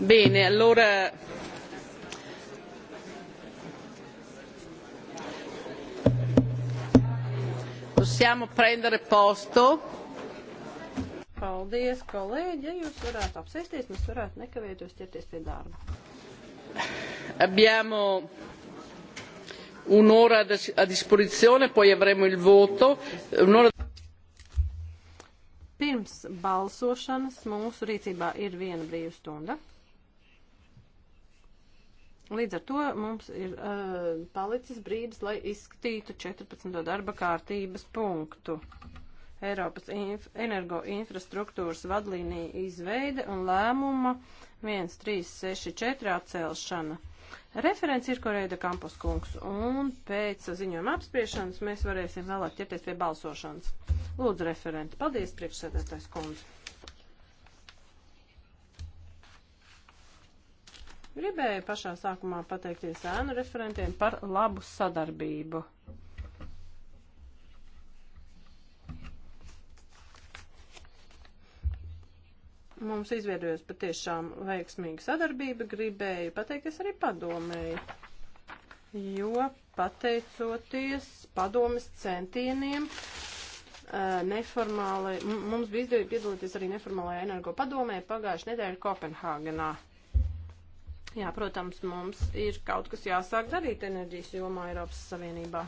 Bene, allora possiamo prendere posto. Paldies, kolēģi, ja jūs varētu apsēsties, mēs varētu nekavēties ķerties pie darba. Abbiamo un'ora a disposizione, poi avremo il voto. Un'ora... Pirms balsošanas mūsu rīcībā ir viena brīva stunda. Līdz ar to mums ir uh, palicis brīdis, lai izskatītu 14. darba kārtības punktu. Eiropas inf energoinfrastruktūras vadlīnija izveide un lēmuma 1364 atcelšana. Referents ir Koreida Kampus kungs, un pēc ziņojuma apspriešanas mēs varēsim vēlāk ķerties pie balsošanas. Lūdzu, referenti. Paldies, priekšsēdētājs kundze. Gribēju pašā sākumā pateikties ēnu referentiem par labu sadarbību. Mums izveidojas patiešām veiksmīga sadarbība. Gribēju pateikties arī padomēji, jo pateicoties padomas centieniem, neformālai, mums bija izdevība piedalīties arī neformālajā energo padomē pagājušajā nedēļā Kopenhāgenā. Jā, protams, mums ir kaut kas jāsāk darīt enerģijas jomā Eiropas Savienībā.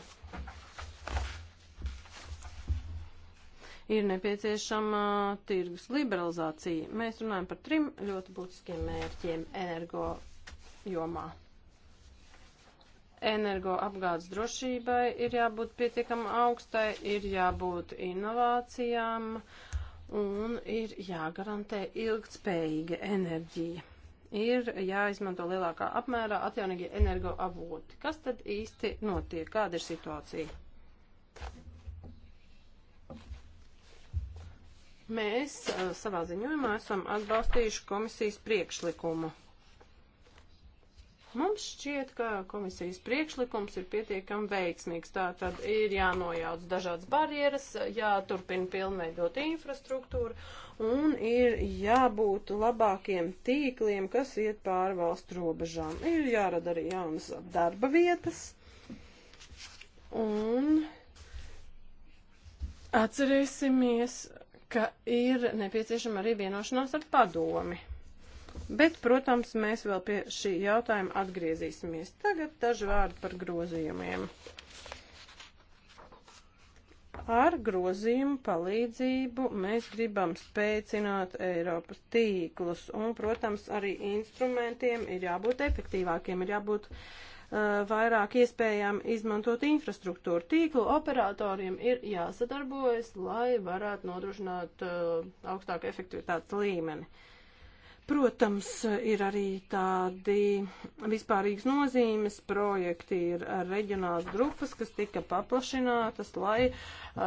Ir nepieciešama tirgus liberalizācija. Mēs runājam par trim ļoti būtiskiem mērķiem energo jomā. Energo apgādes drošībai ir jābūt pietiekam augstai, ir jābūt inovācijām un ir jāgarantē ilgtspējīga enerģija ir jāizmanto lielākā apmērā atjaunīgie energoavoti. Kas tad īsti notiek? Kāda ir situācija? Mēs eh, savā ziņojumā esam atbalstījuši komisijas priekšlikumu. Mums šķiet, ka komisijas priekšlikums ir pietiekami veiksmīgs. Tā tad ir jānojauc dažādas barjeras, jāturpina pilnveidot infrastruktūru un ir jābūt labākiem tīkliem, kas iet pāri valstu robežām. Ir jārada arī jaunas darba vietas. Un atcerēsimies, ka ir nepieciešama arī vienošanās ar padomi. Bet, protams, mēs vēl pie šī jautājuma atgriezīsimies. Tagad daži vārdi par grozījumiem. Ar grozījumu palīdzību mēs gribam spēcināt Eiropas tīklus, un, protams, arī instrumentiem ir jābūt efektīvākiem, ir jābūt uh, vairāk iespējām izmantot infrastruktūru. Tīklu operatoriem ir jāsadarbojas, lai varētu nodrošināt uh, augstāku efektivitātes līmeni. Uh, Protams, ir arī tādi vispārīgas nozīmes projekti, ir reģionāls grupas, kas tika paplašinātas, lai uh,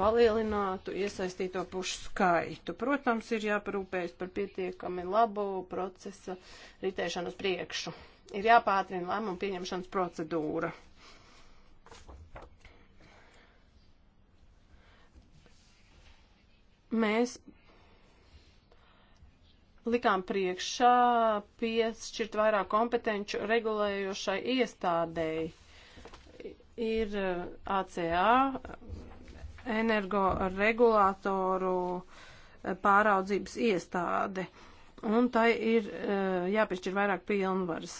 palielinātu iesaistīto pušu skaitu. Protams, ir jāparūpējas par pietiekami labu procesa ritēšanu uz priekšu. Ir jāpātrina lēmumu pieņemšanas procedūra. Mēs likām priekšā piešķirt vairāk kompetenču regulējošai iestādēji. Ir ACA, eh, energoregulātoru eh, pāraudzības iestāde, un tai ir eh, jāpiešķir vairāk pilnvaras.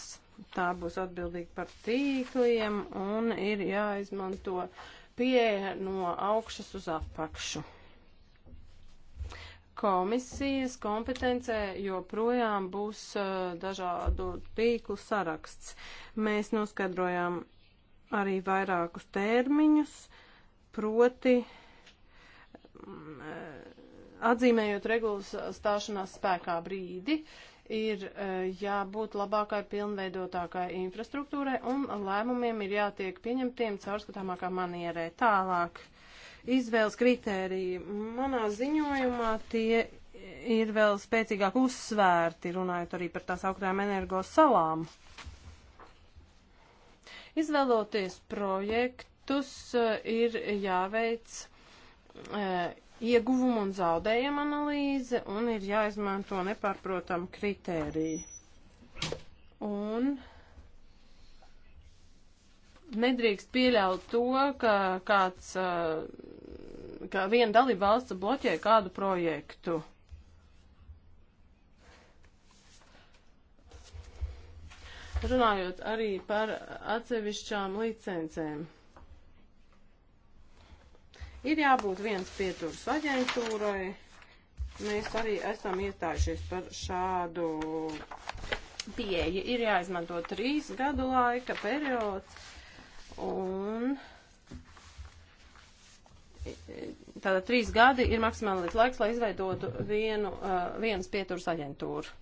Tā būs atbildīga par tīkliem un ir jāizmanto pieeja no augšas uz apakšu komisijas kompetencē joprojām būs uh, dažādu tīklu saraksts. Mēs noskaidrojām arī vairākus termiņus, proti um, atzīmējot regulas stāšanās spēkā brīdi, ir uh, jābūt labākai, pilnveidotākai infrastruktūrai un lēmumiem ir jātiek pieņemtiem caurskatāmākā manierē tālāk. Uh, izvēles kritēriji. Manā ziņojumā tie ir vēl spēcīgāk uzsvērti, runājot arī par tās augtajām energo salām. Izvēloties projektus, eh, ir jāveic e, ieguvumu un zaudējumu analīze un ir jāizmanto nepārprotam kritēriji. Un nedrīkst pieļaut to, ka kāds, ka viena dalība valsts bloķē kādu projektu. Runājot arī par atsevišķām licencēm. Ir jābūt viens pieturs aģentūrai. Mēs arī esam iestājušies par šādu pieeju. Ir jāizmanto trīs gadu laika periods un tātad trīs gadi ir maksimālais laiks, lai izveidotu vienu, uh, vienas pieturas aģentūru.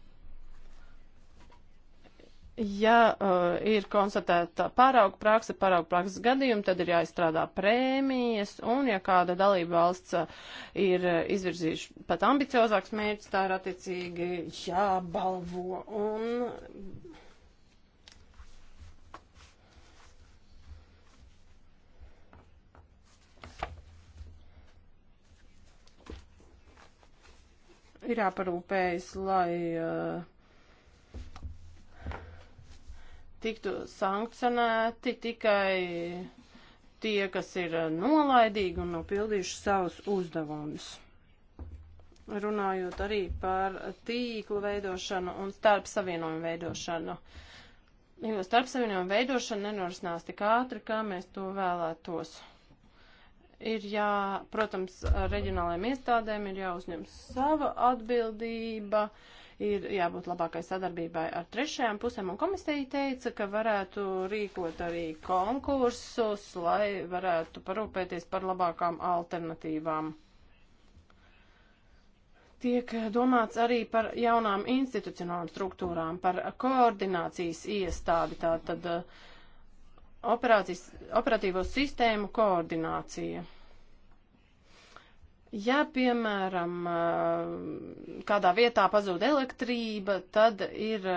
Ja uh, ir konstatēta pārauga praksa, pārauga prakses gadījumi, tad ir jāizstrādā prēmijas, un ja kāda dalība valsts uh, ir uh, izvirzījuši pat ambiciozāks mērķis, tā ir attiecīgi jābalvo. Un ir jāparūpējas, lai uh, tiktu sankcionēti tikai tie, kas ir uh, nolaidīgi un nav pildījuši savus uzdevumus. Runājot arī par tīklu veidošanu un starp savienojumu veidošanu. Jo starp savienojumu veidošana nenorisinās tik ātri, kā mēs to vēlētos ir jā, protams, reģionālajiem iestādēm ir jāuzņem sava atbildība, ir jābūt labākai sadarbībai ar trešajām pusēm, un komisija teica, ka varētu rīkot arī konkursus, lai varētu parūpēties par labākām alternatīvām. Tiek domāts arī par jaunām institucionālām struktūrām, par koordinācijas iestādi, tātad uh, operatīvo sistēmu koordinācija. Ja, piemēram, kādā vietā pazūd elektrība, tad ir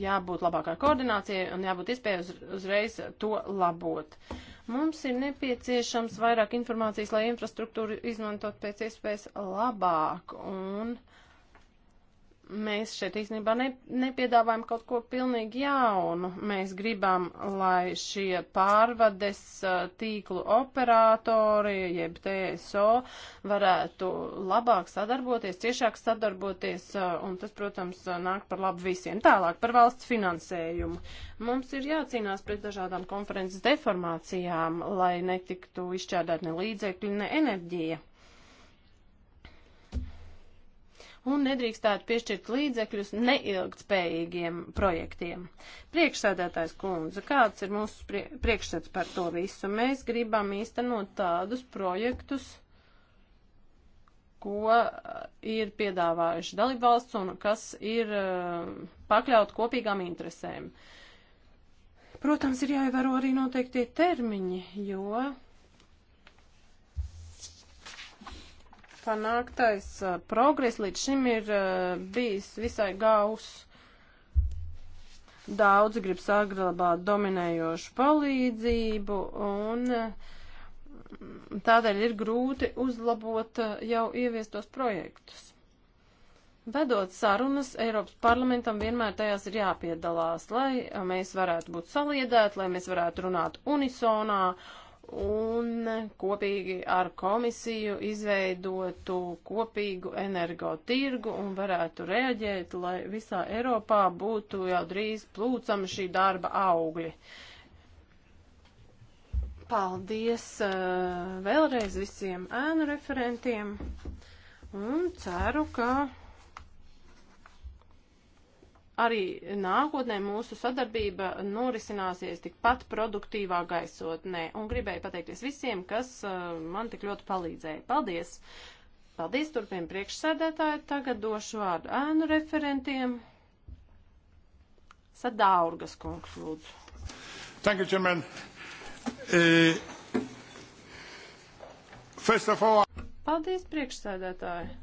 jābūt labākai koordinācijai un jābūt iespēja uz, uzreiz to labot. Mums ir nepieciešams vairāk informācijas, lai infrastruktūru izmantot pēc iespējas labāk un uh, Mēs šeit īstenībā ne, nepiedāvājam kaut ko pilnīgi jaunu. Mēs gribam, lai šie pārvades uh, tīklu operatori, jeb TSO, varētu labāk sadarboties, ciešāk sadarboties, uh, un tas, protams, uh, nāk par labu visiem. Tālāk par valsts finansējumu. Mums ir jācīnās pret dažādām konferences deformācijām, lai netiktu izšķērdēt ne līdzekļi, ne enerģija. un nedrīkstētu piešķirt līdzekļus neilgtspējīgiem projektiem. Priekšsēdētājs kundze, kāds ir mūsu prie, priekšsats par to visu? Mēs gribam īstenot tādus projektus, ko uh, ir piedāvājuši dalībvalsts un kas ir uh, pakļaut kopīgām interesēm. Protams, ir jāievēro arī noteiktie termiņi, jo panāktais progress līdz šim ir bijis visai gaus. Daudzi grib saglabāt dominējošu palīdzību un tādēļ ir grūti uzlabot jau ieviestos projektus. Vedot sarunas, Eiropas parlamentam vienmēr tajās ir jāpiedalās, lai mēs varētu būt saliedēti, lai mēs varētu runāt unisonā un kopīgi ar komisiju izveidotu kopīgu energotirgu un varētu reaģēt, lai visā Eiropā būtu jau drīz plūcama šī darba augļi. Paldies eh, vēlreiz visiem ēnu referentiem un ceru, ka arī nākotnē mūsu sadarbība norisināsies tikpat produktīvā gaisotnē. Un gribēju pateikties visiem, kas uh, man tik ļoti palīdzēja. Paldies! Paldies, turpiem priekšsēdētāji. Tagad došu vārdu ēnu referentiem. Sadaurgas kungs, lūdzu. Thank you, Chairman. Uh, first of all... Paldies, priekšsēdētāji.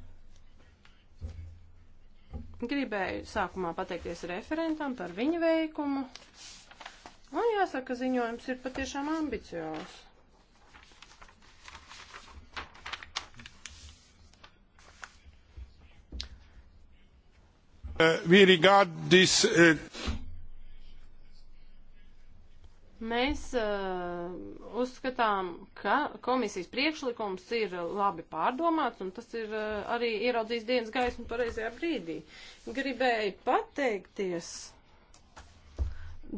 Gribēju sākumā pateikties referentam par viņa veikumu. Un jāsaka, ka ziņojums ir patiešām ambiciozs. Uh, we regard this uh... Mēs uh, uzskatām, ka komisijas priekšlikums ir labi pārdomāts un tas ir uh, arī ieraudzījis dienas gaismu pareizajā brīdī. Gribēju pateikties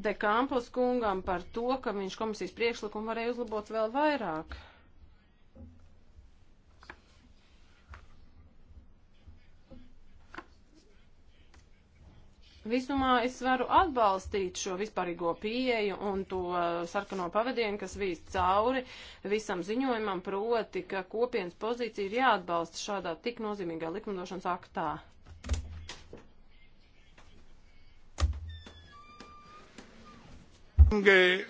Dekampos kungam par to, ka viņš komisijas priekšlikumu varēja uzlabot vēl vairāk. Visumā es varu atbalstīt šo vispārīgo pieeju un to eh, sarkano pavadienu, kas vīst cauri visam ziņojumam, proti, ka kopienas pozīcija ir jāatbalsta šādā tik nozīmīgā likumdošanas aktā. Okay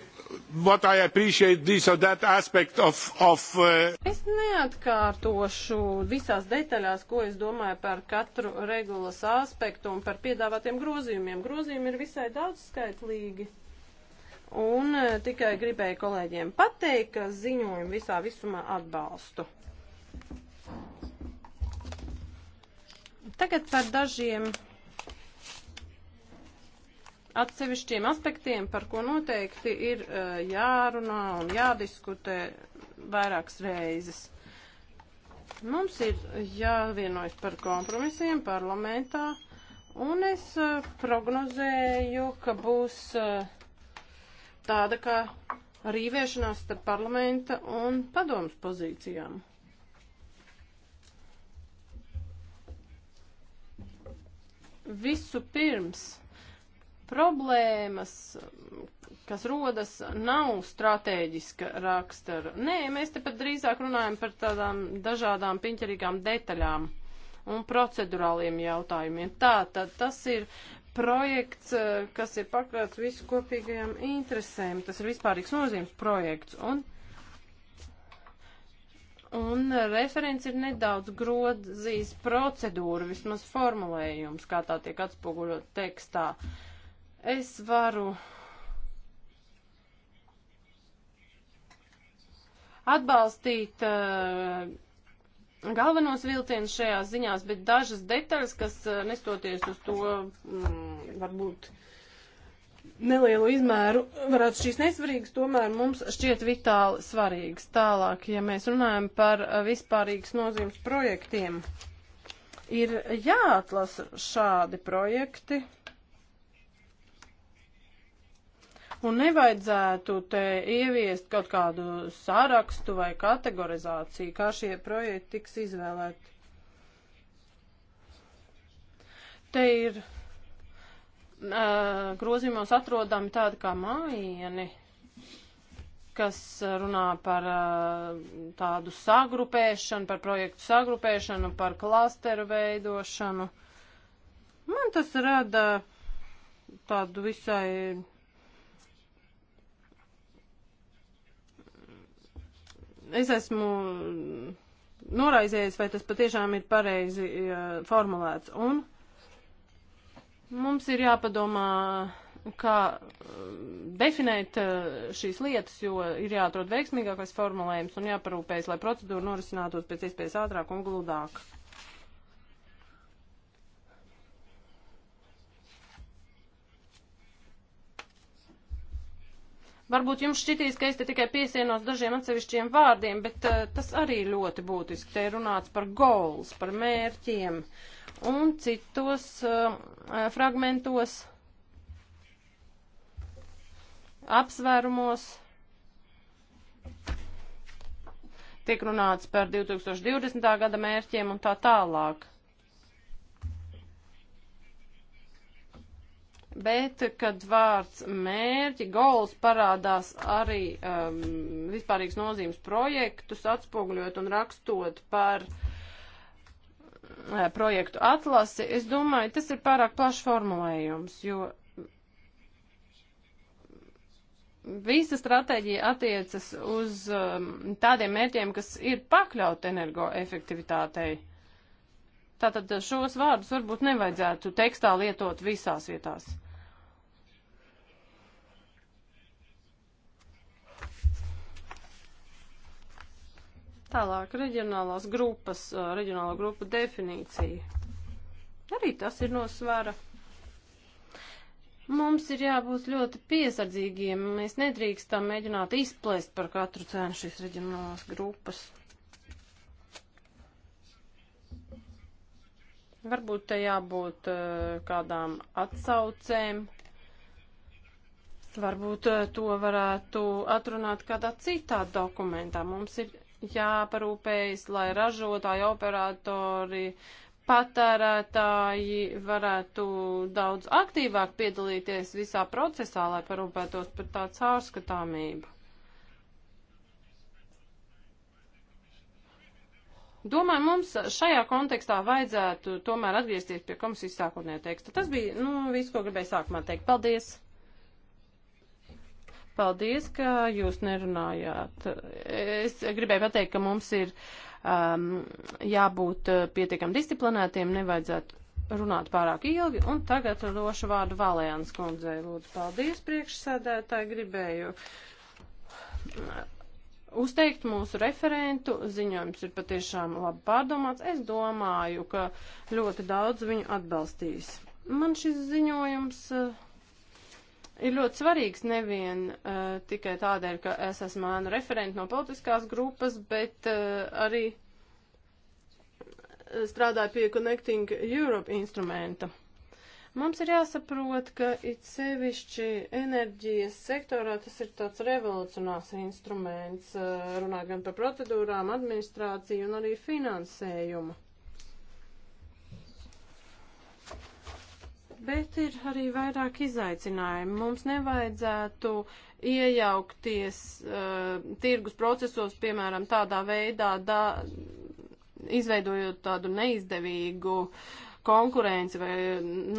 what I appreciate this or that aspect of. of uh... Es neatkārtošu visās detaļās, ko es domāju par katru regulas aspektu un par piedāvātiem grozījumiem. Grozījumi ir visai daudz skaitlīgi. Un uh, tikai gribēju kolēģiem pateikt, ka ziņojumu visā visumā atbalstu. Tagad par dažiem atsevišķiem aspektiem, par ko noteikti ir uh, jārunā un jādiskutē vairākas reizes. Mums ir jāvienojas par kompromisiem parlamentā, un es uh, prognozēju, ka būs uh, tāda kā rīvēšanās starp parlamenta un padomas pozīcijām. Visu pirms problēmas, kas rodas, nav strateģiska rakstara. Nē, mēs te pat drīzāk runājam par tādām dažādām piņķerīgām detaļām un procedurāliem jautājumiem. Tā tad tas ir projekts, kas ir pakļauts visu kopīgajām interesēm. Tas ir vispārīgs nozīmes projekts. Un un referents ir nedaudz grozījis procedūru, vismaz formulējums, kā tā tiek atspoguļot tekstā. Uh, Es varu atbalstīt uh, galvenos vilcienus šajās ziņās, bet dažas detaļas, kas uh, nestoties uz to mm, varbūt nelielu izmēru, varētu šīs nesvarīgas, tomēr mums šķiet vitāli svarīgas. Tālāk, ja mēs runājam par eh, vispārīgas nozīmes projektiem, ir jāatlasa šādi projekti. Uh, Un nevajadzētu te ieviest kaut kādu sarakstu vai kategorizāciju, kā šie projekti tiks izvēlēti. Te ir uh, grozījumos atrodami tādi kā mājieni, kas runā par uh, tādu sagrupēšanu, par projektu sagrupēšanu, par klasteru veidošanu. Man tas rada tādu visai Es esmu noraizējies, vai tas patiešām ir pareizi formulēts. Un mums ir jāpadomā, kā um, definēt uh, šīs lietas, jo ir jāatrod veiksmīgākais formulējums un jāparūpējas, lai procedūra norisinātos pēc iespējas ātrāk un gludāk. Varbūt jums šķitīs, ka es te tikai piesienos dažiem atsevišķiem vārdiem, bet uh, tas arī ļoti būtiski. Te ir runāts par goals, par mērķiem un citos uh, fragmentos, apsvērumos. Tiek runāts par 2020. gada mērķiem un tā tālāk. bet kad vārds mērķi, goals parādās arī um, vispārīgs nozīmes projektus atspoguļot un rakstot par uh, projektu atlasi, es domāju, tas ir pārāk plašs formulējums, jo visa stratēģija attiecas uz um, tādiem mērķiem, kas ir pakļaut energoefektivitātei. Tātad šos vārdus varbūt nevajadzētu tekstā lietot visās vietās. Tālāk reģionālās grupas, reģionālo grupu definīcija. Arī tas ir no svara. Mums ir jābūt ļoti piesardzīgiem. Mēs nedrīkstam mēģināt izplēst par katru cenu šīs reģionālās grupas. Varbūt te jābūt kādām atsaucēm. Varbūt to varētu atrunāt kādā citā dokumentā. Mums ir jāparūpējas, lai ražotāji, operatori, patērētāji varētu daudz aktīvāk piedalīties visā procesā, lai parūpētos par tādu caurskatāmību. Domāju, mums šajā kontekstā vajadzētu tomēr atgriezties pie komisijas sākotnējā teksta. Tas bija nu, viss, ko gribēju sākumā teikt. Paldies! Paldies, ka jūs nerunājāt. Es gribēju pateikt, ka mums ir um, jābūt uh, pietiekam disciplinētiem, nevajadzētu runāt pārāk ilgi. Un tagad došu vārdu Valēnas kundzei. Lūdzu, paldies priekšsēdētāji. Gribēju uh, uzteikt mūsu referentu. Ziņojums ir patiešām labi pārdomāts. Es domāju, ka ļoti daudz viņu atbalstīs. Man šis ziņojums. Uh, ir ļoti svarīgs nevien uh, tikai tādēļ, ka es esmu ēnu referenti no politiskās grupas, bet uh, arī strādāju pie Connecting Europe instrumenta. Mums ir jāsaprot, ka it sevišķi enerģijas sektorā tas ir tāds revolucionārs instruments, eh, runājot gan par procedūrām, administrāciju un arī finansējumu. Bet ir arī vairāk izaicinājumu. Mums nevajadzētu iejaukties uh, tirgus procesos, piemēram, tādā veidā, da, izveidojot tādu neizdevīgu konkurenci vai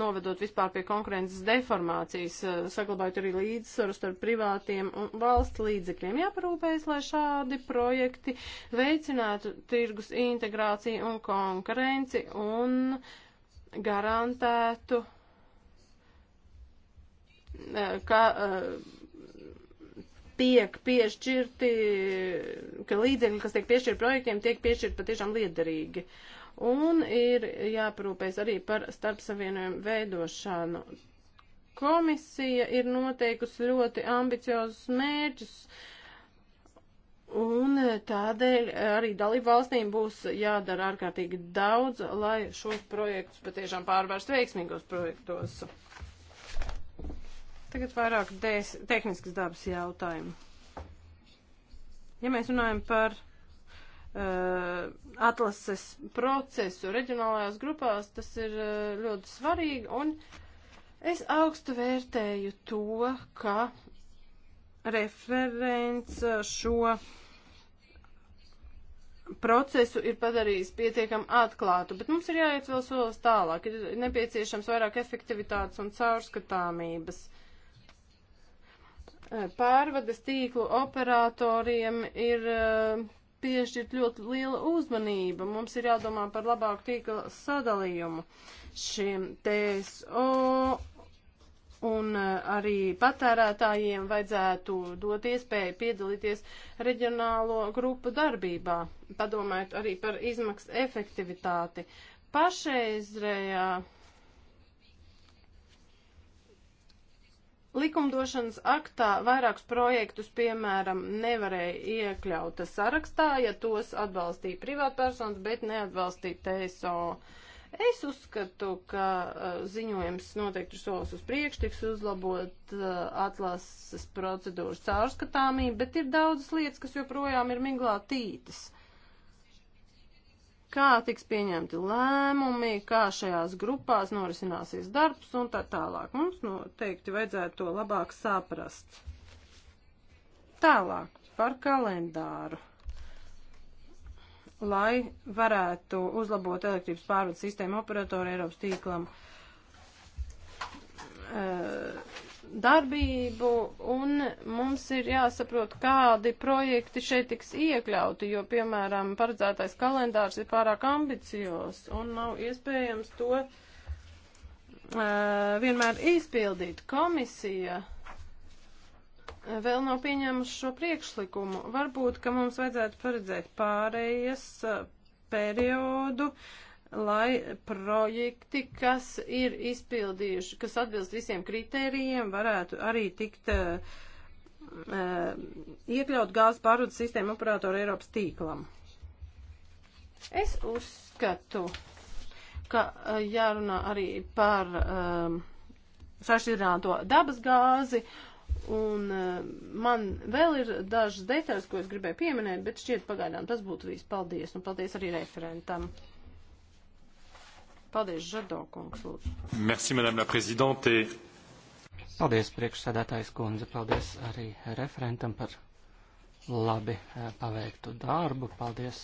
novedot vispār pie konkurences deformācijas, uh, saglabājot arī līdzsvaru starp privātiem un valsts līdzekļiem. Jāparūpējas, lai šādi projekti veicinātu tirgus integrāciju un konkurenci un garantētu ka eh, tiek piešķirti, ka līdzekļi, kas tiek piešķirti projektiem, tiek piešķirti patiešām liederīgi. Un ir jāparūpēs arī par starpsavienojumu veidošanu. Komisija ir noteikusi ļoti ambiciozus mērķus, un tādēļ arī dalību valstīm būs jādara ārkārtīgi daudz, lai šos projektus patiešām pārvērst veiksmīgos projektos. Tagad vairāk tehniskas dabas jautājumu. Ja mēs runājam par uh, atlases procesu reģionālajās grupās, tas ir uh, ļoti svarīgi, un es augstu vērtēju to, ka referents uh, šo procesu ir padarījis pietiekami atklātu, bet mums ir jāiet vēl solis tālāk, ir nepieciešams vairāk efektivitātes un caurskatāmības. Eh, pārvades tīklu operatoriem ir eh, piešķirt ļoti liela uzmanība. Mums ir jādomā par labāku tīkla sadalījumu šiem TSO un eh, arī patērētājiem vajadzētu dot iespēju piedalīties reģionālo grupu darbībā, padomājot arī par izmaksu efektivitāti. Pašreizējā ja Likumdošanas aktā vairākus projektus, piemēram, nevarēja iekļaut sarakstā, ja tos atbalstīja privātpersonas, bet neatbalstīja TSO. Es uzskatu, ka uh, ziņojums noteikti solis uz priekšu tiks uzlabot uh, atlases procedūras caurskatāmību, bet ir daudzas lietas, kas joprojām ir miglā tītas. Uh, kā tiks pieņemti lēmumi, kā šajās grupās norisināsies darbs un tā tālāk. Mums noteikti vajadzētu to labāk saprast. Tālāk par kalendāru. Lai varētu uzlabot elektrības pārvades sistēmu operatoru Eiropas tīklam. Uh, darbību un mums ir jāsaprot, kādi projekti šeit tiks iekļauti, jo, piemēram, paredzētais kalendārs ir pārāk ambicios un nav iespējams to uh, vienmēr izpildīt. Komisija eh, vēl nav pieņēmusi šo priekšlikumu. Varbūt, ka mums vajadzētu paredzēt pārējas eh, periodu, uh, lai projekti, kas ir izpildījuši, kas atbilst visiem kritērijiem, varētu arī tikt uh, iekļaut gāzes pārvades sistēmu operatoru Eiropas tīklam. Es uzskatu, ka uh, jārunā arī par um, sašķidrināto dabas gāzi, un uh, man vēl ir dažas detaļas, ko es gribēju pieminēt, bet šķiet pagaidām tas būtu viss. Paldies, un paldies arī referentam. Paldies, Žado kungs, lūdzu. Merci, madame la prezidente. Paldies, priekšsēdētājs kundze. Paldies arī referentam par labi eh, paveiktu darbu. Paldies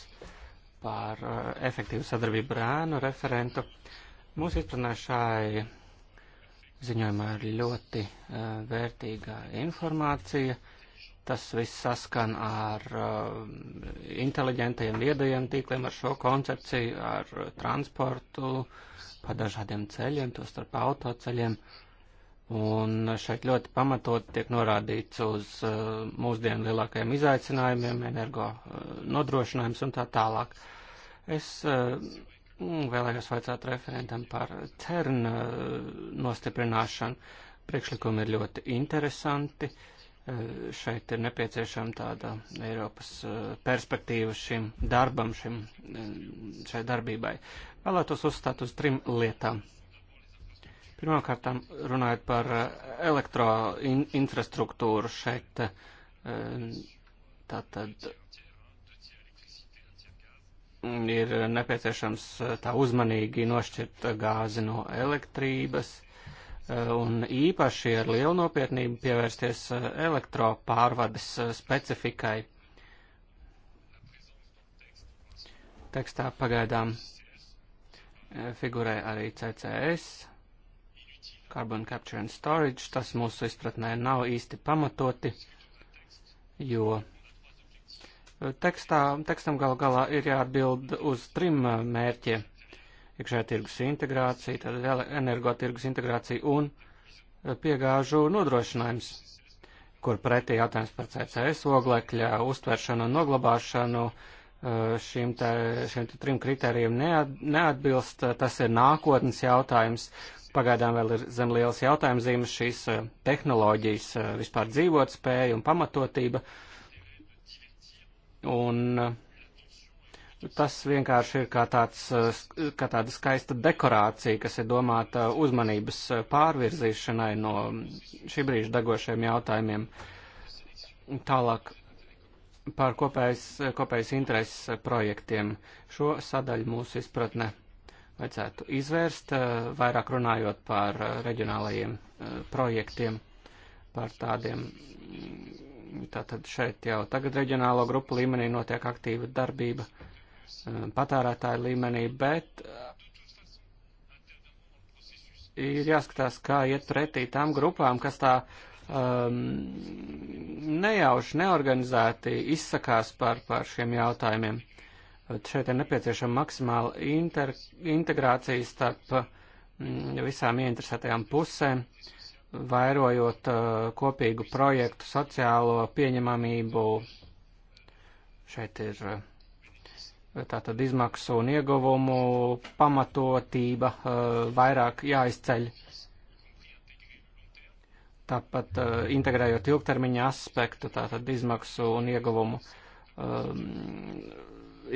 par eh, efektīvu sadarbību ar ēnu referentu. Mūsu izpratnē šai ziņojumā ir ļoti eh, vērtīga informācija. Uh, Tas viss saskan ar uh, eh, inteliģentiem viedajiem tīkliem, ar šo koncepciju, ar transportu, pa dažādiem ceļiem, to starp autoceļiem. Un šeit ļoti pamatot tiek norādīts uz uh, mūsdienu lielākajiem izaicinājumiem, energo uh, nodrošinājums un tā tālāk. Es uh, vēlējos vaicāt referentam par CERN uh, nostiprināšanu. Priekšlikumi ir ļoti interesanti. Uh, Eh, šeit ir nepieciešama tāda Eiropas eh, perspektīva šim darbam, šim, eh, šai darbībai. Vēlētos uzstāt uz trim lietām. Pirmkārt, runājot par elektroinfrastruktūru šeit, tātad ir nepieciešams tā uzmanīgi nošķirt gāzi no elektrības Eh, un īpaši ar lielu nopietnību pievērsties eh, elektropārvades eh, specifikai. Tekstā pagaidām figurē arī CCS, Carbon Capture and Storage. Tas mūsu izpratnē nav īsti pamatoti, jo tekstā, tekstam gal galā ir jāatbild uz trim mērķiem iekšējā tirgus integrācija, tad energotirgus integrācija un eh, piegāžu nodrošinājums, kur pretī jautājums par CCS oglekļa uztveršanu un noglabāšanu eh, šim, te, šim te trim kritērijiem neatbilst. Tas ir nākotnes jautājums. Pagaidām vēl ir zem liels jautājums zīmes šīs eh, tehnoloģijas vispār dzīvotspēja un pamatotība. Un uh, Tas vienkārši ir kā, tāds, eh, kā tāda skaista dekorācija, kas ir domāta uzmanības eh, pārvirzīšanai no mm, šī brīža degošiem jautājumiem. Tālāk par kopējas, eh, kopējas intereses projektiem. Šo sadaļu mūsu izpratne vajadzētu izvērst, vairāk runājot par reģionālajiem projektiem, par tādiem mm, tātad šeit jau tagad reģionālo grupu līmenī notiek aktīva darbība. Um, patērētāju līmenī, bet uh, ir jāskatās, kā iet pretī tām grupām, kas tā um, nejauši, neorganizēti izsakās par, par šiem jautājumiem. Šeit ir nepieciešama maksimāla inter, integrācija starp mm, visām ieinteresētajām pusēm, vairojot uh, kopīgu projektu, sociālo pieņemamību. Šeit ir uh, tātad izmaksu un ieguvumu pamatotība eh, vairāk jāizceļ. Tāpat eh, integrējot ilgtermiņa aspektu, tātad izmaksu un ieguvumu, eh,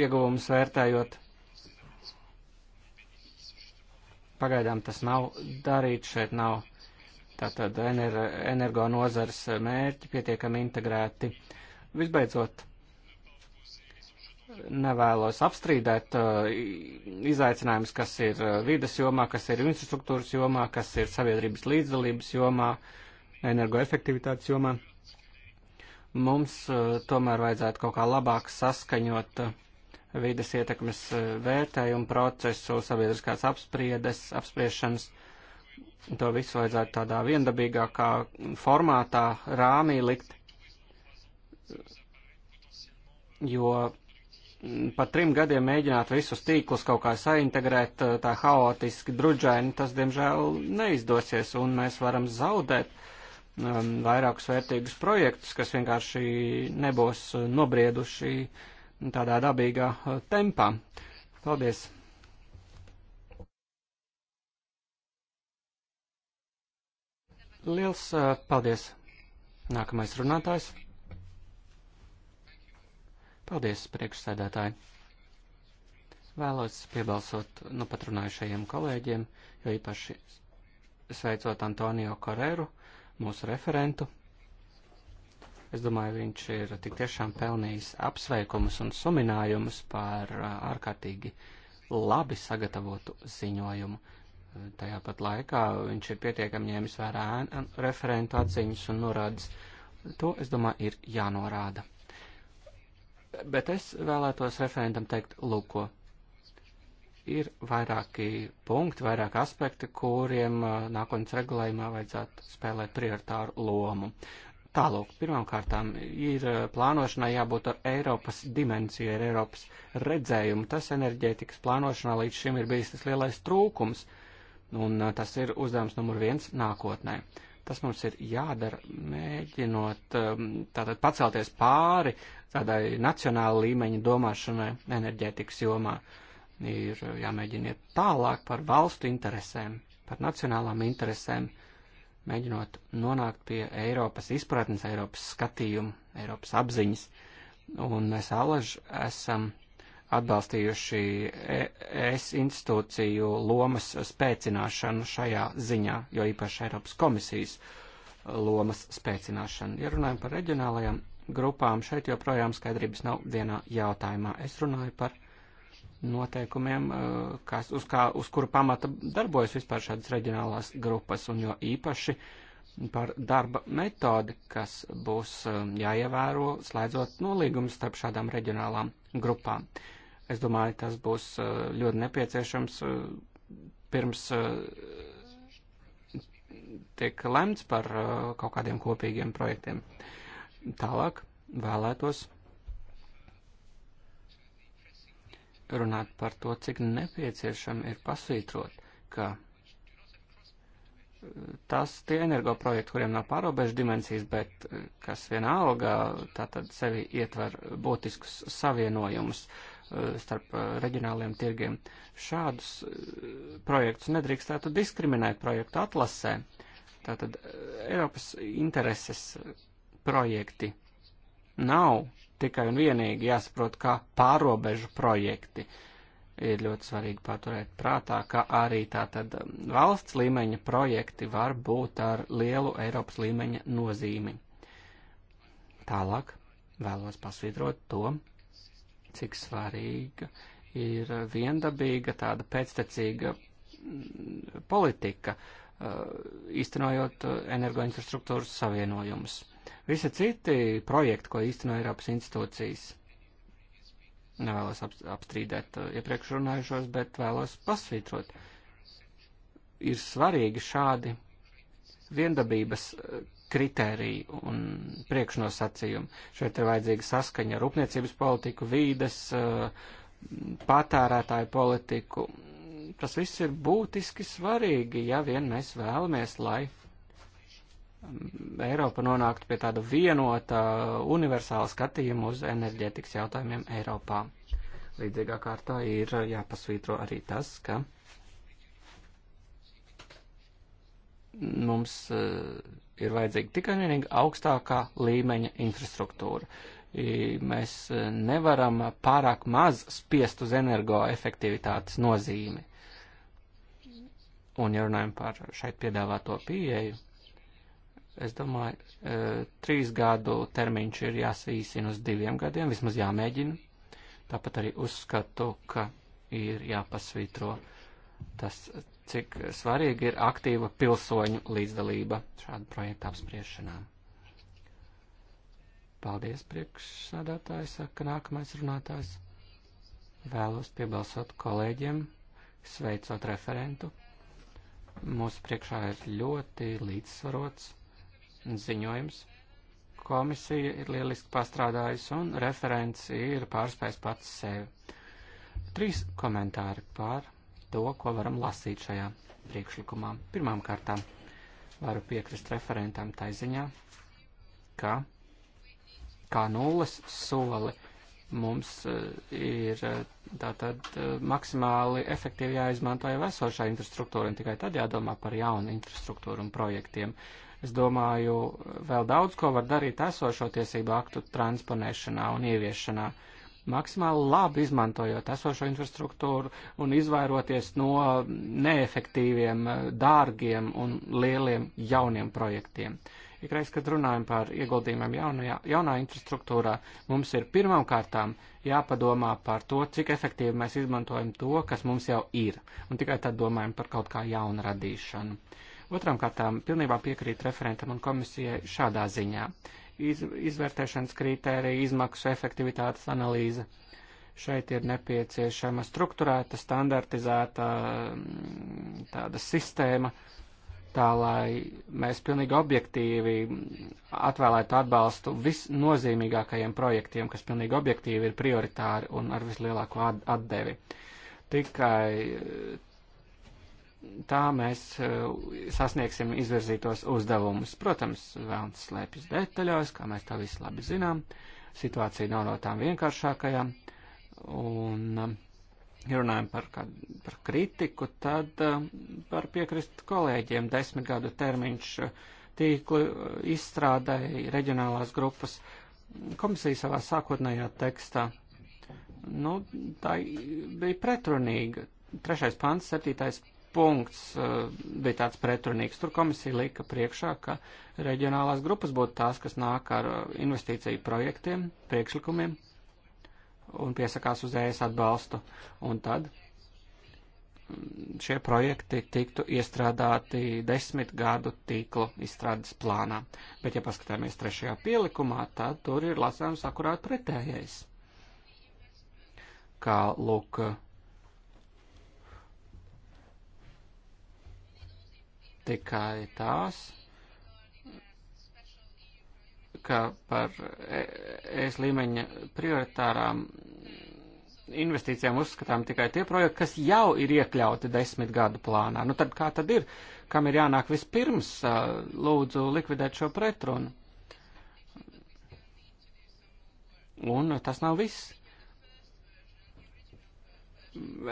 ieguvumus vērtējot. Pagaidām tas nav darīts, šeit nav tātad ener, energo nozars mērķi pietiekami integrēti. Visbeidzot, nevēlos apstrīdēt uh, izaicinājumus, kas ir uh, vides jomā, kas ir infrastruktūras jomā, kas ir sabiedrības līdzdalības jomā, energoefektivitātes jomā. Mums uh, tomēr vajadzētu kaut kā labāk saskaņot vides ietekmes vērtējumu procesu, sabiedriskās apspriedes, apspriešanas. To visu vajadzētu tādā viendabīgākā formātā, rāmī likt, jo pat trim gadiem mēģināt visus tīklus kaut kā saintegrēt eh, tā haotiski, druģaini, tas diemžēl neizdosies, un mēs varam zaudēt um, vairākus vērtīgus projektus, kas vienkārši nebūs eh, nobrieduši tādā dabīgā eh, tempā. Paldies! Liels paldies! Nākamais runātājs. Paldies, priekšsēdētāji! Vēlos piebalsot nu pat runājušajiem kolēģiem, jo īpaši sveicot Antonio Koreru, mūsu referentu. Es domāju, viņš ir tik tiešām pelnījis apsveikumus un suminājumus par uh, ārkārtīgi labi sagatavotu ziņojumu. Tajā pat laikā viņš ir pietiekami ņēmis vērā referentu atziņas un norādes. To, es domāju, ir jānorāda. Bet es vēlētos referentam teikt, lūko, ir vairāki punkti, vairāki aspekti, kuriem uh, nākotnes regulējumā vajadzētu spēlēt prioritāru lomu. Tālūk, pirmkārtām ir uh, plānošanai jābūt ar Eiropas dimensiju, ar Eiropas redzējumu. Tas enerģētikas plānošanā līdz šim ir bijis tas lielais trūkums, un uh, tas ir uzdevums numur viens nākotnē. Tas mums ir jādara, mēģinot um, tātad pacelties pāri tādai nacionāla līmeņa domāšanai enerģētikas jomā. Ir uh, jāmēģina iet tālāk par valstu interesēm, par nacionālām interesēm, mēģinot nonākt pie Eiropas izpratnes, Eiropas skatījuma, Eiropas apziņas. Un mēs alaži esam atbalstījuši es institūciju lomas spēcināšanu šajā ziņā, jo īpaši Eiropas komisijas lomas spēcināšanu. Ja runājam par reģionālajām grupām, šeit joprojām skaidrības nav vienā jautājumā. Es runāju par noteikumiem, eh, kas, uz, kā, uz kuru pamata darbojas vispār šādas reģionālās grupas, un jo īpaši par darba metodi, kas būs eh, jāievēro, slēdzot nolīgumus starp šādām reģionālām grupām. Uh, Es domāju, tas būs uh, ļoti nepieciešams uh, pirms uh, tiek lemts par kaut kādiem kopīgiem projektiem. Tālāk vēlētos runāt par to, cik nepieciešami ir pasvītrot, ka tas tie energoprojekti, kuriem nav pārobežu dimensijas, bet kas vienalga tātad sevi ietver būtiskus savienojumus, uh, Eh, starp eh, reģionāliem tirgiem. Šādus eh, projektus nedrīkstētu diskriminēt projektu atlasē. Tātad Eiropas intereses projekti nav tikai un vienīgi jāsaprot kā pārobežu projekti. Ir ļoti svarīgi paturēt prātā, ka arī tātad valsts līmeņa projekti var būt ar lielu Eiropas līmeņa nozīmi. Tālāk vēlos pasvītrot to, cik svarīga ir viendabīga tāda pēctecīga mm, politika, uh, īstenojot uh, energoinfrastruktūras savienojumus. Visi citi projekti, ko īsteno Eiropas institūcijas, nevēlos ap, apstrīdēt uh, iepriekš runājušos, bet vēlos pasvītrot. Ir svarīgi šādi viendabības kritēriju un priekšnosacījumu. Šeit ir vajadzīga saskaņa ar rūpniecības politiku, vīdes, eh, patērētāju politiku. Tas viss ir būtiski svarīgi, ja vien mēs vēlamies, lai mm, Eiropa nonāktu pie tāda vienota, universāla skatījuma uz enerģētikas jautājumiem Eiropā. Līdzīgā kārtā ir jāpasvītro arī tas, ka mums eh, ir vajadzīga tikai un vienīgi augstākā līmeņa infrastruktūra. Mēs e, nevaram pārāk maz spiest uz energoefektivitātes nozīmi. Un, ja runājam par šeit piedāvāto pieeju, es domāju, e, trīs gadu termiņš ir jāsīsina uz diviem gadiem, vismaz jāmēģina. Tāpat arī uzskatu, ka ir jāpasvītro tas cik svarīgi ir aktīva pilsoņu līdzdalība šādu projektu apspriešanā. Paldies, priekšsādātājs, saka nākamais runātājs. Vēlos piebalsot kolēģiem, sveicot referentu. Mūsu priekšā ir ļoti līdzsvarots ziņojums. Komisija ir lieliski pastrādājusi un referents ir pārspējis pats sevi. Trīs komentāri pār to, ko varam lasīt šajā priekšlikumā. Pirmām kārtām varu piekrist referentam tai ziņā, ka kā nulles soli mums eh, ir eh, tātad eh, maksimāli efektīvi jāizmanto jau esošā infrastruktūra un tikai tad jādomā par jaunu infrastruktūru un projektiem. Es domāju, vēl daudz ko var darīt esošo tiesību aktu transponēšanā un ieviešanā. Uh, maksimāli labi izmantojot esošo infrastruktūru un izvairoties no neefektīviem, dārgiem un lieliem jauniem projektiem. Ikreiz, kad runājam par ieguldījumiem jaunajā, jaunā infrastruktūrā, mums ir pirmām kārtām jāpadomā par to, cik efektīvi mēs izmantojam to, kas mums jau ir, un tikai tad domājam par kaut kā jaunu radīšanu. Otram kārtām pilnībā piekrīt referentam un komisijai šādā ziņā iz, izvērtēšanas kritērija, izmaksu efektivitātes analīze. Šeit ir nepieciešama struktūrēta, standartizēta mm, tāda sistēma, tā lai mēs pilnīgi objektīvi atvēlētu atbalstu visnozīmīgākajiem projektiem, kas pilnīgi objektīvi ir prioritāri un ar vislielāko atdevi. Tikai tā mēs eh, sasniegsim izvirzītos uzdevumus. Protams, vēlams slēpjas detaļās, kā mēs tā visi labi zinām. Situācija nav no tām vienkāršākajām. Un, eh, ja runājam par, kādu, par kritiku, tad eh, var piekrist kolēģiem desmit gadu termiņš tīklu izstrādai reģionālās grupas komisija savā sākotnējā tekstā. Nu, tā bija pretrunīga. Trešais pants, septītais punkts eh, bija tāds pretrunīgs. Tur komisija lika priekšā, ka reģionālās grupas būtu tās, kas nāk ar eh, investīciju projektiem, priekšlikumiem un piesakās uz ēs atbalstu. Un tad mm, šie projekti tiktu iestrādāti desmit gadu tīklu izstrādes plānā. Bet, ja paskatāmies trešajā pielikumā, tad tur ir lasāms akurāt pretējais. Kā lūk, uh, tikai tās, ka par e, ES līmeņa prioritārām investīcijām uzskatām tikai tie projekti, kas jau ir iekļauti desmit gadu plānā. Nu tad kā tad ir? Kam ir jānāk vispirms, lūdzu, likvidēt šo pretrunu? Un tas nav viss.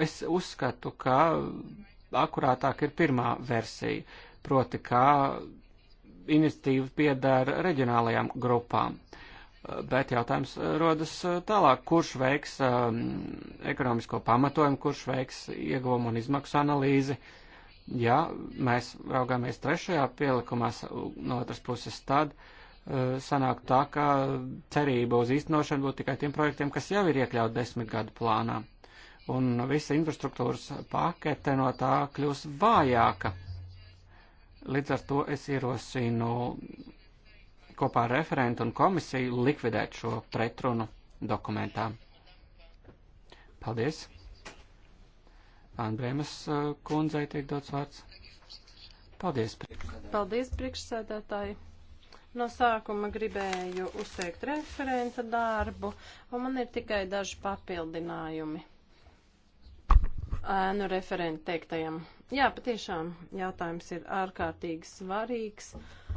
Es uzskatu, ka akurātāk ir pirmā versija, proti kā iniciatīva piedara reģionālajām grupām. Bet jautājums rodas eh, tālāk, kurš veiks um, ekonomisko pamatojumu, kurš veiks ieguvumu un izmaksu analīzi. Ja mēs raugāmies trešajā pielikumā no otras puses, tad uh, sanāk tā, ka cerība uz īstenošanu būtu tikai tiem projektiem, kas jau ir iekļaut desmit gadu plānām un visa infrastruktūras pakete no tā kļūs vājāka. Līdz ar to es ierosinu kopā ar referentu un komisiju likvidēt šo pretrunu dokumentā. Paldies! Andrēmas eh, kundzei tiek dots vārds. Paldies, priekšsēdētāji. Paldies, priekšsēdētāji. No sākuma gribēju uzteikt referenta darbu, un man ir tikai daži papildinājumi ēnu referentu teiktajam. Jā, patiešām jautājums ir ārkārtīgi svarīgs.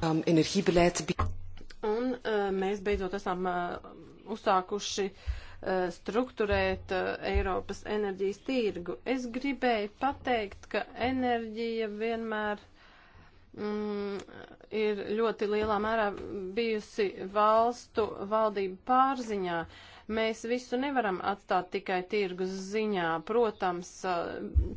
Um, Enerģībelēt. Un uh, mēs beidzot esam uh, uzsākuši uh, struktūrēt uh, Eiropas enerģijas tirgu. Es gribēju pateikt, ka enerģija vienmēr mm, ir ļoti lielā mērā bijusi valstu valdību pārziņā. Uh, Mēs visu nevaram atstāt tikai tirgus ziņā. Protams,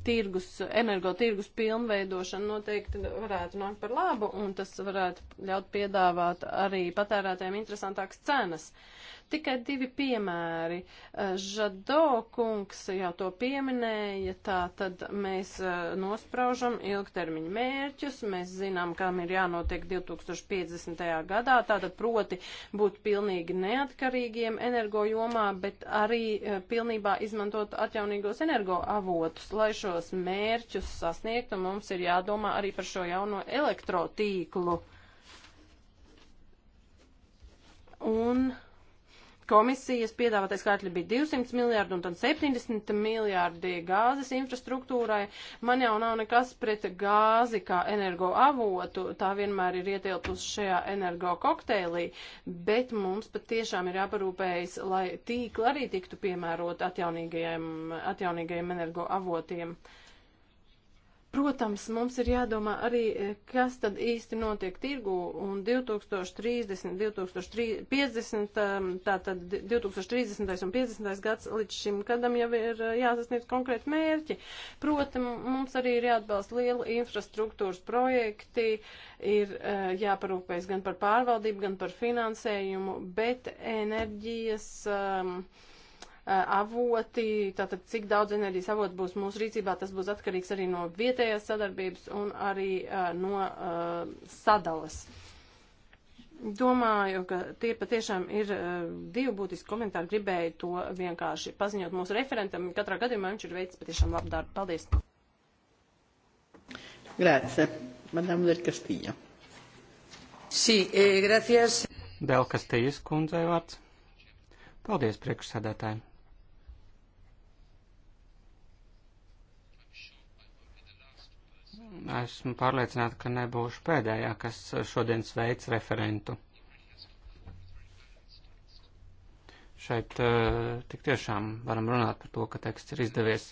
tirgus, energotirgus pilnveidošana noteikti varētu nākt par labu, un tas varētu ļaut piedāvāt arī patērētājiem interesantākas cenas. Uh, Tikai divi piemēri. Eh, Žado kungs jau to pieminēja, tā tad mēs eh, nospraužam ilgtermiņu mērķus, mēs zinām, kam ir jānotiek 2050. gadā, tātad proti būt pilnīgi neatkarīgiem energojomā, bet arī eh, pilnībā izmantot atjaunīgos energoavotus. Lai šos mērķus sasniegtu, mums ir jādomā arī par šo jauno elektrotīklu un Komisijas piedāvātais skaitļi bija 200 miljārdi un tad 70 miljārdi gāzes infrastruktūrai. Man jau nav nekas pret gāzi kā energo avotu, tā vienmēr ir ietilpus šajā energo kokteilī, bet mums pat tiešām ir jāparūpējas, lai tīkli arī tiktu piemērot atjaunīgajiem, atjaunīgajiem energo avotiem. Uh, Protams, mums ir jādomā arī, e, kas tad īsti notiek tirgu un 2030, 2050, um, tātad 2030 un 50 gads līdz šim gadam jau ir e, jāsasniedz konkrēti mērķi. Protams, mums arī ir jāatbalsta liela infrastruktūras projekti, ir e, jāparūpējas gan par pārvaldību, gan par finansējumu, bet enerģijas. Um, Eh, avoti, tātad cik daudz enerģijas avotu būs mūsu rīcībā, tas būs atkarīgs arī no vietējās sadarbības un arī uh, no uh, eh, sadales. Domāju, ka tie patiešām ir uh, divi būtiski komentāri. Gribēju to vienkārši paziņot mūsu referentam. Katrā gadījumā viņš ir veicis patiešām labu darbu. Paldies! Grazie. Madame del Castillo. Sí, eh, gracias. Del Castillas kundzei vārds. Paldies, priekšsēdētāji. esmu pārliecināta, ka nebūšu pēdējā, kas šodien sveic referentu. Šeit eh, tik tiešām varam runāt par to, ka teksts ir izdevies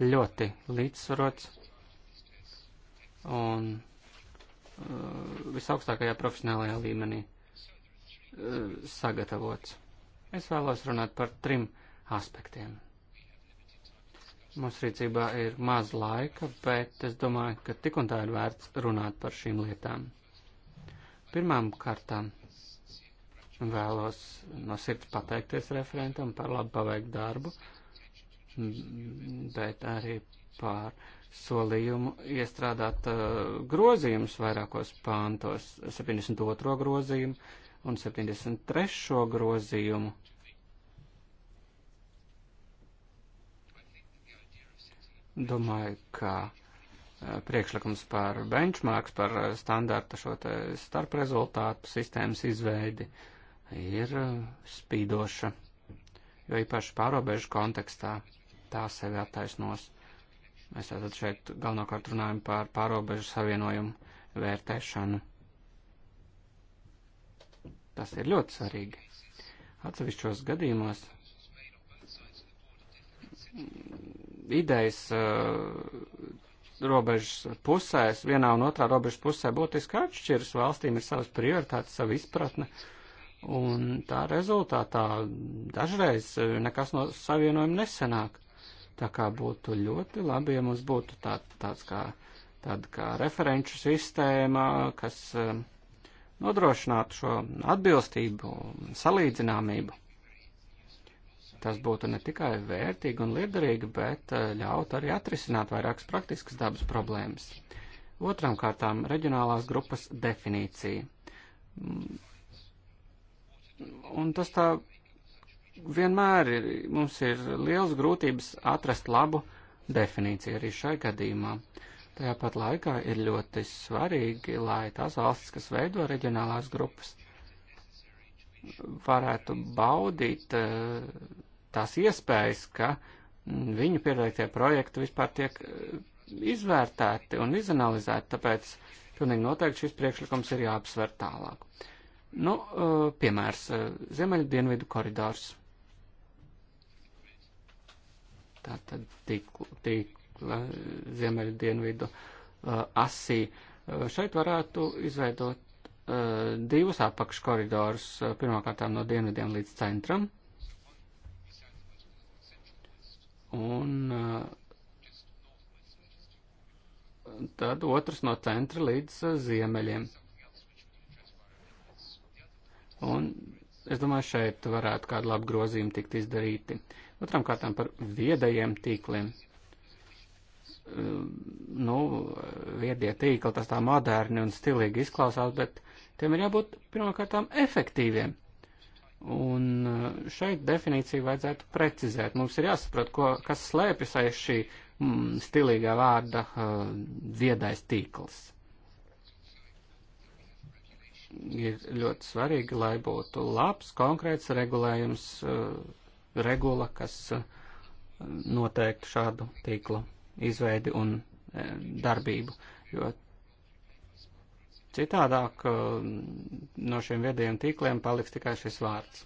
ļoti līdzsvarots un eh, visaugstākajā profesionālajā līmenī eh, sagatavots. Es vēlos runāt par trim aspektiem. Mums rīcībā ir maz laika, bet es domāju, ka tik un tā ir vērts runāt par šīm lietām. Pirmām kārtām vēlos no sirds pateikties referentam par labu paveiktu darbu, bet arī par solījumu iestrādāt uh, grozījumus vairākos pāntos - 72. grozījumu un 73. grozījumu Domāju, ka eh, priekšlikums par benchmarks, par eh, standarta šo te starprezultātu sistēmas izveidi ir eh, spīdoša, jo īpaši pārobežu kontekstā tā sevi attaisnos. Mēs tātad šeit galvenokārt runājam par pārobežu savienojumu vērtēšanu. Tas ir ļoti svarīgi. Atsevišķos gadījumos idejas eh, robežas pusēs, vienā un otrā robežas pusē būtiski atšķiras, valstīm ir savas prioritātes, sava izpratne, un tā rezultātā dažreiz eh, nekas no savienojuma nesenāk. Tā kā būtu ļoti labi, ja mums būtu tā, tāds kā, tāda kā referenču sistēma, kas eh, nodrošinātu šo atbilstību, salīdzināmību. Tas būtu ne tikai vērtīgi un liederīgi, bet eh, ļaut arī atrisināt vairākas praktiskas dabas problēmas. Otram kārtām reģionālās grupas definīcija. Mm. Un tas tā vienmēr ir, mums ir liels grūtības atrast labu definīciju arī šai gadījumā. Tajā pat laikā ir ļoti svarīgi, lai tās valstis, kas veido reģionālās grupas, varētu baudīt eh, tās iespējas, ka mm, viņu piedalītie projekti vispār tiek eh, izvērtēti un izanalizēti, tāpēc pilnīgi noteikti šis priekšlikums ir jāapsver tālāk. Nu, eh, piemērs eh, - Ziemeļu dienvidu koridors. Tātad tīkla, tīkla Ziemeļu dienvidu asī. Šeit varētu izveidot divus apakškoridorus, pirmkārtām no dienvidiem līdz centram, Un uh, tad otrs no centra līdz uh, ziemeļiem. Un es domāju, šeit varētu kādu labu grozījumu tikt izdarīti. Otram kārtām par viedajiem tīkliem. Um, nu, viedie tīkli, tas tā moderni un stilīgi izklausās, bet tiem ir jābūt pirmkārtām efektīviem. Un eh, šeit definīciju vajadzētu precizēt. Mums ir jāsaprot, ko, kas slēpjas aiz šī mm, stilīgā vārda uh, eh, viedais tīkls. Ir ļoti svarīgi, lai būtu labs, konkrēts regulējums, uh, regula, kas uh, noteiktu šādu tīklu izveidi un uh, darbību, jo Citādāk eh, no šiem viedajiem tīkliem paliks tikai šis vārds.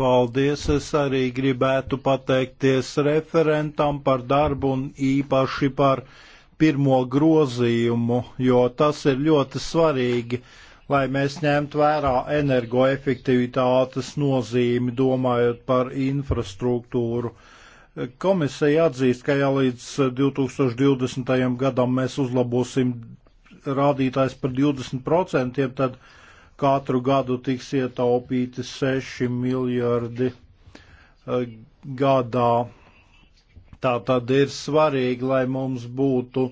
Paldies! Es arī gribētu pateikties referentam par darbu un īpaši par pirmo grozījumu, jo tas ir ļoti svarīgi, lai mēs ņemtu vērā energoefektivitātes nozīmi, domājot par infrastruktūru. Uh, Komisija atzīst, ka jau līdz 2020. Eh, gadam mēs uzlabosim rādītājs par 20%, tad katru gadu tiks ietaupīti 6 miljardi eh, gadā. Tā tad ir svarīgi, lai mums būtu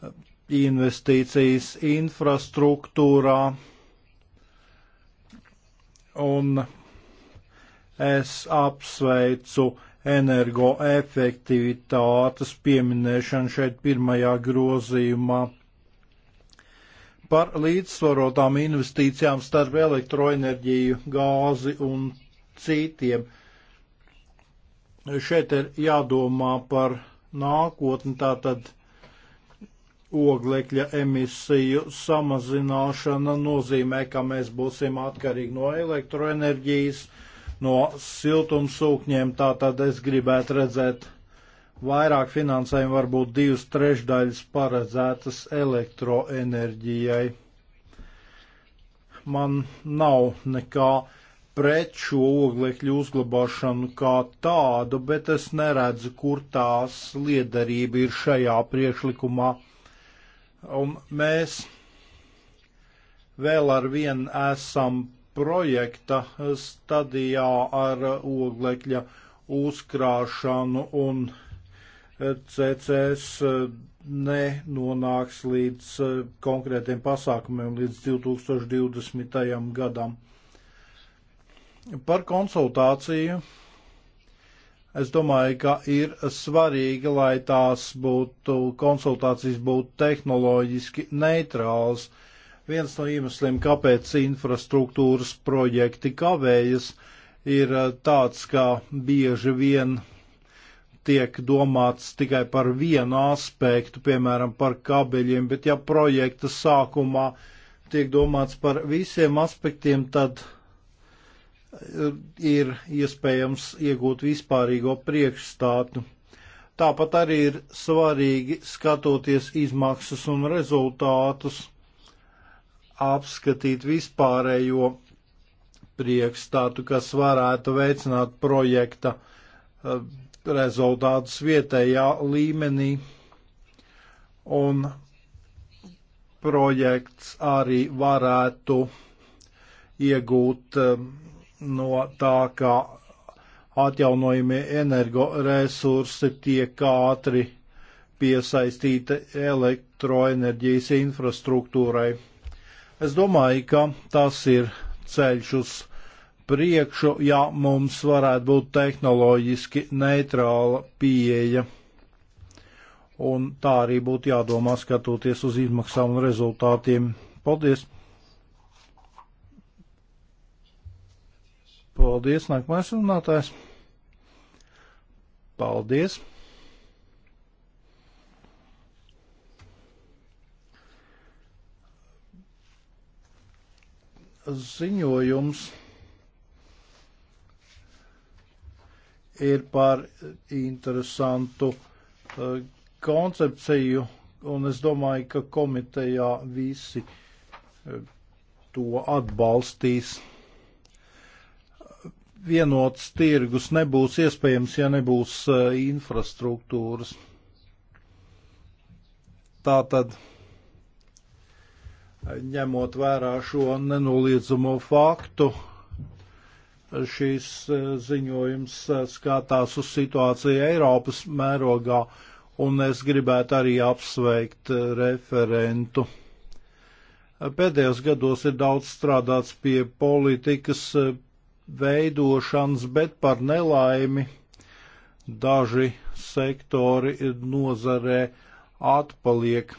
eh, investīcijas infrastruktūrā. Un es apsveicu energoefektivitātes pieminēšanu šeit pirmajā grozījumā. Par līdzsvarotām investīcijām starp elektroenerģiju, gāzi un citiem. Šeit ir jādomā par nākotni, tātad oglekļa emisiju samazināšana nozīmē, ka mēs būsim atkarīgi no elektroenerģijas, uh, no siltumsūkņiem, tā tad es gribētu redzēt vairāk finansējumu, varbūt divas trešdaļas paredzētas elektroenerģijai. Man nav nekā pret šo oglekļu uzglabāšanu kā tādu, bet es neredzu, kur tās liederība ir šajā priekšlikumā. Un mēs vēl ar vienu esam projekta stadijā ar oglekļa uzkrāšanu un CCS nenonāks līdz konkrētiem pasākumiem līdz 2020. gadam. Par konsultāciju es domāju, ka ir svarīgi, lai tās būtu, konsultācijas būtu tehnoloģiski neitrāls. Uh, Viens no iemesliem, kāpēc infrastruktūras projekti kavējas, ir eh, tāds, ka bieži vien tiek domāts tikai par vienu aspektu, piemēram, par kabeļiem, bet ja projekta sākumā tiek domāts par visiem aspektiem, tad eh, ir iespējams iegūt vispārīgo priekšstātu. Tāpat arī ir svarīgi skatoties izmaksas un rezultātus apskatīt vispārējo priekšstātu, kas varētu veicināt projekta eh, rezultātus vietējā līmenī. Un projekts arī varētu iegūt eh, no tā, ka atjaunojumie energoresursi tiek ātri piesaistīti elektroenerģijas infrastruktūrai. Es domāju, ka tas ir ceļš uz priekšu, ja mums varētu būt tehnoloģiski neitrāla pieeja. Un tā arī būtu jādomā skatoties uz izmaksām un rezultātiem. Paldies! Paldies, nākamais runātājs! Paldies! ziņojums ir par interesantu eh, koncepciju, un es domāju, ka komitejā visi eh, to atbalstīs. Vienots tirgus nebūs iespējams, ja nebūs eh, infrastruktūras. Tātad. tad ņemot vērā šo nenoliedzamo faktu, šīs eh, ziņojums eh, skatās uz situāciju Eiropas mērogā, un es gribētu arī apsveikt eh, referentu. Pēdējos gados ir daudz strādāts pie politikas veidošanas, bet par nelaimi daži sektori nozarē atpaliek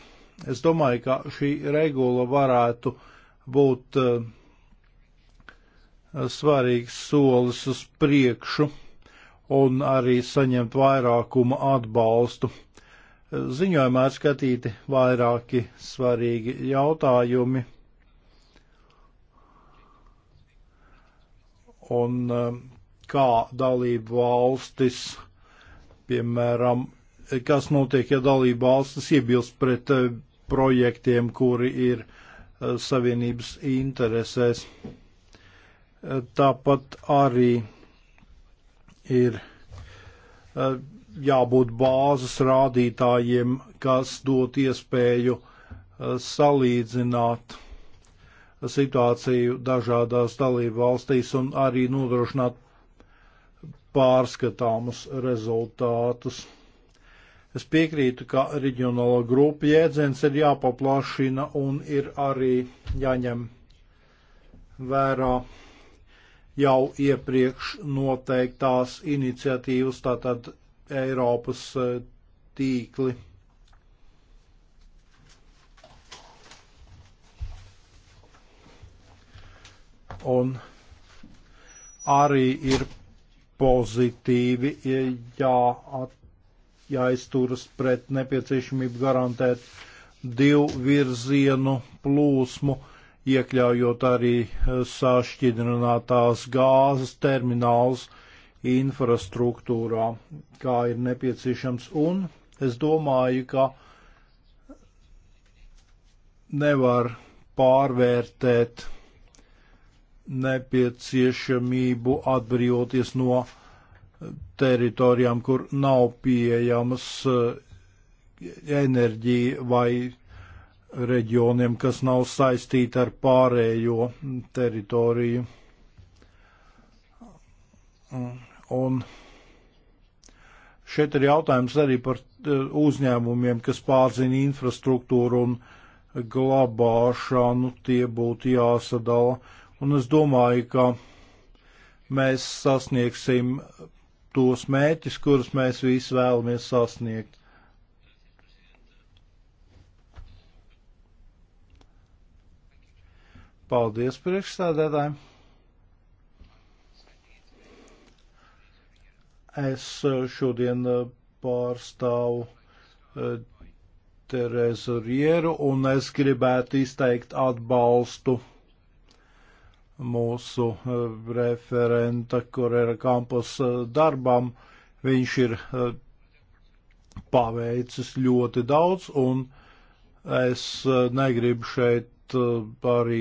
Es domāju, ka šī regula varētu būt eh, svarīgs solis uz priekšu un arī saņemt vairākuma atbalstu. Ziņojumā ir skatīti vairāki svarīgi jautājumi. Un eh, kā dalību valstis, piemēram, kas notiek, ja dalību valstis iebilst pret eh, projektiem, kuri ir eh, Savienības interesēs. Eh, tāpat arī ir eh, jābūt bāzes rādītājiem, kas dot iespēju salīdzināt situāciju dažādās dalību valstīs un arī nodrošināt pārskatāmus rezultātus. Es piekrītu, ka reģionāla grupa jēdziens ir jāpaplašina un ir arī jāņem vērā jau iepriekš noteiktās iniciatīvas, tātad Eiropas eh, tīkli. Un arī ir pozitīvi eh, jāattīstīt jāizturas pret nepieciešamību garantēt divu virzienu plūsmu, iekļaujot arī e, sašķidrinātās gāzes terminālus infrastruktūrā, kā ir nepieciešams. Un es domāju, ka nevar pārvērtēt nepieciešamību atbrīvoties no teritorijām, kur nav pieejamas eh, enerģija vai reģioniem, kas nav saistīti ar pārējo teritoriju. Un šeit ir jautājums arī par eh, uzņēmumiem, kas pārzina infrastruktūru un glabāšanu, tie būtu jāsadala. Un es domāju, ka mēs sasniegsim tos mērķus, kurus mēs visi vēlamies sasniegt. Paldies priekšsādētājiem! Es eh, šodien eh, pārstāvu eh, Terezu Rieru un es gribētu izteikt atbalstu mūsu eh, referenta Korera Kampus eh, darbam. Viņš ir eh, paveicis ļoti daudz, un es negribu šeit arī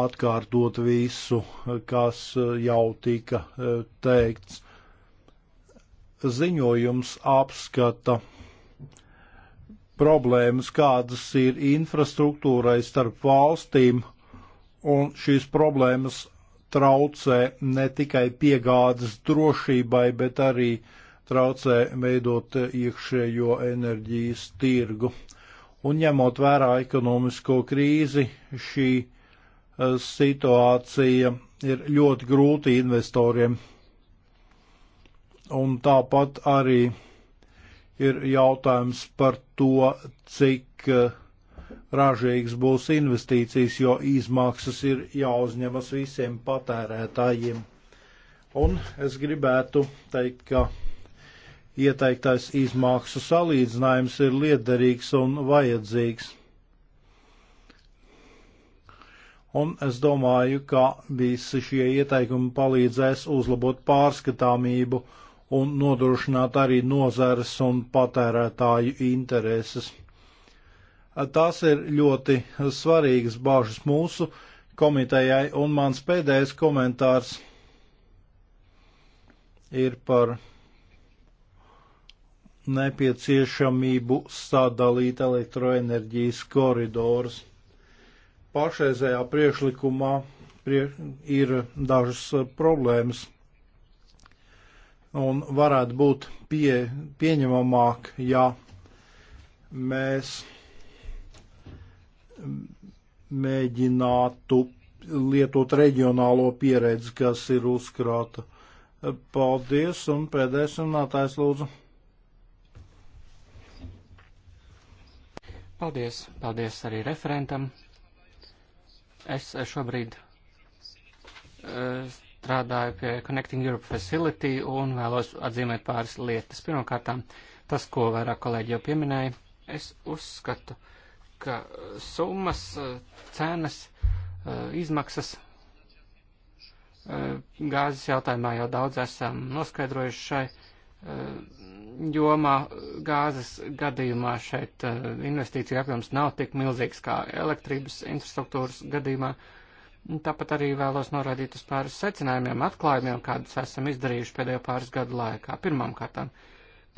atkārtot visu, kas jau tika teikts. Ziņojums apskata problēmas, kādas ir infrastruktūrai starp valstīm un šīs problēmas traucē ne tikai piegādes drošībai, bet arī traucē veidot iekšējo enerģijas tirgu. Un ņemot vērā ekonomisko krīzi, šī e, situācija ir ļoti grūti investoriem. Un tāpat arī ir jautājums par to, cik uh, ražīgs būs investīcijas, jo izmaksas ir jāuzņemas visiem patērētājiem. Un es gribētu teikt, ka ieteiktais izmaksu salīdzinājums ir liederīgs un vajadzīgs. Un es domāju, ka visi šie ieteikumi palīdzēs uzlabot pārskatāmību un nodrošināt arī nozares un patērētāju intereses. Tās ir ļoti svarīgas bāžas mūsu komitejai, un mans pēdējais komentārs ir par nepieciešamību sadalīt elektroenerģijas koridorus. Pašreizējā priekšlikumā prie, ir dažas problēmas un varētu būt pie, pieņemamāk, ja mēs mēģinātu lietot reģionālo pieredzi, kas ir uzkrāta. Paldies, un pēdējais runātājs lūdzu. Paldies, paldies arī referentam. Es šobrīd eh, strādāju pie Connecting Europe Facility un vēlos atzīmēt pāris lietas. Pirmkārt, tas, ko vairāk kolēģi jau pieminēja, es uzskatu, ka ka eh, summas, eh, cenas, eh, izmaksas gāzes jautājumā jau daudz esam noskaidrojuši šai jomā gāzes gadījumā šeit investīcija apjoms nav tik milzīgs kā elektrības infrastruktūras gadījumā. Tāpat arī vēlos norādīt uz pāris secinājumiem, atklājumiem, kādus esam izdarījuši pēdējo pāris gadu laikā. Pirmām kārtām,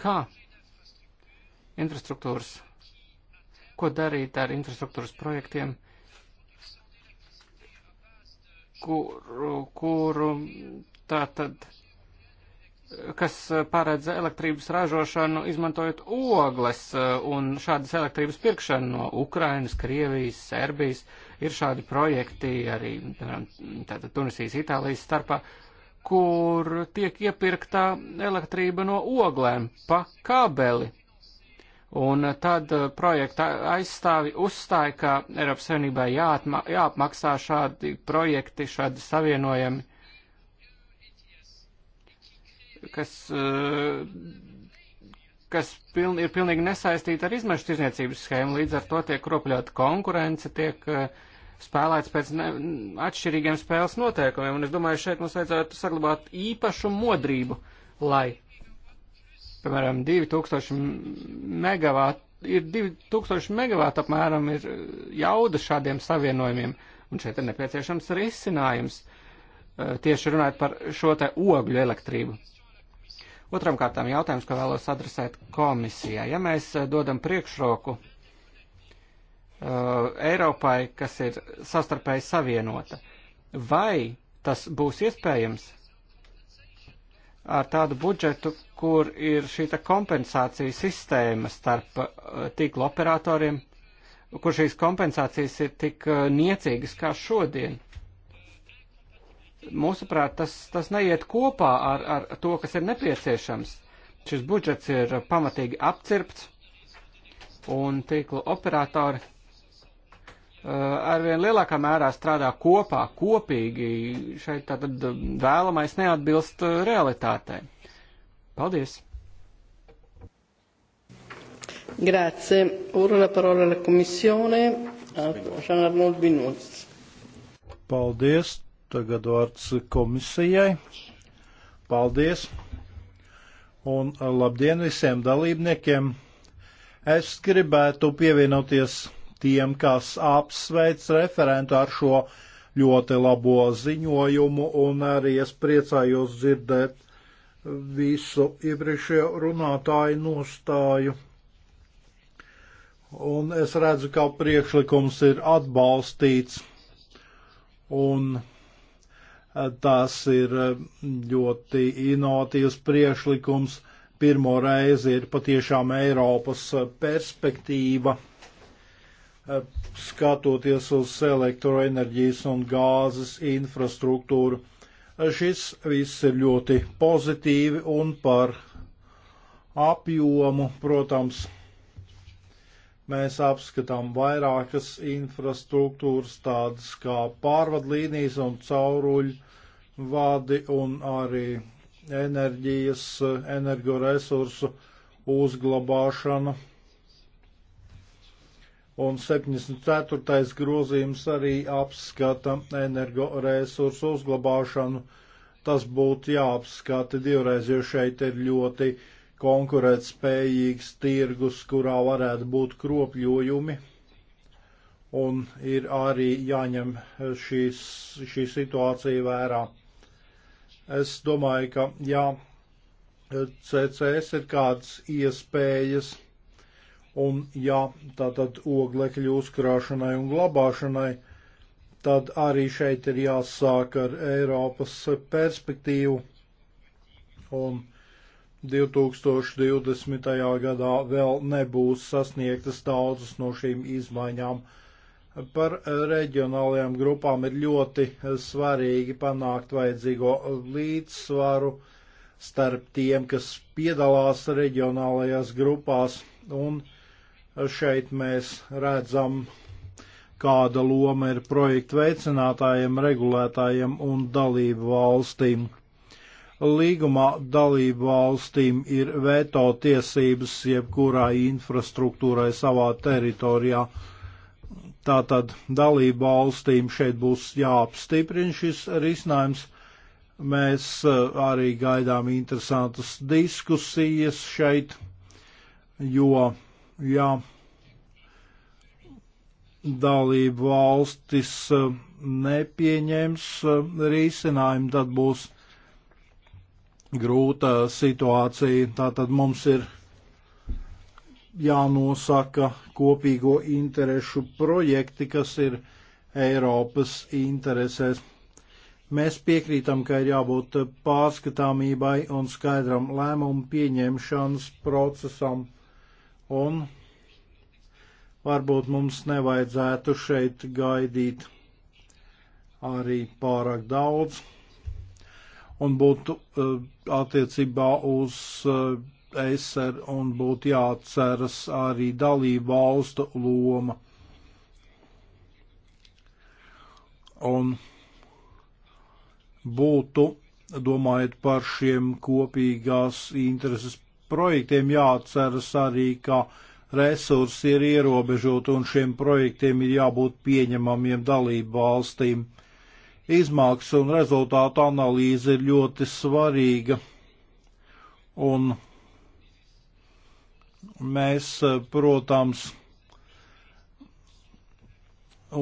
kā infrastruktūras ko darīt ar infrastruktūras projektiem, kuru, kuru tā tad, kas paredz elektrības ražošanu, izmantojot ogles un šādas elektrības pirkšanu no Ukrainas, Krievijas, Serbijas. Ir šādi projekti arī, tātad Tunisijas, Itālijas starpā kur tiek iepirktā elektrība no oglēm pa kabeli. Un eh, tad eh, projekta aizstāvi uzstāja, ka Eiropas Savienībai jāatma, jāapmaksā šādi projekti, šādi savienojami, kas, eh, kas piln, ir pilnīgi nesaistīti ar izmešu tirzniecības schēmu. Līdz ar to tiek kropļota konkurence, tiek spēlēts pēc ne, atšķirīgiem spēles noteikumiem. Un es domāju, šeit mums vajadzētu saglabāt īpašu modrību, lai piemēram, 2000 megavātu, ir 2000 megavātu apmēram ir eh, jauda šādiem savienojumiem, un šeit ir nepieciešams risinājums, eh, tieši runājot par šo te ogļu elektrību. Otram kārtām jautājums, ko vēlos adresēt komisijai. Ja mēs eh, dodam priekšroku uh, Eiropai, kas ir sastarpēji savienota, vai tas būs iespējams? ar tādu budžetu, kur ir šī kompensācija sistēma starp uh, tīkla operatoriem, kur šīs kompensācijas ir tik uh, niecīgas kā šodien. Mūsuprāt, tas, tas neiet kopā ar, ar to, kas ir nepieciešams. Šis budžets ir pamatīgi apcirpts, un tīkla operatori Eh, arvien lielākā mērā strādā kopā, kopīgi. Šeit tātad eh, vēlamais neatbilst eh, realitātei. Paldies! Grazie. Ora la parola alla Commissione, a Jean-Arnaud Binoz. Paldies. Tagad vārds komisijai. Paldies. Un labdien visiem dalībniekiem. Es gribētu pievienoties tiem, kas apsveic referentu ar šo ļoti labo ziņojumu, un arī es priecājos dzirdēt visu iepriekšējo runātāju nostāju. Un es redzu, ka priekšlikums ir atbalstīts, un tas ir ļoti inovatīvs priekšlikums. Pirmo reizi ir patiešām Eiropas perspektīva skatoties uz elektroenerģijas un gāzes infrastruktūru. Šis viss ir ļoti pozitīvi un par apjomu, protams, mēs apskatām vairākas infrastruktūras, tādas kā pārvadlīnijas un cauruļu vadi un arī enerģijas, energoresursu uzglabāšana un 74. grozījums arī apskata energoresursu uzglabāšanu. Tas būtu jāapskata divreiz, jo šeit ir ļoti konkurētspējīgs tirgus, kurā varētu būt kropļojumi. Un ir arī jāņem šīs, šī situācija vērā. Es domāju, ka jā, CCS ir kādas iespējas Un ja tātad oglekļu uzkrāšanai un glabāšanai, tad arī šeit ir jāsāk ar Eiropas perspektīvu. Un 2020. gadā vēl nebūs sasniegtas daudzas no šīm izmaiņām. Par reģionālajām grupām ir ļoti svarīgi panākt vajadzīgo līdzsvaru starp tiem, kas piedalās reģionālajās grupās un Šeit mēs redzam, kāda loma ir projektu veicinātājiem, regulētājiem un dalību valstīm. Līgumā dalību valstīm ir veto tiesības jebkurai infrastruktūrai savā teritorijā. Tātad dalību valstīm šeit būs jāapstiprina šis risinājums. Mēs eh, arī gaidām interesantas diskusijas šeit, jo ja dalību valstis e, nepieņems e, risinājumu, tad būs grūta situācija. Tātad mums ir jānosaka kopīgo interešu projekti, kas ir Eiropas interesēs. Mēs piekrītam, ka ir jābūt pārskatāmībai un skaidram lēmumu pieņemšanas procesam un varbūt mums nevajadzētu šeit gaidīt arī pārāk daudz un būtu uh, attiecībā uz uh, eh, ESR un būtu jāatceras arī dalību valstu loma. Un būtu, domājot par šiem kopīgās intereses projektiem jāatceras arī, ka resursi ir ierobežoti un šiem projektiem ir jābūt pieņemamiem dalību valstīm. Izmaksu un rezultātu analīze ir ļoti svarīga. Un mēs, protams,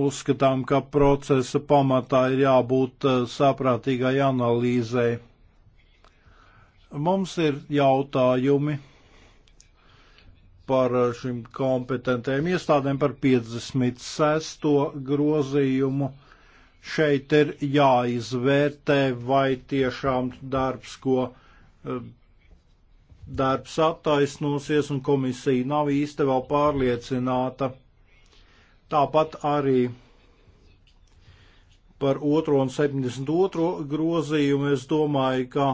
uzskatām, ka procesa pamatā ir jābūt eh, saprātīgai analīzei Mums ir jautājumi par šīm kompetentēm iestādēm par 56. grozījumu. Šeit ir jāizvērtē, vai tiešām darbs, ko eh, darbs attaisnosies un komisija nav īsti vēl pārliecināta. Tāpat arī par 2. un 72. grozījumu es domāju, ka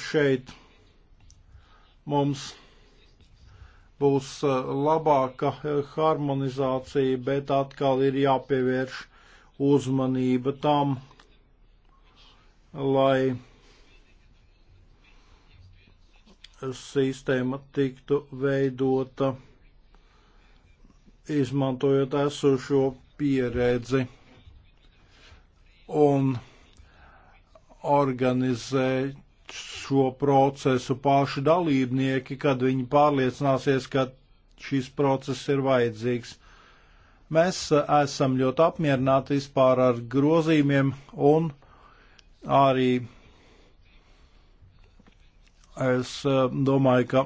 šeit mums būs eh, labāka eh, harmonizācija, bet atkal ir jāpievērš uzmanība tam, lai sistēma tiktu veidota izmantojot esošo pieredzi un organizēt šo procesu paši dalībnieki, kad viņi pārliecināsies, ka šis process ir vajadzīgs. Mēs e, esam ļoti apmierināti vispār ar grozījumiem un arī es e, domāju, ka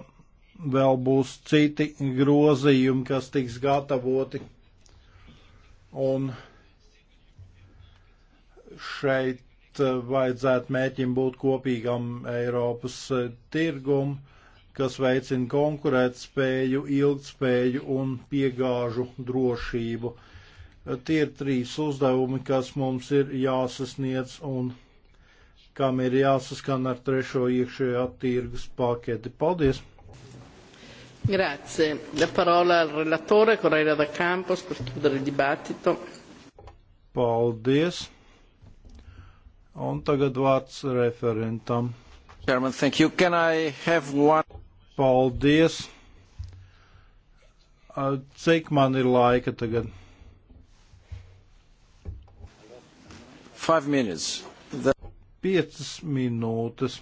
vēl būs citi grozījumi, kas tiks gatavoti. Un šeit Eh, vajadzētu mērķim būt kopīgam Eiropas eh, tirgum, kas veicina konkurētspēju, ilgtspēju un piegāžu drošību. Eh, tie ir trīs uzdevumi, kas mums ir jāsasniedz un kam ir jāsaskan ar trešo iekšējā tirgus paketi. Paldies! Grazie. La parola al relatore Correira da Campos per chiudere il dibattito. Paldies. Un tagad vārds referentam. Chairman, thank you. Can I have one? Paldies. Cik man ir laika tagad? Five minutes. The... Piecas minūtes.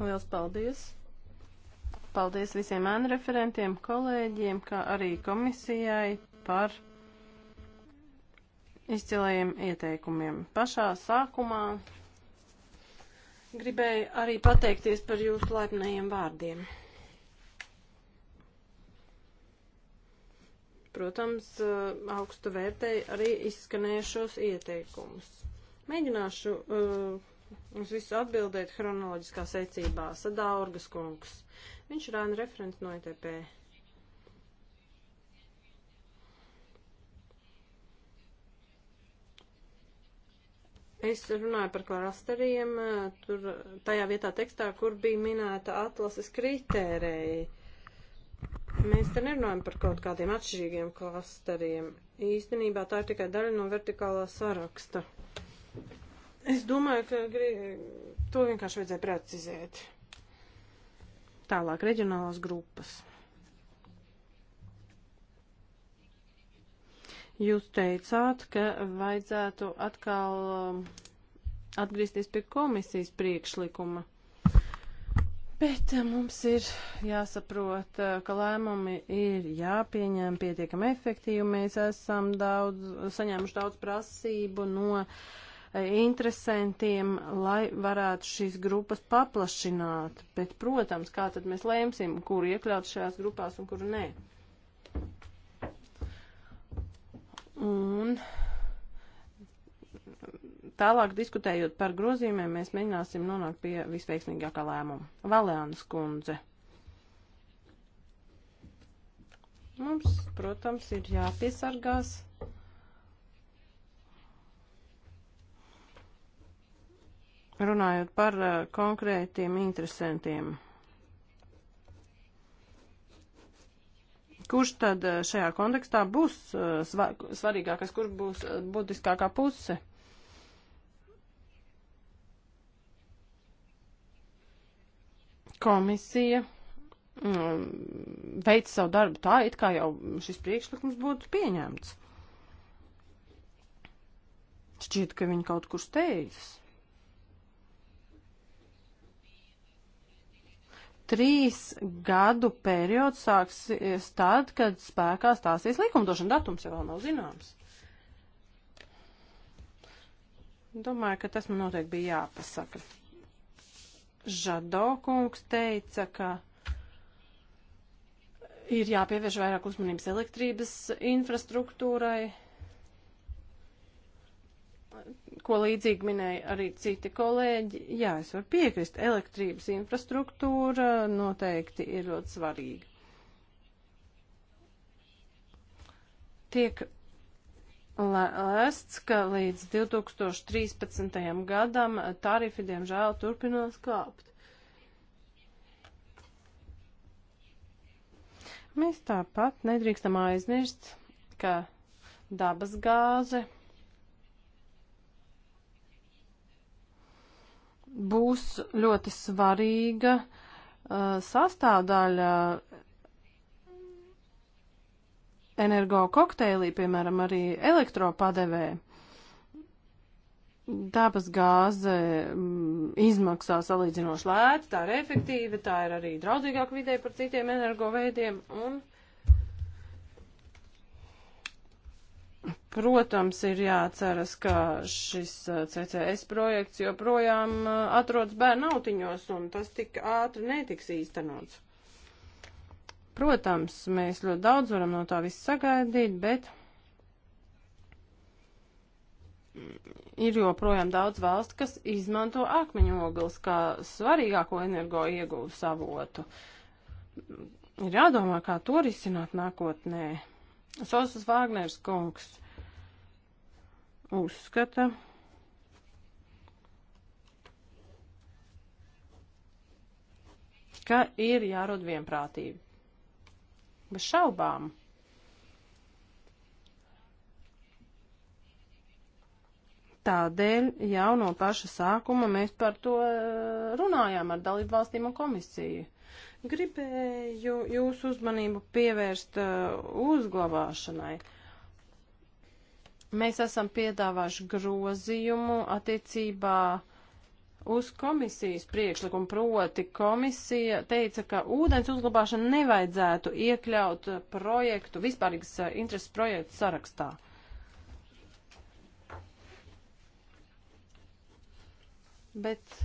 Liels paldies! Paldies visiem ēnu referentiem, kolēģiem, kā arī komisijai par izcilajiem ieteikumiem. Pašā sākumā gribēju arī pateikties par jūsu laipnajiem vārdiem. Protams, eh, augstu vērtēju arī izskanējušos ieteikumus. Mēģināšu uh, uz visu atbildēt chronoloģiskā secībā. Sadaurgas kungs. Viņš ir ēna referents no ETP. Es runāju par klasteriem, tur tajā vietā tekstā, kur bija minēta atlases kritērēji. Mēs te nerunājam par kaut kādiem atšķirīgiem klasteriem. Īstenībā tā ir tikai daļa no vertikālā saraksta. Es domāju, ka to vienkārši vajadzēja precizēt. Tālāk reģionālās grupas. Jūs teicāt, ka vajadzētu atkal um, atgriezties pie komisijas priekšlikuma. Bet uh, mums ir jāsaprot, uh, ka lēmumi ir jāpieņem pietiekami efektīvi. Mēs esam daudz, saņēmuši daudz prasību no uh, interesantiem, lai varētu šīs grupas paplašināt. Bet, protams, kā tad mēs lēmsim, kur iekļaut šajās grupās un kur nē. Un tālāk diskutējot par grozījumiem, mēs mēģināsim nonākt pie visveiksmīgākā lēmuma. Valēnas kundze. Mums, protams, ir jāpiesargās runājot par uh, konkrētiem interesantiem. Kurš tad uh, šajā kontekstā būs uh, sva svarīgākais, kurš būs uh, būtiskākā puse? Komisija um, veic savu darbu tā, it kā jau šis priekšlikums būtu pieņemts. Šķiet, ka viņi kaut kur steidzas. trīs gadu periods sāksies tad, kad spēkā stāsies likumdošana. Datums jau vēl nav zināms. Domāju, ka tas man noteikti bija jāpasaka. Žado kungs teica, ka ir jāpievērš vairāk uzmanības elektrības infrastruktūrai ko līdzīgi minēja arī citi kolēģi. Jā, es varu piekrist, elektrības infrastruktūra noteikti ir ļoti svarīga. Tiek lēsts, ka līdz 2013. gadam tarifi, diemžēl, turpinās kāpt. Mēs tāpat nedrīkstam aizmirst, ka dabas gāze būs ļoti svarīga uh, sastāvdaļa energo kokteilī, piemēram, arī elektropavadē. Dabas gāze mm, izmaksā salīdzinoši lēti, tā ir efektīva, tā ir arī draudzīgāka vidē par citiem energo veidiem un uh, Protams, ir jāatceras, ka šis eh, CCS projekts joprojām eh, atrodas bērnu autiņos, un tas tik ātri netiks īstenots. Protams, mēs ļoti daudz varam no tā viss sagaidīt, bet ir joprojām daudz valsts, kas izmanto akmeņogles kā svarīgāko energo ieguvu savotu. Ir jādomā, kā to risināt nākotnē. Sosas Vāgners kungs uzskata, ka ir jārod vienprātība. Bez šaubām. Tādēļ jau no paša sākuma mēs par to eh, runājām ar dalību valstīm un komisiju. Gribēju jūsu uzmanību pievērst eh, uzglabāšanai. Uh, Mēs esam piedāvājuši grozījumu attiecībā uz komisijas priekšlikumu, proti komisija teica, ka ūdens uzglabāšana nevajadzētu iekļaut projektu, vispārīgas eh, intereses projektu sarakstā. Bet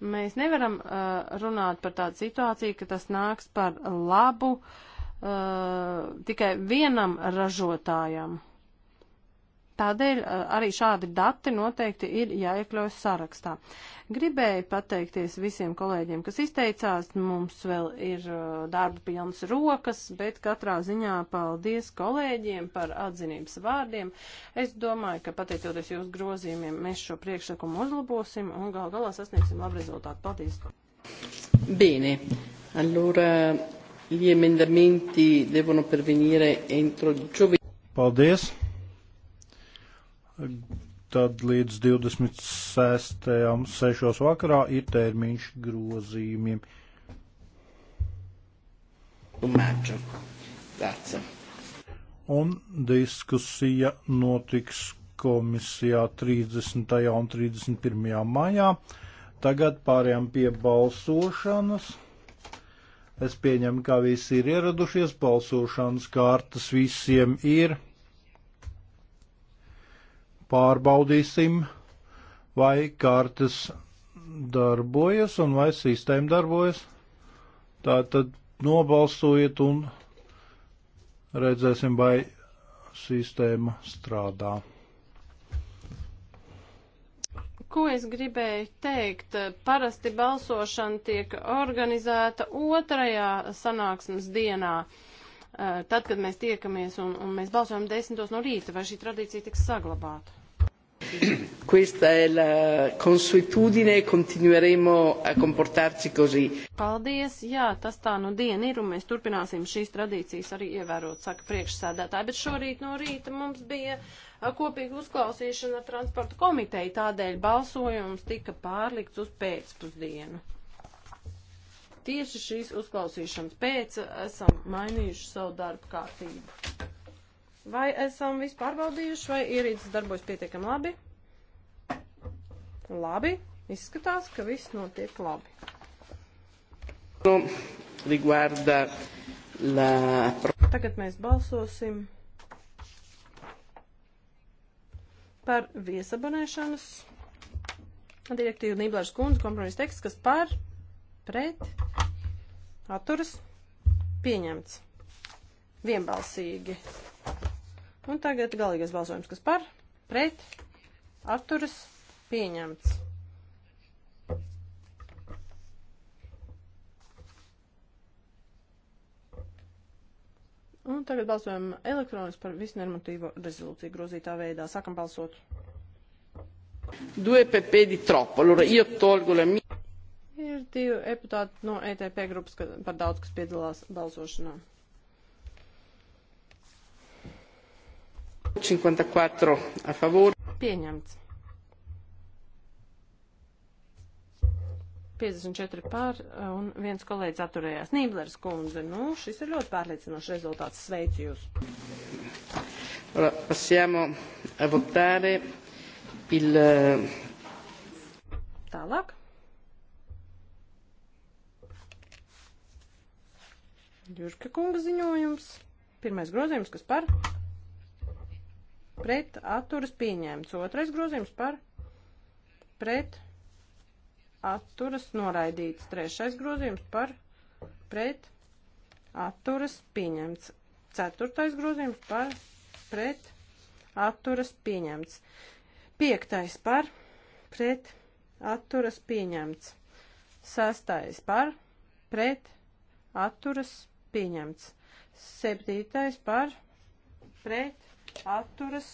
mēs nevaram uh, runāt par tādu situāciju, ka tas nāks par labu uh, tikai vienam ražotājam. Tādēļ eh, arī šādi dati noteikti ir jāiekļaujas sarakstā. Gribēju pateikties visiem kolēģiem, kas izteicās. Mums vēl ir eh, darba pilnas rokas, bet katrā ziņā paldies kolēģiem par atzinības vārdiem. Es domāju, ka pateicoties jūsu grozījumiem, mēs šo priekšlikumu uzlabosim un gal galā sasniegsim labu rezultātu. Paldies! Bene, allora gli emendamenti devono pervenire entro giovedì. Paldies! tad līdz 26.6. vakarā ir termiņš grozījumiem. Un diskusija notiks komisijā 30. un 31. maijā. Tagad pārējām pie balsošanas. Es pieņemu, ka visi ir ieradušies, balsošanas kārtas visiem ir pārbaudīsim, vai kartes darbojas un vai sistēma darbojas. Tā tad nobalsojiet un redzēsim, vai sistēma strādā. Ko es gribēju teikt? Parasti balsošana tiek organizēta otrajā sanāksmes dienā. Uh, Eh, tad, kad mēs tiekamies un, un mēs balsojam desmitos no rīta, vai šī tradīcija tiks saglabāta? Questa è la consuetudine e continueremo a comportarci così. Paldies, jā, tas tā nu diena ir un mēs turpināsim šīs tradīcijas arī ievērot, saka priekšsēdētāji, bet šorīt no rīta mums bija eh, kopīga uzklausīšana transporta komiteja, tādēļ balsojums tika pārlikts uz pēcpusdienu tieši šīs uzklausīšanas pēc esam mainījuši savu darbu kārtību. Vai esam visu pārbaudījuši, vai ierīces darbojas pietiekami labi? Labi, izskatās, ka viss notiek labi. No, nu, riguarda la... Tagad mēs balsosim par viesabonēšanas direktīvu Nīblažas kundze kompromisa teksts, kas par pret Atturas pieņemts. Vienbalsīgi. Un tagad galīgais balsojums, kas par, pret, atturas pieņemts. Un tagad balsojam elektroniski par visnermatīvo rezolūciju grozītā veidā. Sākam balsot. Due PP di troppo. Allora io tolgo la mia. Ir divi deputāti no ETP grupas, ka par daudz, kas piedalās balsošanā. 54 a favor. Pieņemts. 54 pār uh, un viens kolēģis atturējās. Nīblers kundze, nu, šis ir ļoti pārliecinošs rezultāts. Sveicu jūs. Passiamo a votare il... Eh, Tālāk. Jurka kunga ziņojums. Pirmais grozījums, kas par pret atturas pieņēmts. Otrais grozījums par pret atturas noraidīts. Trešais grozījums par pret atturas pieņemts. Ceturtais grozījums par pret atturas pieņemts. Piektais par pret atturas pieņemts. Sastais par pret atturas pieņemts pieņemts. Septītais par pret atturas.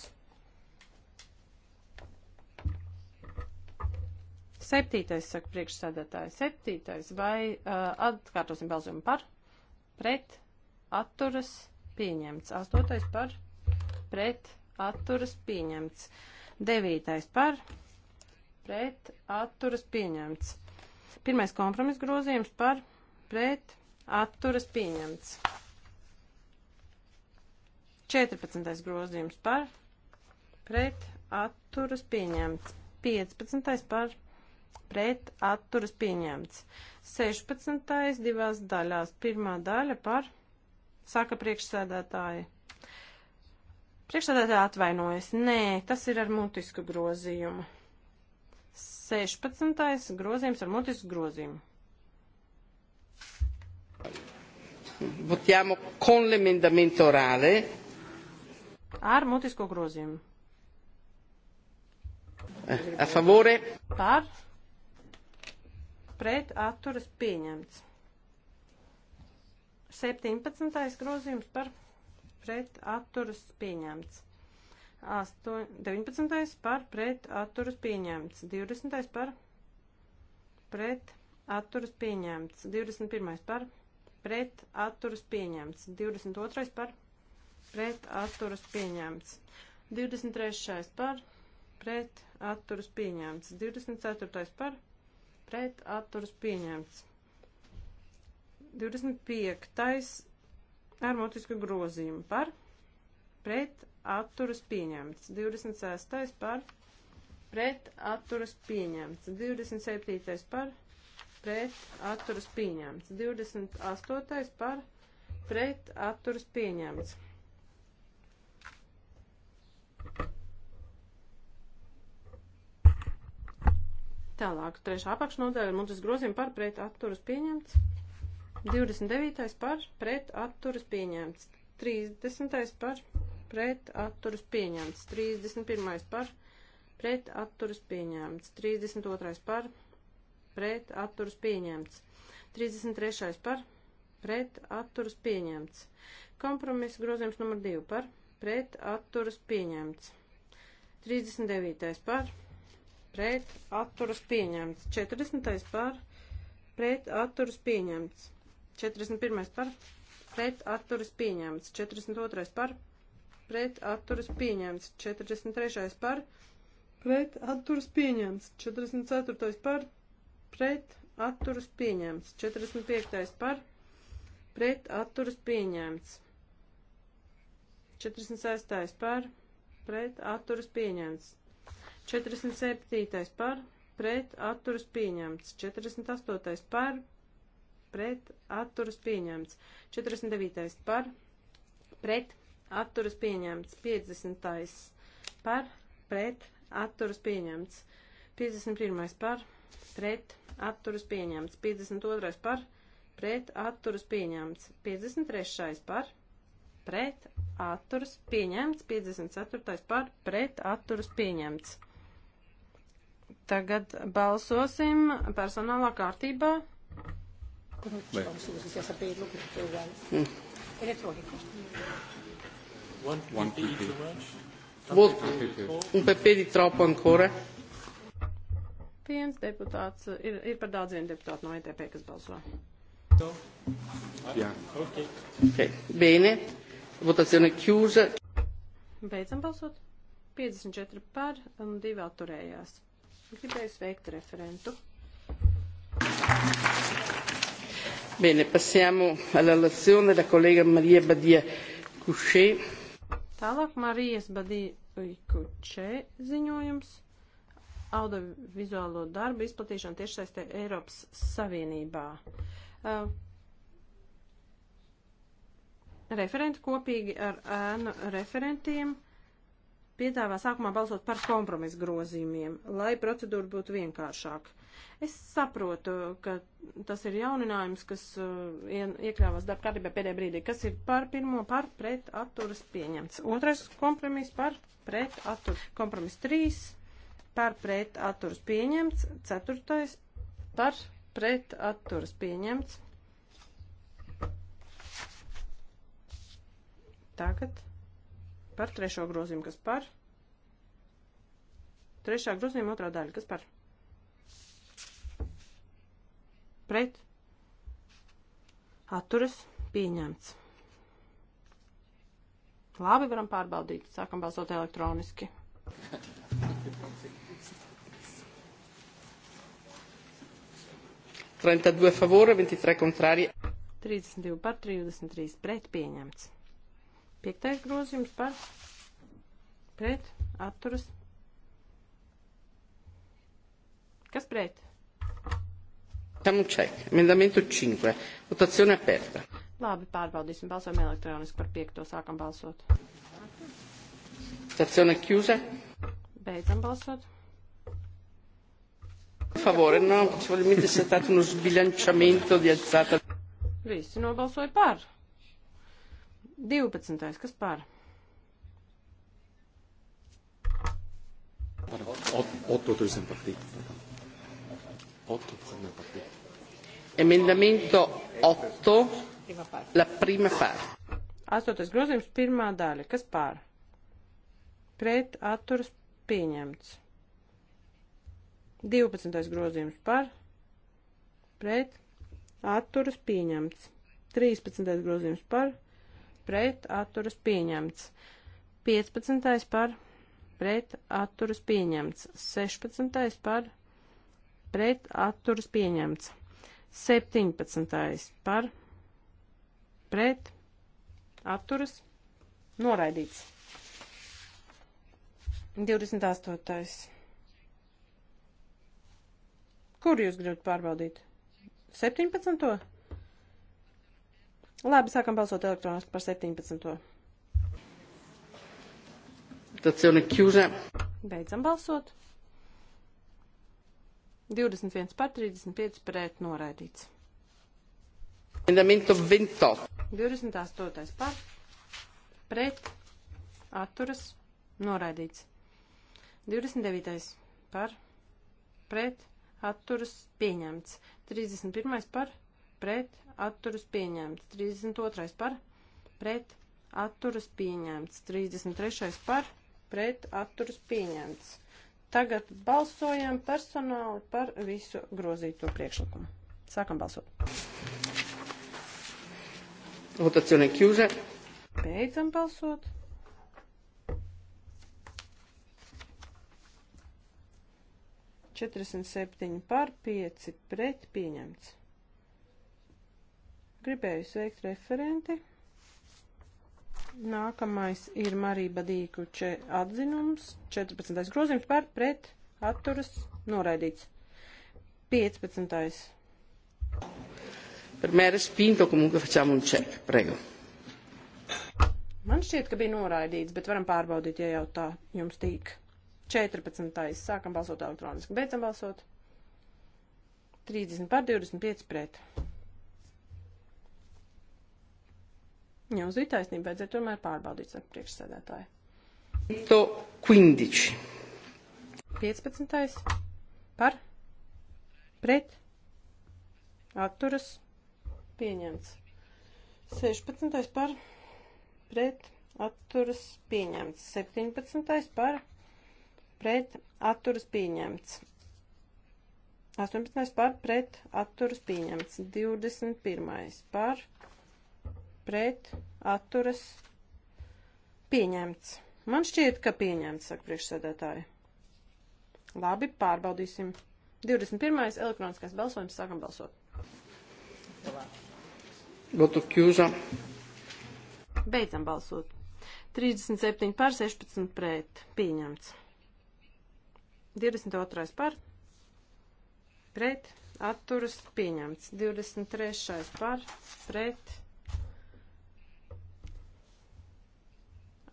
Septītais, saka priekšsēdētāji, septītais vai uh, atkārtosim balsojumu par pret atturas pieņemts. Astotais par pret atturas pieņemts. Devītais par pret atturas pieņemts. Pirmais kompromis grozījums par pret atturas pieņemts. 14. grozījums par, pret, atturas pieņemts. 15. par, pret, atturas pieņemts. 16. divās daļās, pirmā daļa par, saka priekšsēdētāji. Priekšsēdētāji atvainojas, nē, tas ir ar mutisku grozījumu. 16. grozījums ar mutisku grozījumu. Votiamo con l'emendamento orale. Ar mutisko grozījumu. Eh, a favore. Par. Pret atturas pieņemts. 17. grozījums par pret atturas pieņemts. 8, 19. par pret atturas pieņemts. 20. par pret atturas pieņemts. 21. par pret pret atturas pieņemts. 22. par pret atturas pieņemts. 23. par pret atturas pieņemts. 24. par pret atturas pieņemts. 25. ar motisku grozījumu par pret atturas pieņemts. 26. par pret atturas pieņemts. 27. par pret pret atturas pieņemts. 28. par pret atturas pieņemts. Tālāk, trešā apakšnodaļa, mutas grozījuma par pret atturas pieņemts. 29. par pret atturas pieņemts. 30. par pret atturas pieņemts. 31. par pret atturas pieņemts. 32. par pret pret atturas pieņemts. 33. par pret atturas pieņemts. Kompromisa grozījums numur 2 par pret atturas pieņemts. 39. par pret atturas pieņemts. 40. par pret atturas pieņemts. 41. par pret atturas pieņemts. 42. par pret atturas pieņemts. 43. par pret atturas pieņemts. 44. par pret pret atturas pieņemts. 45. par pret atturas pieņemts. 46. par pret atturas pieņemts. 47. par pret atturas pieņemts. 48. par pret atturas pieņemts. 49. par pret atturas pieņemts. 50. par pret atturas pieņemts. 51. par pret atturas pieņemts. 52. par pret atturas pieņemts. 53. par pret atturas pieņemts. 54. par pret atturas pieņemts. Tagad balsosim personālā kārtībā. Mm. Un PP di troppo ancora viens deputāts, eh, ir, ir par daudz vienu deputātu no ETP, kas balso. Jā. Ok. okay. Bene. Votazione chiusa. Beidzam balsot. 54 par un 2 atturējās. Gribēju sveikt referentu. Bene, passiamo alla relazione della collega Maria Badia Couchet. Tālāk Marijas Badija Kučē ziņojums audiovizuālo darbu izplatīšanu tiešsaistē Eiropas Savienībā. Uh, referenti kopīgi ar ēnu referentiem piedāvā sākumā balsot par kompromisu grozījumiem, lai procedūra būtu vienkāršāka. Es saprotu, ka tas ir jauninājums, kas iekļāvās darba kārtībā pēdējā brīdī, kas ir par pirmo par pret atturas pieņemts. Otrais kompromiss par pret atturas. Kompromiss trīs par pret atturas pieņemts, ceturtais par pret atturas pieņemts. Tagad par trešo grozījumu, kas par. Trešā grozījuma otrā daļa, kas par. Pret atturas pieņemts. Labi, varam pārbaudīt. Sākam balsot elektroniski. Thank you. 32 favore, 23 contrari. 32 par, 33 pret pieņemts. Piektais grozījums par pret atturas. Kas pret? Tam check. Emendamento 5. Votazione aperta. Labi, pārbaudīsim balsojumu elektroniski par piekto. Sākam balsot. Votazione chiusa. Beidzam balsot. Favore, no, solamente c'è stato uno sbilanciamento di alzata. Visi nobalsoja par. 12. Kas par? Emendamento 8, la prima parte. Astotais grozījums, pirmā daļa. Kas pār? Pret atturas pieņemts. 12. grozījums par, pret, atturas pieņemts. 13. grozījums par, pret, atturas pieņemts. 15. par, pret, atturas pieņemts. 16. par, pret, atturas pieņemts. 17. par, pret, atturas noraidīts. 28. Kur jūs gribat pārbaudīt? 17. Labi, sākam balsot elektroniski par 17. Stazione chiusa. Beidzam balsot. 21 par 35 pret noraidīts. Emendamento 28. 28 par pret atturas noraidīts. 29. par pret atturas pieņemts. 31. par pret atturas pieņemts. 32. par pret atturas pieņemts. 33. par pret atturas pieņemts. Tagad balsojam personāli par visu grozīto priekšlikumu. Sākam balsot. Votazione chiusa. Beidzam balsot. 47 par 5 pret pieņemts. Gribēju sveikt referenti. Nākamais ir Marija Badīku če atzinums. 14. grozījums par pret atturas noraidīts. 15. Per me era spinto, comunque facciamo un check, prego. Man šķiet, ka bija noraidīts, bet varam pārbaudīt, ja jau tā jums tīk. 14. Sākam balsot elektroniski. Beidzam balsot. 30 par 25 pret. Jums bija taisnība, vajadzēja tomēr pārbaudīt ar priekšsēdētāju. 15. 15. Par. Pret. Atturas. Pieņemts. 16. par. Pret. Atturas. Pieņemts. 17. par pret atturas pieņemts. 18. par pret atturas pieņemts. 21. par pret atturas pieņemts. Man šķiet, ka pieņemts, saka priekšsēdētāji. Labi, pārbaudīsim. 21. elektroniskais balsojums, sākam balsot. Votu kjūza. Beidzam balsot. 37 pār 16 pret pieņemts. 22. par pret atturas pieņemts. 23. par pret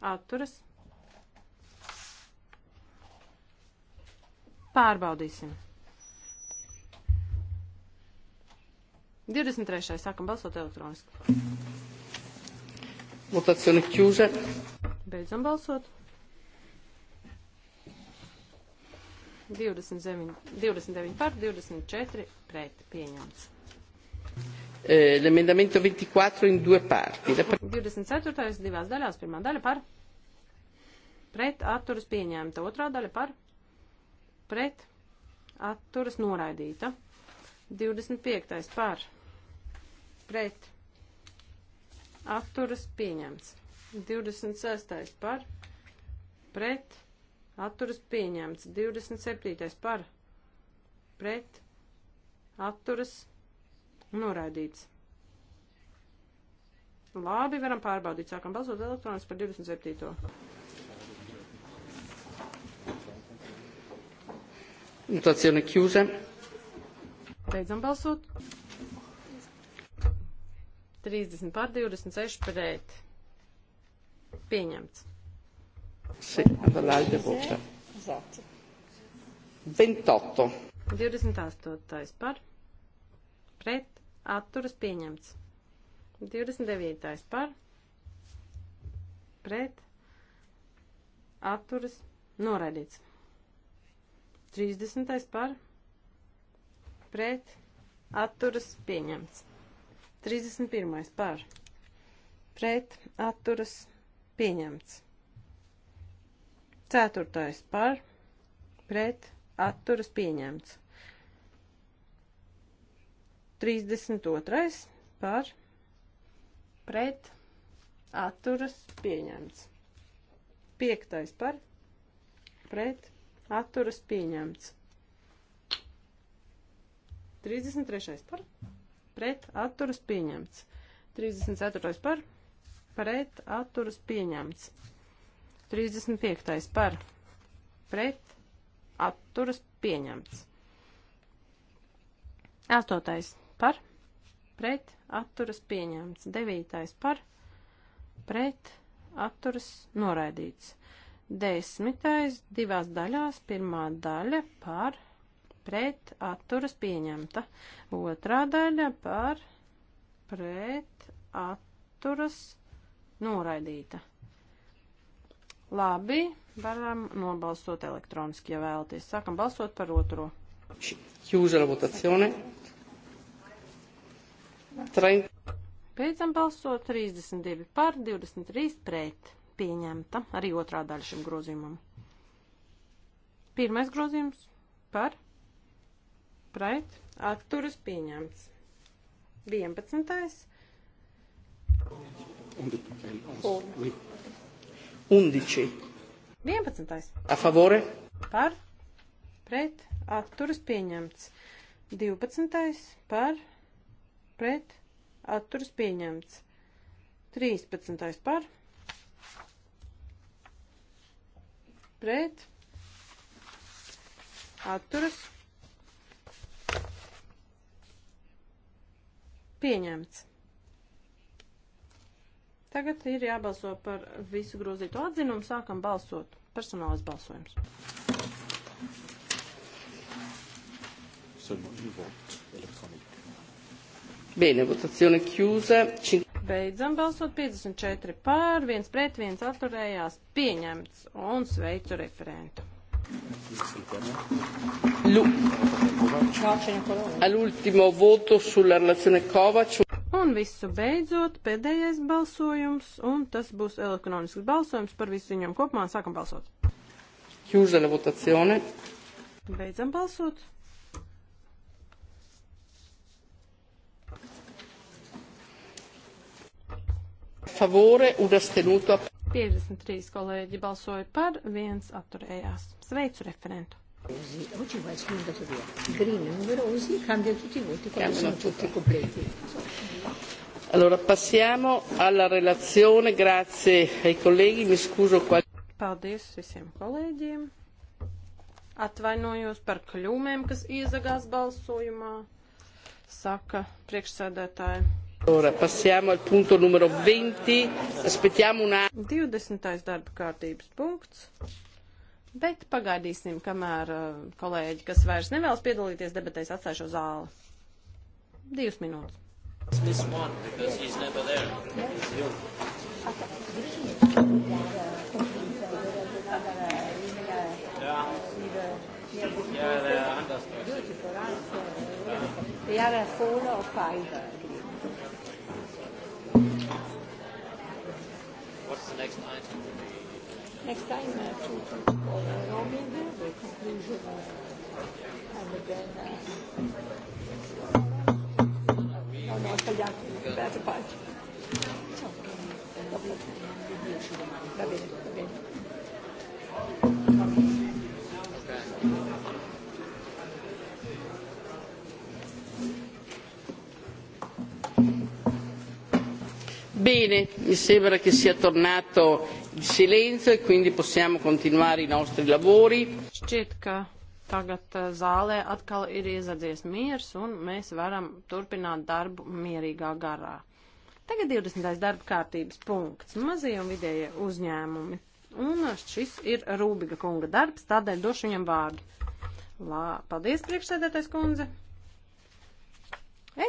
atturas. Pārbaudīsim. 23. sākam balsot elektroniski. Votazione chiusa. Beidzam balsot. 29, 29 par, 24 pret pieņemts. Eh, L'emendamento 24 in due parti. La... 24. divās daļās, pirmā daļa par, pret atturas pieņemta, otrā daļa par, pret atturas noraidīta. 25. par, pret atturas pieņemts. 26. par, pret atturas pieņemts atturas pieņemts. 27. par pret atturas noraidīts. Labi, varam pārbaudīt. Sākam balsot elektronis par 27. Votazione chiusa. Beidzam balsot. 30 pār 26 pret. Pieņemts. Sì, alla Lalde vota. Esatto. 28. 28. par. Pret. Atturas pieņemts. 29. par. Pret. Atturas noraidīts. 30. par. Pret. Atturas pieņemts. 31. par. Pret. Atturas pieņemts. Ceturtais par pret atturas pieņemts. 32. par pret atturas pieņemts. 5. par pret atturas pieņemts. 33. par pret atturas pieņemts. 34. par pret atturas pieņemts. 35. par pret atturas pieņemts. 8. par pret atturas pieņemts. 9. par pret atturas noraidīts. 10. divās daļās pirmā daļa par pret atturas pieņemta. Otrā daļa par pret atturas noraidīta. Labi, varam nobalsot elektroniski, ja vēlaties. Sākam balsot par otro. Chiusa la votazione. Beidzam balsot 32 par, 23 pret. Pieņemta arī otrā daļa šim grozījumam. Pirmais grozījums par, pret, atturas pieņemts. 11. Un, un, un, un, un, un, un, un. 11. 11. A favore? Par, pret, atturas pieņemts. 12. par, pret, atturas pieņemts. 13. par, pret, atturas pieņemts. Tagad ir jābalso par visu grozīto atzinumu. Sākam balsot. Personālais balsojums. Bene, votazione chiusa. Beidzam balsot 54 pār, viens pret, viens atturējās, pieņemts un sveicu referentu. All'ultimo voto sulla relazione Kovacs. Un visu beidzot, pēdējais balsojums, un tas būs elektronisks balsojums par visu viņam kopumā. Sākam balsot. Chiusa la votazione. Beidzam balsot. Favore un astenuto. 53 kolēģi balsoja par, viens atturējās. Sveicu referentu. Così. Oggi vai solo da green numerosi, cambia tutti i voti quando sono tutti completi. Allora passiamo alla relazione, grazie ai colleghi, mi scuso qua. Paldies visiem kolēģiem. Atvainojos par kļūmēm, kas iezagās balsojumā, saka priekšsēdētāja. Ora, passiamo al punto numero 20. Aspettiamo un attimo. 20. darba kārtības punkts. Bet pagaidīsim, kamēr uh, kolēģi, kas vairs nevēlas piedalīties debatēs, atstāj šo zāli. Divas minūtes. Yeah, they are. Beautiful answer. They are four or five. What's the next item? Next time, uh, to call uh, Romy the, the conclusion, uh, and then. Uh, no, no, ho sbagliato, sbagliato pagina. Ciao. Va bene, va bene. Bene, mi sembra che sia tornato il silenzio e quindi possiamo continuare i nostri lavori. Šķiet, ka tagad eh, zālē atkal ir iezadzies miers un mēs varam turpināt darbu mierīgā garā. Tagad 20. darba kārtības punkts - mazie un vidējie uzņēmumi. Un šis ir Rūbiga kunga darbs, tādēļ došu viņam vārdu. Lā, paldies, priekšsēdētais kundze.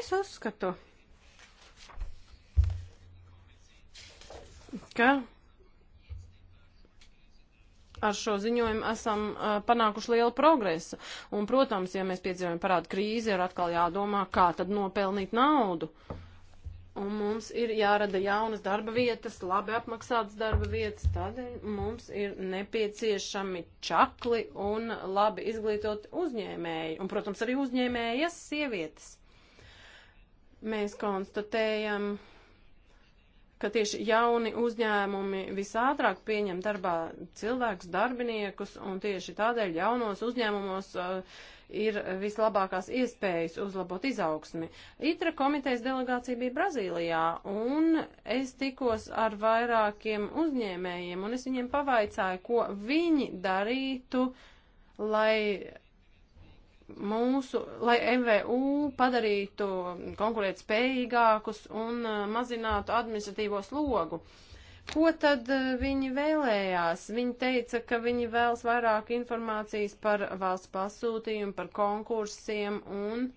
Es uzskatu, ka ar šo ziņojumu esam uh, panākuši lielu progresu. Un, protams, ja mēs piedzīvojam parādu krīzi, ir atkal jādomā, kā tad nopelnīt naudu. Un mums ir jārada jaunas darba vietas, labi apmaksātas darba vietas, tādēļ mums ir nepieciešami čakli un labi izglītot uzņēmēji. Un, protams, arī uzņēmējas sievietes. Mēs konstatējam, ka tieši jauni uzņēmumi visātrāk pieņem darbā cilvēkus, darbiniekus, un tieši tādēļ jaunos uzņēmumos uh, ir vislabākās iespējas uzlabot izaugsmi. ITRA komitejas delegācija bija Brazīlijā, un es tikos ar vairākiem uzņēmējiem, un es viņiem pavaicāju, ko viņi darītu, lai mūsu, lai MVU padarītu konkurēt spējīgākus un uh, mazinātu administratīvo slogu. Ko tad uh, viņi vēlējās? Viņi teica, ka viņi vēlas vairāk informācijas par valsts pasūtījumu, par konkursiem un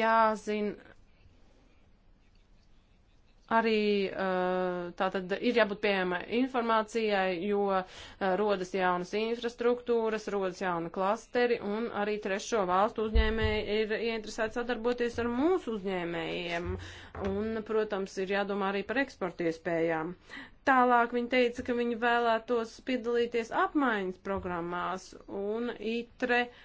jāzina arī eh, tātad ir jābūt pieejama informācijai, jo eh, rodas jaunas infrastruktūras, rodas jauna klasteri un arī trešo valstu uzņēmēji ir ieinteresēti sadarboties ar mūsu uzņēmējiem un, protams, ir jādomā arī par eksporta iespējām. Tālāk viņi teica, ka viņi vēlētos piedalīties apmaiņas programmās un itre. Uh,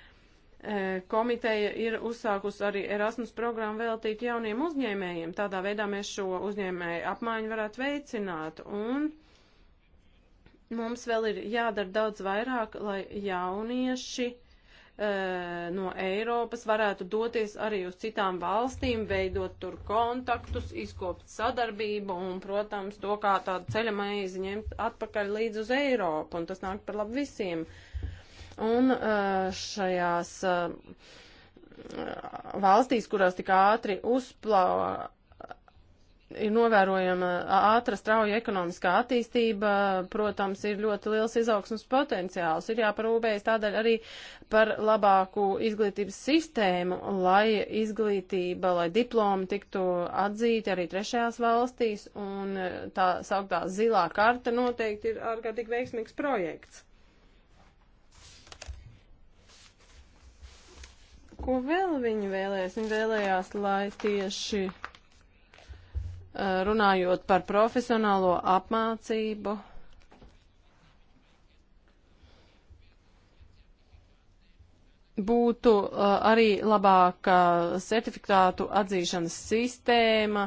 E, komiteja ir uzsākusi arī Erasmus programmu veltīt jauniem uzņēmējiem. Tādā veidā mēs šo uzņēmēju apmaiņu varētu veicināt. Un mums vēl ir jādara daudz vairāk, lai jaunieši e, no Eiropas varētu doties arī uz citām valstīm, veidot tur kontaktus, izkopt sadarbību un, protams, to kā tādu ceļamaizi ņemt atpakaļ līdz uz Eiropu, un tas nāk par labu visiem. Uh, un uh, šajās uh, valstīs, kurās tik ātri uzplauka, ir novērojama ātra, strauja ekonomiskā attīstība, protams, ir ļoti liels izaugsmas potenciāls. Ir jāparūpējas tādēļ arī par labāku izglītības sistēmu, lai izglītība, lai diplomi tiktu atzīti arī trešajās valstīs, un tā sauktā zilā karta noteikti ir ārkārtīgi veiksmīgs projekts. Ko vēl viņi vēlējās? Viņi vēlējās, lai tieši runājot par profesionālo apmācību, būtu uh, arī labāka certifikātu atzīšanas sistēma,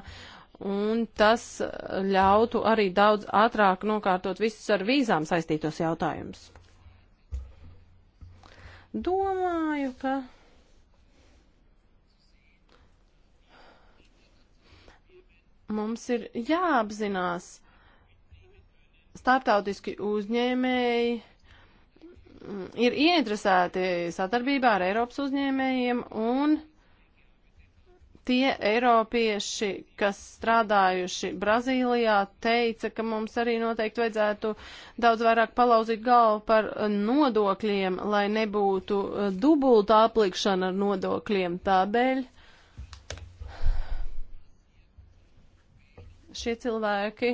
un tas ļautu arī daudz ātrāk nokārtot visus ar vīzām saistītos jautājumus. Domāju, ka Mums ir jāapzinās starptautiski uzņēmēji mm, ir ieinteresēti sadarbībā ar Eiropas uzņēmējiem un tie Eiropieši, kas strādājuši Brazīlijā, teica, ka mums arī noteikti vajadzētu daudz vairāk palauzīt galvu par nodokļiem, lai nebūtu dubulta aplikšana ar nodokļiem. Tādēļ šie cilvēki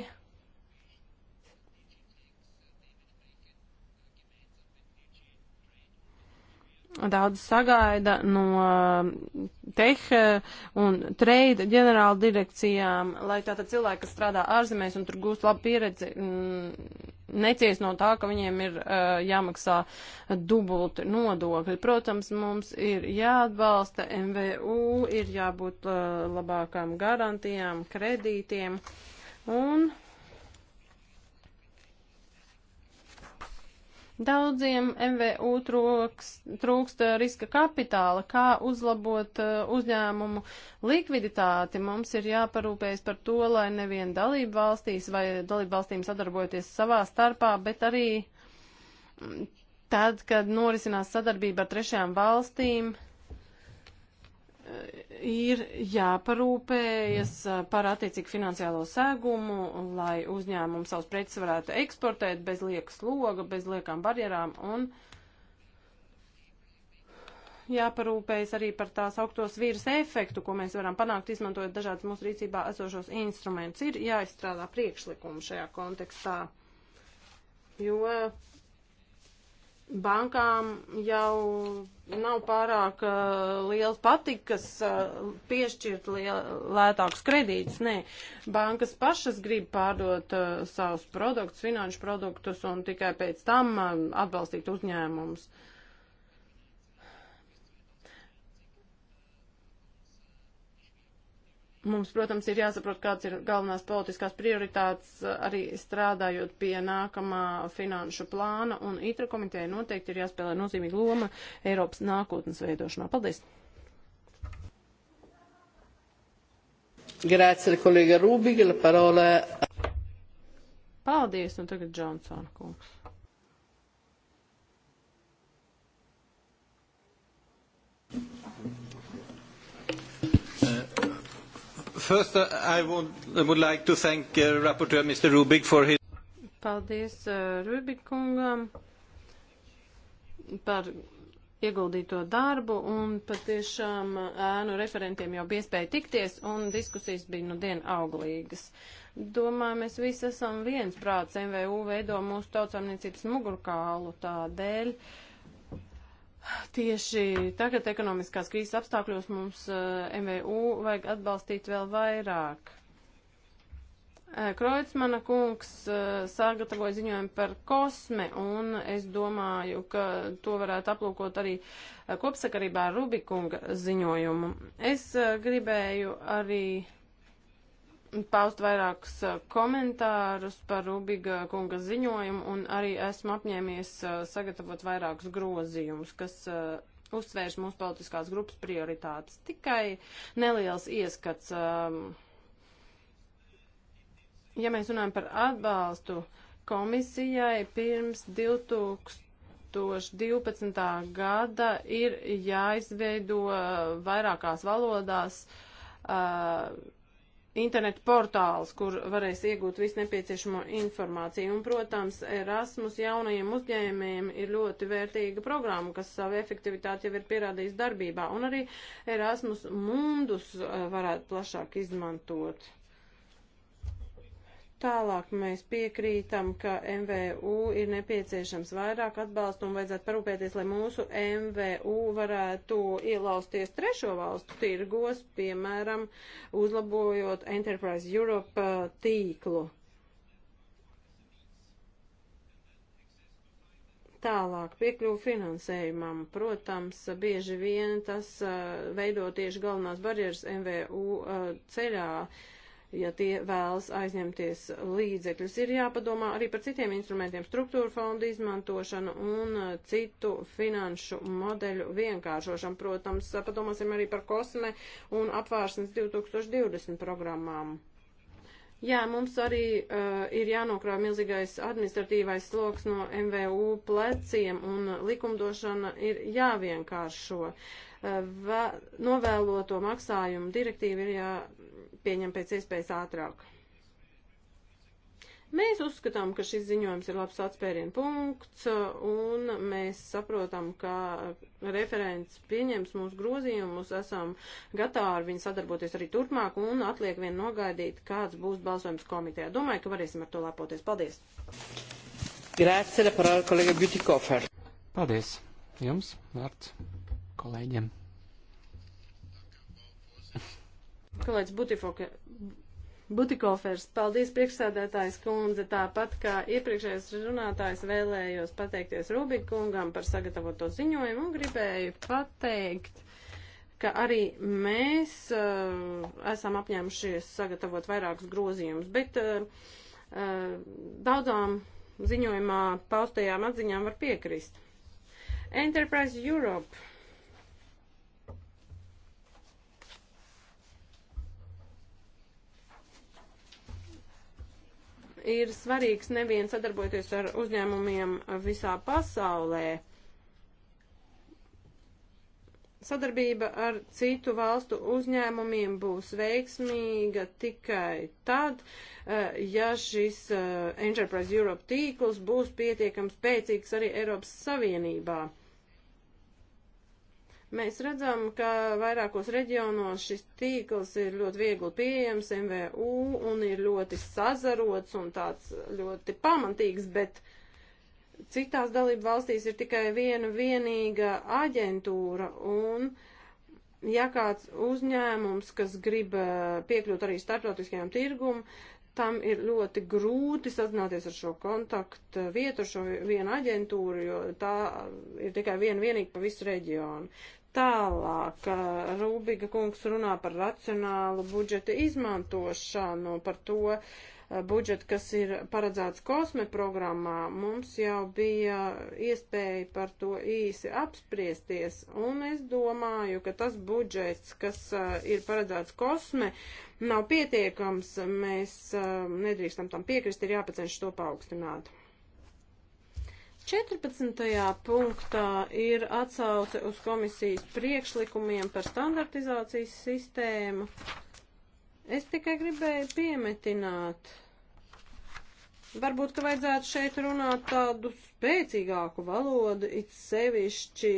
daudz sagaida no eh, teh eh, un trade ģenerāla direkcijām, lai tātad cilvēki, kas strādā ārzemēs un tur gūst labu pieredzi, mm, necies no tā, ka viņiem ir uh, jāmaksā dubulti nodokļi. Protams, mums ir jāatbalsta MVU, ir jābūt uh, labākām garantijām, kredītiem un. Daudziem MVU trūks, trūkst uh, riska kapitāla, kā uzlabot uh, uzņēmumu likviditāti. Mums ir jāparūpējas par to, lai nevien dalību valstīs vai dalību valstīm sadarbojoties savā starpā, bet arī mm, tad, kad norisinās sadarbība ar trešajām valstīm, ir jāparūpējas par attiecīgu finansiālo segumu, lai uzņēmumu savus preces varētu eksportēt bez liekas sloga, bez liekām barjerām un jāparūpējas arī par tās augtos vīrus efektu, ko mēs varam panākt, izmantojot dažādas mūsu rīcībā esošos instrumentus. Ir jāizstrādā priekšlikumu šajā kontekstā, jo bankām jau nav pārāk uh, liels patikas uh, piešķirt liel, lētākus kredītus. Nē, bankas pašas grib pārdot uh, savus produktus, finanšu produktus un tikai pēc tam uh, atbalstīt uzņēmumus. Uh, Mums, protams, ir jāsaprot, kāds ir galvenās politiskās prioritātes eh, arī strādājot pie nākamā finanšu plāna, un ITRA komiteja noteikti ir jāspēlē nozīmīga loma Eiropas nākotnes veidošanā. Paldies! Grācija, kolēga Rūbīga, parola. Paldies, un tagad Džonsona kungs. First, uh, I would, would like to thank uh, Rapporteur Mr. Rubik for his... Paldies uh, Rubikungam par ieguldīto darbu un patiešām uh, ēnu referentiem jau bija iespēja tikties un diskusijas bija nu dien auglīgas. Domāju, mēs visi esam viens prāts, MVU veido mūsu tautsamniecības mugurkālu tādēļ. Uh, Tieši tagad ekonomiskās krīzes apstākļos mums eh, MVU vajag atbalstīt vēl vairāk. Eh, Kreutzmana kungs eh, sagatavoja ziņojumu par kosme, un es domāju, ka to varētu aplūkot arī kopsakarībā ar Rubikunga ziņojumu. Es gribēju arī paust vairākus uh, komentārus par Rubiga kunga ziņojumu un arī esmu apņēmies uh, sagatavot vairākus grozījumus, kas uh, uzsvērs mūsu politiskās grupas prioritātes. Tikai neliels ieskats. Um, ja mēs runājam par atbalstu komisijai pirms 2000. 2012. gada ir jāizveido vairākās valodās uh, internetu portāls, kur varēs iegūt visu nepieciešamo informāciju. Un, protams, Erasmus jaunajiem uzņēmējiem ir ļoti vērtīga programma, kas savu efektivitāti jau ir pierādījis darbībā. Un arī Erasmus mundus eh, varētu plašāk izmantot. Tālāk mēs piekrītam, ka MVU ir nepieciešams vairāk atbalstu un vajadzētu parūpēties, lai mūsu MVU varētu ielausties trešo valstu tirgos, piemēram, uzlabojot Enterprise Europe uh, tīklu. Tālāk piekļuvu finansējumam. Protams, bieži vien tas uh, veido tieši galvenās barjeras MVU uh, ceļā. Uh, ja tie vēlas aizņemties līdzekļus. Ir jāpadomā arī par citiem instrumentiem, struktūra fondu izmantošanu un uh, citu finanšu modeļu vienkāršošanu. Protams, padomāsim arī par kosme un apvārsnes 2020 programmām. Jā, mums arī uh, ir jānokrāv milzīgais administratīvais sloks no MVU pleciem, un likumdošana ir jāvienkāršo novēloto maksājumu direktīva ir jāpieņem pēc iespējas ātrāk. Mēs uzskatām, ka šis ziņojums ir labs atspērienu punkts, un mēs saprotam, ka referents pieņems mūsu grozījumus, esam gatavi ar viņu sadarboties arī turpmāk, un atliek vien nogaidīt, kāds būs balsojums komitejā. Domāju, ka varēsim ar to lepoties. Paldies! Grācija, parāda kolēga Butikofer. Paldies! Jums vārds kolēģiem. Kolēģis Butifoka, Butikofers, paldies priekšsēdētājs kundze, tāpat kā iepriekšējais runātājs vēlējos pateikties Rubik kungam par sagatavoto ziņojumu un gribēju pateikt, ka arī mēs uh, esam apņēmušies sagatavot vairākus grozījumus, bet uh, uh, daudzām ziņojumā paustajām atziņām var piekrist. Enterprise Europe ir svarīgs nevien sadarbojoties ar uzņēmumiem visā pasaulē. Sadarbība ar citu valstu uzņēmumiem būs veiksmīga tikai tad, eh, ja šis eh, Enterprise Europe tīkls būs pietiekams spēcīgs arī Eiropas Savienībā. Mēs redzam, ka vairākos reģionos šis tīkls ir ļoti viegli pieejams MVU un ir ļoti sazarots un tāds ļoti pamatīgs, bet citās dalību valstīs ir tikai viena vienīga aģentūra un ja kāds uzņēmums, kas grib eh, piekļūt arī starptautiskajām tirgumu, tam ir ļoti grūti sazināties ar šo kontaktu eh, vietu, ar šo vienu aģentūru, jo tā ir tikai viena vienīga pa visu reģionu. Tālāk Rūbiga kungs runā par racionālu budžeta izmantošanu, par to eh, budžetu, kas ir paredzēts kosme programmā. Mums jau bija iespēja par to īsi apspriesties, un es domāju, ka tas budžets, kas eh, ir paredzēts kosme, nav pietiekams. Mēs eh, nedrīkstam tam piekrist, ir jāpacenš to paaugstināt. 14. punktā ir atsauce uz komisijas priekšlikumiem par standartizācijas sistēmu. Es tikai gribēju piemetināt. Varbūt, ka vajadzētu šeit runāt tādu spēcīgāku valodu, it sevišķi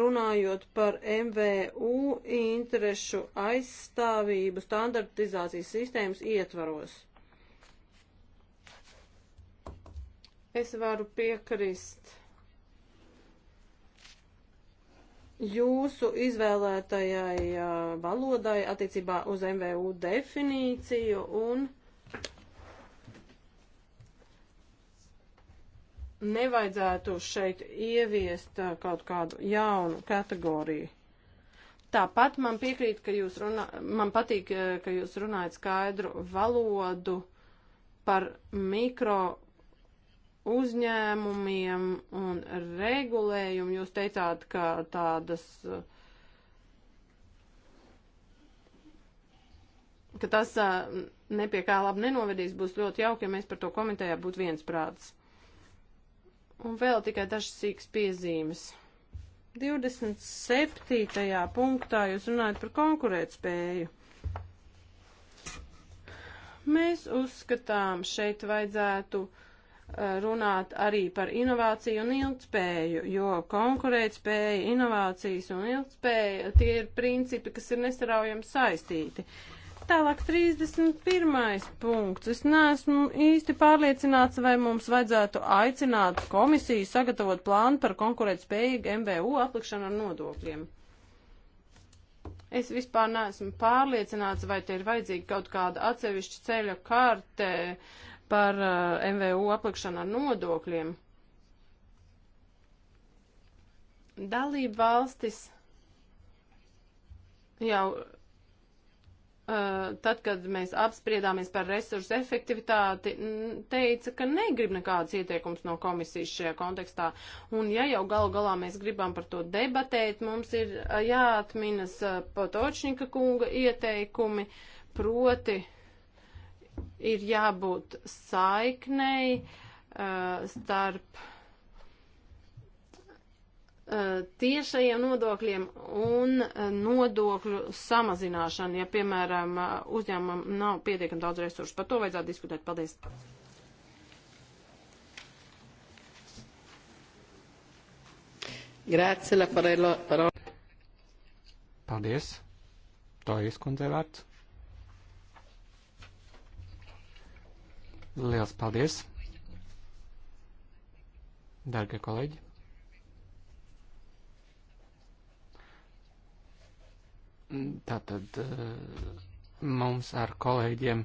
runājot par MVU interešu aizstāvību standartizācijas sistēmas ietvaros. Es varu piekrist jūsu izvēlētajai valodai attiecībā uz MVU definīciju un nevajadzētu šeit ieviest kaut kādu jaunu kategoriju. Tāpat man piekrīt, ka jūs runā, man patīk, ka jūs runājat skaidru valodu par mikro uzņēmumiem un regulējumu. Jūs teicāt, ka tādas, ka tas nepie kā labi nenovedīs, būs ļoti jauki, ja mēs par to komitējā būtu viensprāts. Un vēl tikai dažas sīkas piezīmes. 27. punktā jūs runājat par konkurētspēju. Mēs uzskatām, šeit vajadzētu uh, runāt arī par inovāciju un ilgspēju, jo konkurētspēja, inovācijas un ilgspēja tie ir principi, kas ir nesaraujami saistīti. Tālāk 31. punkts. Es neesmu īsti pārliecināts, vai mums vajadzētu aicināt komisiju sagatavot plānu par konkurētspējīgu MVU aplikšanu ar nodokļiem. Es vispār neesmu pārliecināts, vai te ir vajadzīga kaut kāda atsevišķa ceļa karte. Uh, par uh, eh, MVU aplikšanu ar nodokļiem. Dalība valstis jau eh, tad, kad mēs apspriedāmies par resursu efektivitāti, teica, ka negrib nekādas ieteikums no komisijas šajā kontekstā. Un ja jau galu galā mēs gribam par to debatēt, mums ir eh, jāatminas Potočņika kunga ieteikumi, proti ir jābūt saiknei uh, starp uh, tiešajiem nodokļiem un uh, nodokļu samazināšanu, ja, piemēram, uh, uzņēmumam nav pietiekami daudz resursu. Par to vajadzētu diskutēt. Paldies! Grāci, la parola. Paldies! To izkundze vārds. Liels paldies! Dargie kolēģi! Tātad eh, mums ar kolēģiem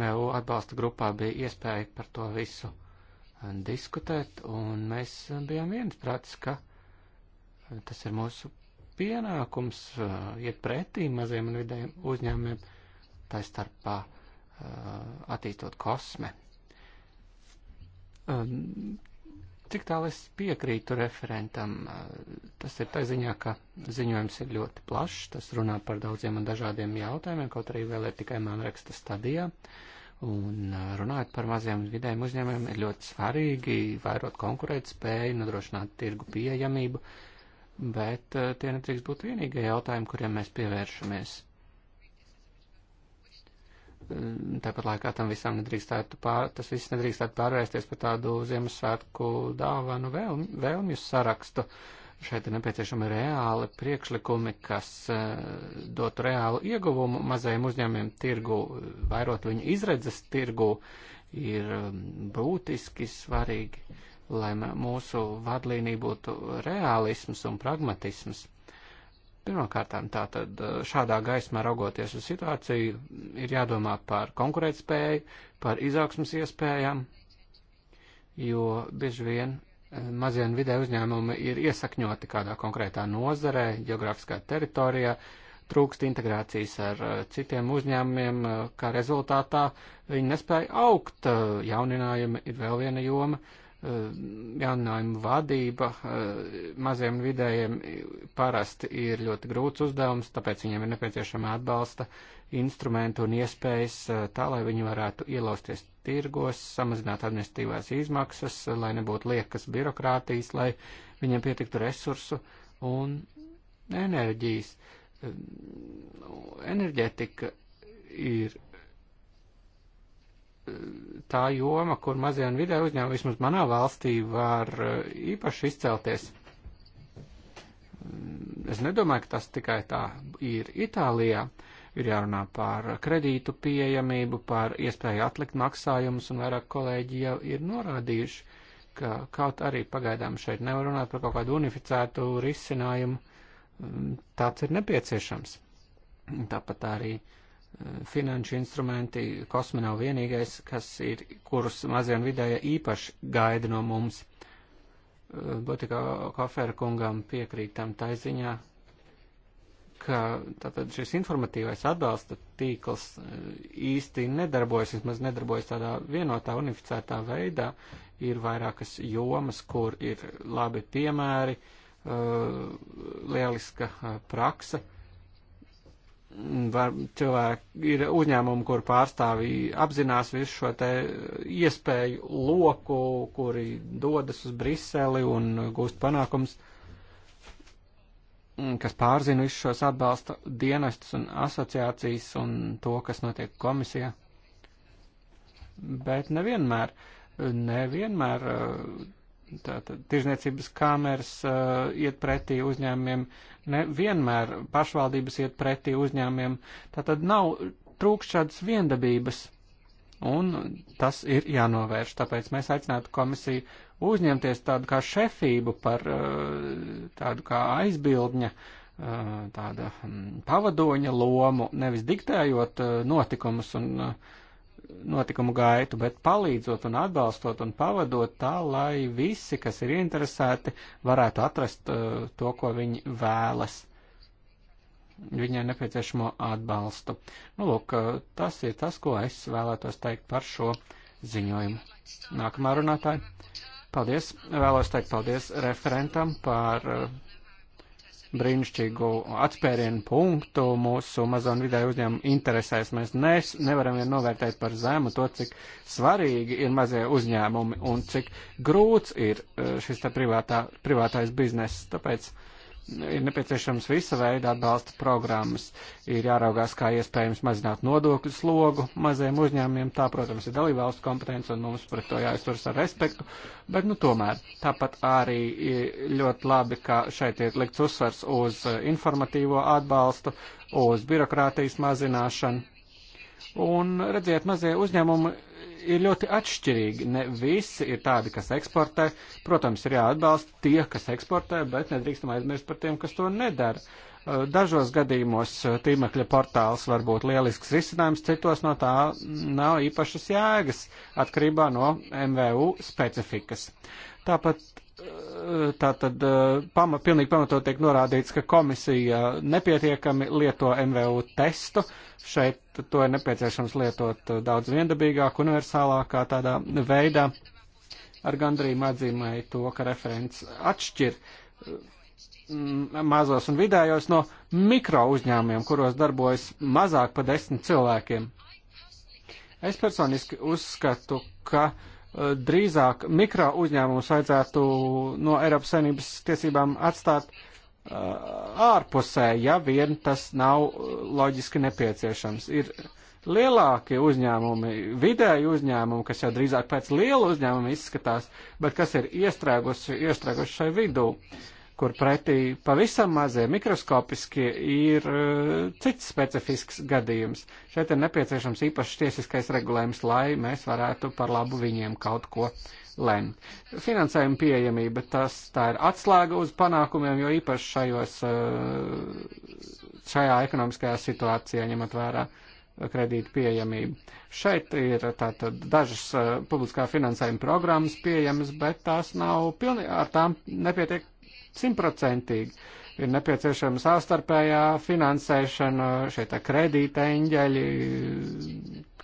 MEU atbalsta grupā bija iespēja par to visu eh, diskutēt, un mēs eh, bijām viensprātis, ka tas ir mūsu pienākums iet pretī maziem un vidējiem uzņēmumiem, tā starpā uh, attīstot kosme. Um, cik tālu es piekrītu referentam, tas ir tā ziņā, ka ziņojums ir ļoti plašs, tas runā par daudziem un dažādiem jautājumiem, kaut arī vēl ir tikai man raksta stadijā. Un runājot par maziem un vidējiem uzņēmumiem, ir ļoti svarīgi vairot konkurētspēju, nodrošināt tirgu pieejamību, bet tie netrīkst būt vienīgie jautājumi, kuriem mēs pievēršamies Mm, tāpat laikā tam visam nedrīkstētu pār, tas viss nedrīkstētu pārvērsties par tādu Ziemassvētku dāvanu vēl, vēlmju sarakstu. Šeit ir nepieciešami reāli priekšlikumi, kas eh, dotu reālu ieguvumu mazajiem uzņēmumiem tirgu, vairot viņu izredzes tirgu, ir mm, būtiski svarīgi, lai mūsu vadlīnija būtu reālisms un pragmatisms. Pirmkārtām, tātad eh, šādā gaismā raugoties uz situāciju, ir jādomā par konkurētspēju, par izaugsmas iespējām, jo bieži vien eh, mazie un vidē uzņēmumi ir iesakņoti kādā konkrētā nozarē, geogrāfiskā teritorijā, trūkst integrācijas ar eh, citiem uzņēmumiem, kā rezultātā viņi nespēja augt. Jauninājumi ir vēl viena joma. Uh, Eh, jauninājumu vadība eh, maziem vidējiem eh, parasti ir ļoti grūts uzdevums, tāpēc viņiem ir nepieciešama atbalsta instrumentu un iespējas tā, lai viņi varētu ielausties tirgos, samazināt administratīvās izmaksas, lai nebūtu liekas birokrātijas, lai viņiem pietiktu resursu un enerģijas. Enerģētika ir tā joma, kur mazie un vidē uzņēmumi vismaz manā valstī var eh, īpaši izcelties. Mm, es nedomāju, ka tas tikai tā ir Itālijā. Ir jārunā par kredītu pieejamību, par iespēju atlikt maksājumus, un vairāk kolēģi jau ir norādījuši, ka kaut arī pagaidām šeit nevar runāt par kaut kādu unificētu risinājumu. Mm, tāds ir nepieciešams. Tāpat arī uh, finanšu instrumenti, kosme nav vienīgais, kas ir, kurus mazie un vidēja īpaši gaida no mums. Eh, Būtībā Kofēra kungam piekrītam tā ziņā, ka tātad šis informatīvais atbalsta tīkls eh, īsti nedarbojas, vismaz nedarbojas tādā vienotā, unificētā veidā. Ir vairākas jomas, kur ir labi piemēri, eh, lieliska praksa var cilvēki, ir uzņēmumi, kur pārstāvji apzinās visu šo te iespēju loku, kuri dodas uz Briseli un gūst panākums, kas pārzina visus šos atbalsta dienestus un asociācijas un to, kas notiek komisijā. Bet nevienmēr, nevienmēr uh, Tātad tirzniecības kameras uh, iet pretī uzņēmumiem, Ne vienmēr pašvaldības iet pretī uzņēmiem, tā tad nav trūkst šādas viendabības, un tas ir jānovērš. Tāpēc mēs aicinātu komisiju uzņemties tādu kā šefību par eh, tādu kā aizbildņa, eh, tāda hm, pavadoņa lomu, nevis diktējot eh, notikumus un uh, notikumu gaitu, bet palīdzot un atbalstot un pavadot tā, lai visi, kas ir interesēti, varētu atrast uh, to, ko viņi vēlas. Viņai nepieciešamo atbalstu. Nu, lūk, uh, tas ir tas, ko es vēlētos teikt par šo ziņojumu. Nākamā runātāja. Paldies. Vēlos teikt paldies referentam par uh, brīnišķīgu atspērienu punktu mūsu mazo un vidēju uzņēmumu interesēs. Mēs nes, nevaram vien novērtēt par zemu to, cik svarīgi ir mazie uzņēmumi un cik grūts ir eh, šis privātā, privātais bizness. Tāpēc uh, ir nepieciešams visa veida atbalsta programmas. Ir jāraugās, kā iespējams mazināt nodokļu slogu mazajiem uzņēmumiem. Tā, protams, ir dalībvalstu kompetence un mums pret to jāizturas ar respektu. Bet, nu, tomēr tāpat arī ļoti labi, ka šeit ir likts uzsvers uz eh, informatīvo atbalstu, uz birokrātijas mazināšanu. Un redziet, mazie uzņēmumi ir ļoti atšķirīgi. Ne visi ir tādi, kas eksportē. Protams, ir jāatbalsta tie, kas eksportē, bet nedrīkstam aizmirst par tiem, kas to nedara. Uh, dažos gadījumos uh, tīmekļa portāls var būt lielisks risinājums, citos no tā nav īpašas jēgas atkarībā no MVU specifikas. Tāpat tātad eh, pama, pilnīgi pamatot tiek norādīts, ka komisija nepietiekami lieto MVU testu. Šeit to ir nepieciešams lietot eh, daudz viendabīgāk, universālākā tādā veidā. Ar gandrību atzīmēja to, ka referents atšķir eh, mazos un vidējos no mikro uzņēmumiem, kuros darbojas mazāk pa desmit cilvēkiem. Es personiski uzskatu, ka uh, Eh, drīzāk mikro uzņēmumus vajadzētu no Eiropas Savienības tiesībām atstāt eh, ārpusē, ja vien tas nav eh, loģiski nepieciešams. Ir lielākie uzņēmumi, vidēji uzņēmumi, kas jau drīzāk pēc liela uzņēmuma izskatās, bet kas ir iestrēguši, iestrēguši šai vidū. Uh, kur pretī pavisam mazie mikroskopiskie ir uh, cits specifisks gadījums. Šeit ir nepieciešams īpašs tiesiskais regulējums, lai mēs varētu par labu viņiem kaut ko lemt. Finansējuma pieejamība, tas tā ir atslēga uz panākumiem, jo īpaši šajos, uh, šajā ekonomiskajā situācijā ņemot vērā kredītu pieejamību. Šeit ir tātad dažas uh, publiskā finansējuma programmas pieejamas, bet tās nav pilnīgi, ar tām nepietiek simtprocentīgi. Ir nepieciešama sāstarpējā finansēšana, šeit tā kredīta eņģeļi,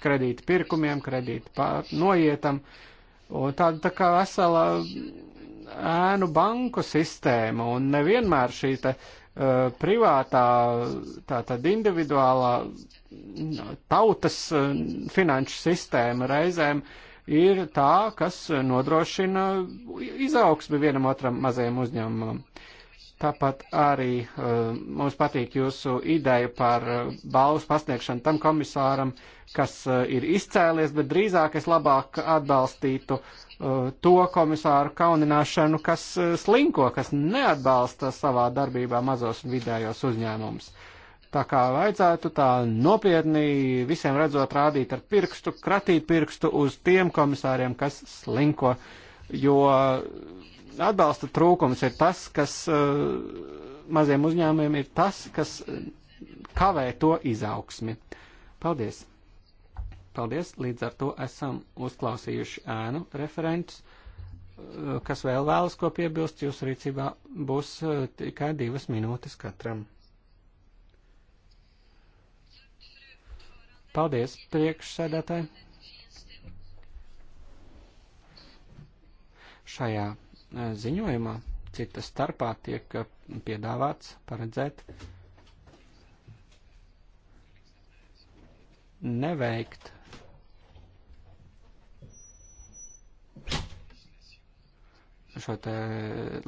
kredīta pirkumiem, kredīta noietam. Un tāda tā kā vesela ēnu banku sistēma, un nevienmēr šī te, uh, privātā, tā tad individuālā tautas uh, finanšu sistēma reizēm uh, ir tā, kas nodrošina izaugsmi vienam otram mazajam uzņēmumam. Tāpat arī uh, mums patīk jūsu ideja par uh, balvas pasniegšanu tam komisāram, kas uh, ir izcēlies, bet drīzāk es labāk atbalstītu uh, to komisāru kaunināšanu, kas uh, slinko, kas neatbalsta savā darbībā mazos un vidējos uzņēmumus. Uh, Tā kā vajadzētu tā nopietni visiem redzot rādīt ar pirkstu, kratīt pirkstu uz tiem komisāriem, kas slinko, jo atbalsta trūkums ir tas, kas eh, maziem uzņēmumiem ir tas, kas eh, kavē to izaugsmi. Paldies! Paldies! Līdz ar to esam uzklausījuši ēnu referentus eh, kas vēl vēlas ko piebilst, jūsu rīcībā būs tikai divas minūtes katram. Paldies, priekšsēdētāji. Šajā eh, ziņojumā cita starpā tiek eh, piedāvāts paredzēt neveikt šo te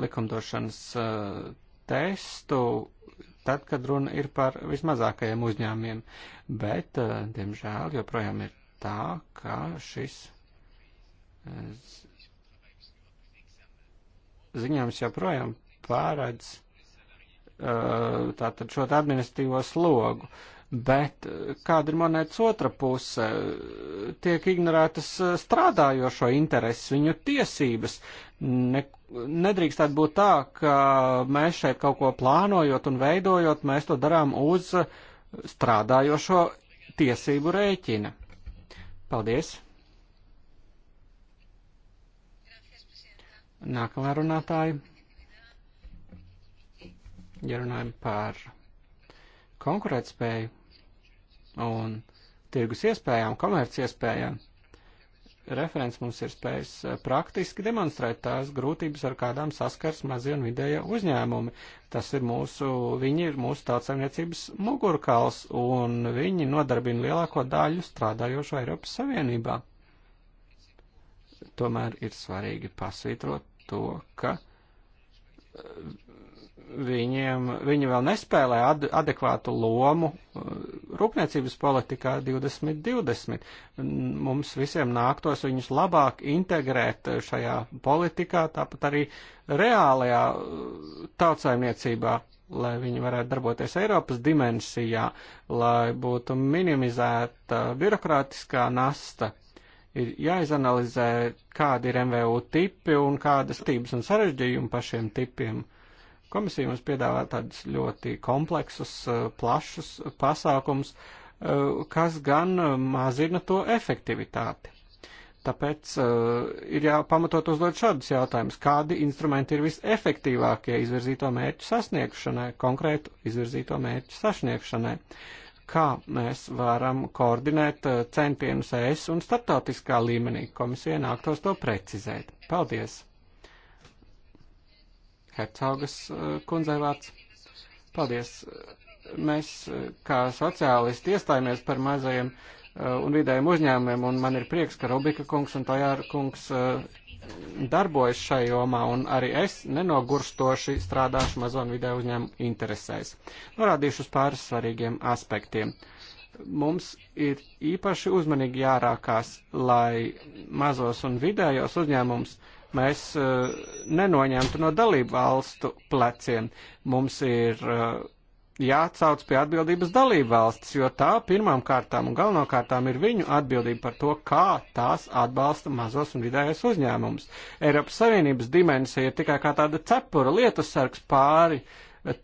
likumdošanas eh, testu tad, kad runa ir par vismazākajiem uzņēmiem. Bet, eh, diemžēl, joprojām ir tā, ka šis eh, ziņojums joprojām pārēdz eh, tātad šo administratīvo slogu. Bet kāda ir monētas otra puse? Tiek ignorētas strādājošo intereses, viņu tiesības. Neko nedrīkstētu būt tā, ka mēs šeit kaut ko plānojot un veidojot, mēs to darām uz strādājošo tiesību rēķina. Paldies! Nākamā runātāja. Ja runājam par konkurētspēju un tirgus iespējām, komerci iespējām, referents mums ir spējis eh, praktiski demonstrēt tās grūtības, ar kādām saskars mazie un vidējie uzņēmumi. Tas ir mūsu, viņi ir mūsu tautsaimniecības mugurkals, un viņi nodarbina lielāko daļu strādājošo Eiropas Savienībā. Tomēr ir svarīgi pasvītrot to, ka viņiem, viņi vēl nespēlē ad, adekvātu lomu uh, rūpniecības politikā 2020. Mums visiem nāktos viņus labāk integrēt uh, šajā politikā, tāpat arī reālajā uh, tautsaimniecībā, lai viņi varētu darboties Eiropas dimensijā, lai būtu minimizēta birokrātiskā nasta. Ir jāizanalizē, kādi ir MVU tipi un kādas tības un sarežģījumi pašiem tipiem Komisija mums piedāvā tādus ļoti kompleksus, eh, plašus pasākums, eh, kas gan eh, mazina to efektivitāti. Tāpēc uh, ir jāpamatot uzdot šādus jautājumus. Kādi instrumenti ir visefektīvākie izvirzīto mērķu sasniegšanai, konkrētu izvirzīto mērķu sasniegšanai? Kā mēs varam koordinēt centienus ES un starptautiskā līmenī? Komisija nāktos to precizēt. Paldies! Hercogas eh, kundzei vārds. Paldies. Mēs eh, kā sociālisti iestājāmies par mazajiem eh, un vidējiem uzņēmumiem, un man ir prieks, ka Rubika kungs un Tajāra kungs darbojas šai jomā, un arī es nenogurstoši strādāšu mazo un vidēju uzņēmumu interesēs. Norādīšu uz pāris svarīgiem aspektiem. Mums ir īpaši uzmanīgi jārākās, lai mazos un vidējos uzņēmums uh, mēs e, nenoņemtu no dalību valstu pleciem. Mums ir e, jāatsauc pie atbildības dalību valstis, jo tā pirmām kārtām un galvenokārtām ir viņu atbildība par to, kā tās atbalsta mazos un vidējos uzņēmumus. Eiropas Savienības dimensija ir tikai kā tāda cepura lietusargs pāri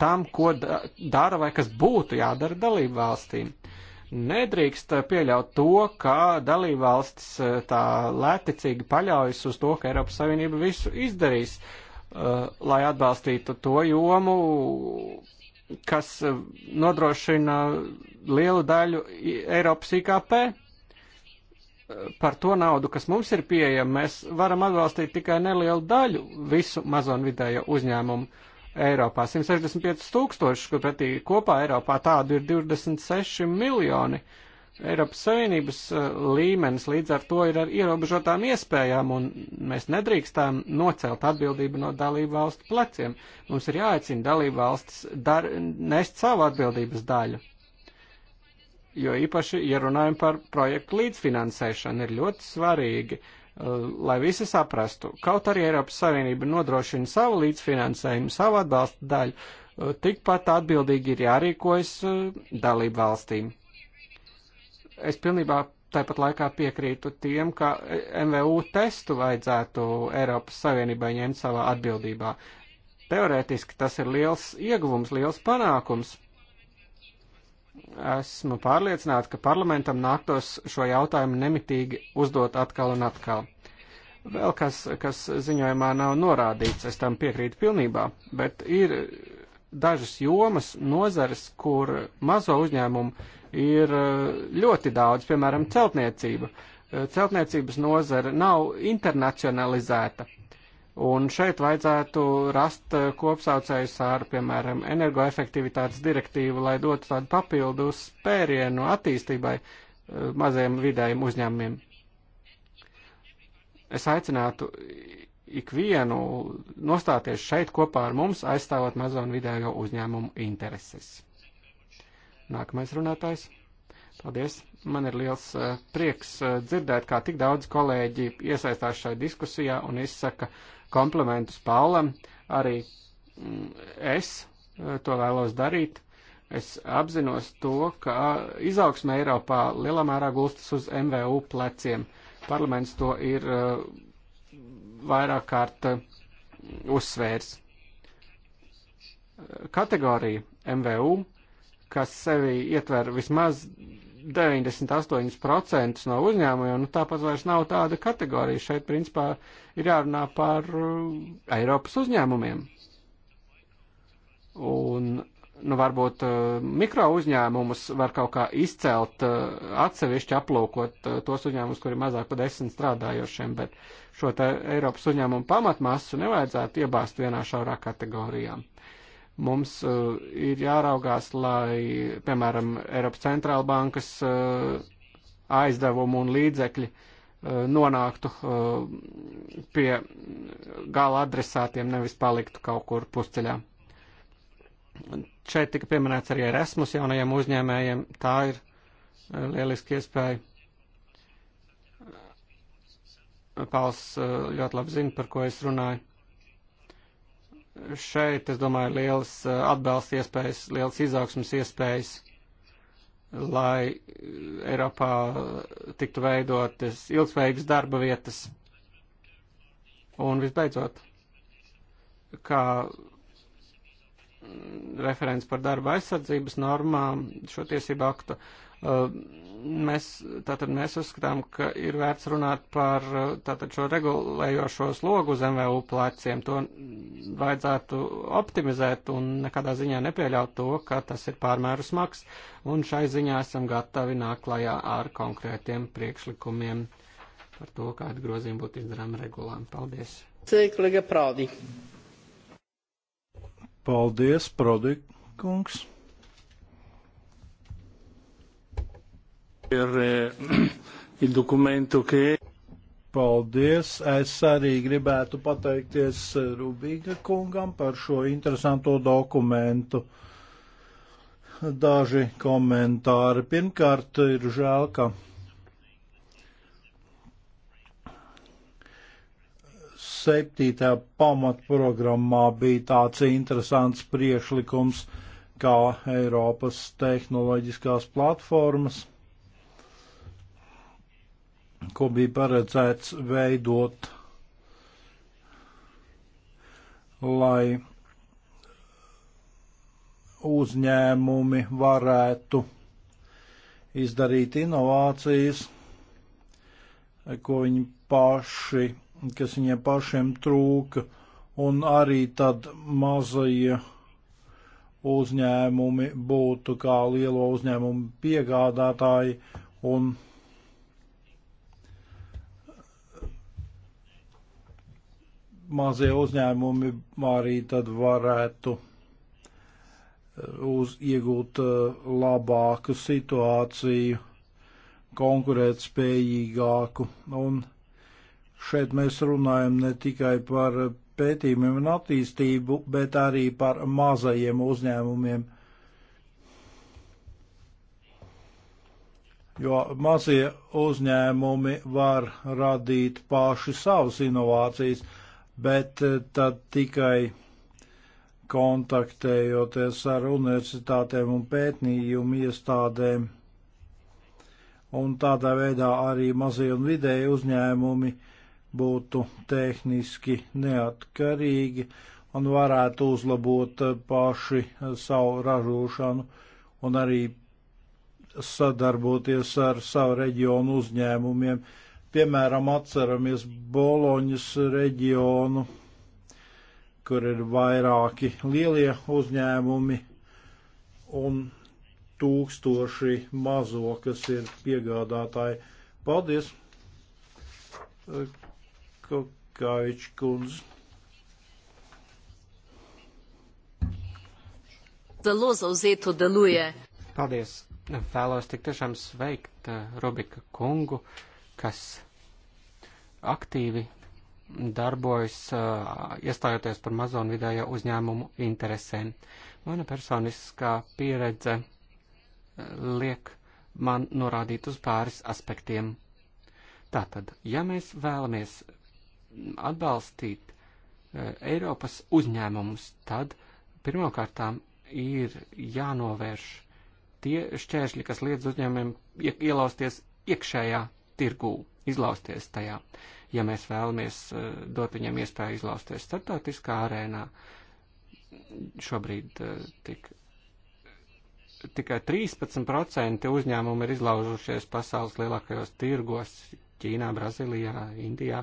tam, ko dara vai kas būtu jādara dalību valstīm. Nedrīkst pieļaut to, ka dalībvalstis eh, tā lētecīgi paļaujas uz to, ka Eiropas Savienība visu izdarīs, eh, lai atbalstītu to jomu, kas eh, nodrošina lielu daļu Eiropas IKP. Par to naudu, kas mums ir pieejama, mēs varam atbalstīt tikai nelielu daļu visu mazo un vidējo uzņēmumu Eiropā. 165 tūkstoši, kur pretī kopā Eiropā tādu ir 26 miljoni. Eiropas Savienības eh, līmenis līdz ar to ir ar ierobežotām iespējām, un mēs nedrīkstām nocelt atbildību no dalību valstu pleciem. Mums ir jāaicina dalību valstis dar, nest savu atbildības daļu. Jo īpaši, ja runājam par projektu līdzfinansēšanu, ir ļoti svarīgi uh, Uh, lai visi saprastu. Kaut arī Eiropas Savienība nodrošina savu līdzfinansējumu, savu atbalstu daļu, uh, tikpat atbildīgi ir jārīkojas uh, dalību valstīm. Es pilnībā tāpat laikā piekrītu tiem, ka MVU testu vajadzētu Eiropas Savienībai ņemt savā atbildībā. Teorētiski tas ir liels ieguvums, liels panākums esmu pārliecināta, ka parlamentam nāktos šo jautājumu nemitīgi uzdot atkal un atkal. Vēl kas, kas ziņojumā nav norādīts, es tam piekrītu pilnībā, bet ir dažas jomas, nozares, kur mazo uzņēmumu ir eh, ļoti daudz, piemēram, celtniecība. Eh, celtniecības nozara nav internacionalizēta Un šeit vajadzētu rast kopsaucējus ar, piemēram, energoefektivitātes direktīvu, lai dotu tādu papildu spērienu attīstībai eh, maziem vidējiem uzņēmumiem. Es aicinātu ikvienu nostāties šeit kopā ar mums, aizstāvot mazo un vidējo uzņēmumu intereses. Nākamais runātājs. Paldies. Man ir liels eh, prieks eh, dzirdēt, kā tik daudz kolēģi iesaistās šai diskusijā un izsaka uh, komplementus Paulam. Arī mm, es eh, to vēlos darīt. Es apzinos to, ka izaugsme Eiropā lielā mērā gulstas uz MVU pleciem. Parlaments to ir eh, vairāk kārt eh, uzsvērs. Kategorija MVU, kas sevi ietver vismaz 98% no uzņēmumiem, nu tāpat vairs nav tāda kategorija. Šeit, principā, ir jārunā par uh, Eiropas uzņēmumiem. Un, nu, varbūt uh, mikro uzņēmumus var kaut kā izcelt, uh, atsevišķi aplūkot tos uzņēmumus, kuri mazāk par desmit strādājošiem, bet šo te Eiropas uzņēmumu pamatmasu nevajadzētu iebāzt vienā šaurā kategorijā. Uh, Mums uh, ir jāraugās, lai, piemēram, Eiropas centrāla bankas uh, aizdevumu un līdzekļi uh, nonāktu uh, pie gala adresātiem, nevis paliktu kaut kur pusceļā. Šeit tika pieminēts arī Erasmus jaunajiem uzņēmējiem. Tā ir uh, lieliski iespēja. Pāls uh, ļoti labi zina, par ko es runāju šeit, es domāju, lielas eh, atbalsta iespējas, lielas izaugsmas iespējas, lai eh, Eiropā tiktu veidotas ilgspējīgas darba vietas. Un visbeidzot, kā mm, referents par darba aizsardzības normām šo tiesību aktu. Uh, Mēs, tātad mēs uzskatām, ka ir vērts runāt par tātad šo regulējošo slogu uz MVU pleciem. To vajadzētu optimizēt un nekādā ziņā nepieļaut to, ka tas ir pārmēru smags. Un šai ziņā esam gatavi nākt klajā ar konkrētiem priekšlikumiem par to, kāda grozījuma būtu izdarām regulām. Paldies! Cik, Prodi. Paldies, Prodi kungs! Eh, Paldies! Es arī gribētu pateikties eh, Rubīga kungam par šo interesanto dokumentu. Daži komentāri. Pirmkārt, ir žēl, ka septītajā pamatprogrammā bija tāds interesants priekšlikums kā Eiropas tehnoloģiskās platformas ko bija paredzēts veidot, lai uzņēmumi varētu izdarīt inovācijas, ko viņi paši, kas viņiem pašiem trūka, un arī tad mazie uzņēmumi būtu kā lielo uzņēmumu piegādātāji un mazie uzņēmumi arī tad varētu eh, uz, iegūt eh, labāku situāciju, konkurēt spējīgāku. Un šeit mēs runājam ne tikai par pētījumiem un attīstību, bet arī par mazajiem uzņēmumiem. Jo mazie uzņēmumi var radīt paši savas inovācijas bet eh, tad tikai kontaktējoties ar universitātēm un pētnījumu iestādēm. Un tādā veidā arī mazie un vidēji uzņēmumi būtu tehniski neatkarīgi un varētu uzlabot eh, paši eh, savu ražošanu un arī sadarboties ar savu reģionu uzņēmumiem, Piemēram, atceramies Boloņas reģionu, kur ir vairāki lielie uzņēmumi un tūkstoši mazo, kas ir piegādātāji. Paldies, Kakaič kundze. Zelo zauzeto deluje. Paldies. Vēlos tik tiešām sveikt eh, Rubika kungu. Uh, kas aktīvi darbojas, uh, iestājoties par mazo un vidējo uzņēmumu interesēm. Mana personiskā pieredze liek man norādīt uz pāris aspektiem. Tātad, ja mēs vēlamies atbalstīt uh, Eiropas uzņēmumus, tad pirmkārtām ir jānovērš tie šķēršļi, kas liedz uzņēmumiem ie ielausties iekšējā tirgū, izlausties tajā. Ja mēs vēlamies eh, dot viņiem iespēju izlausties starptautiskā arēnā, šobrīd eh, tik, tikai 13% uzņēmumu ir izlaužušies pasaules lielākajos tirgos - Ķīnā, Brazīlijā, Indijā.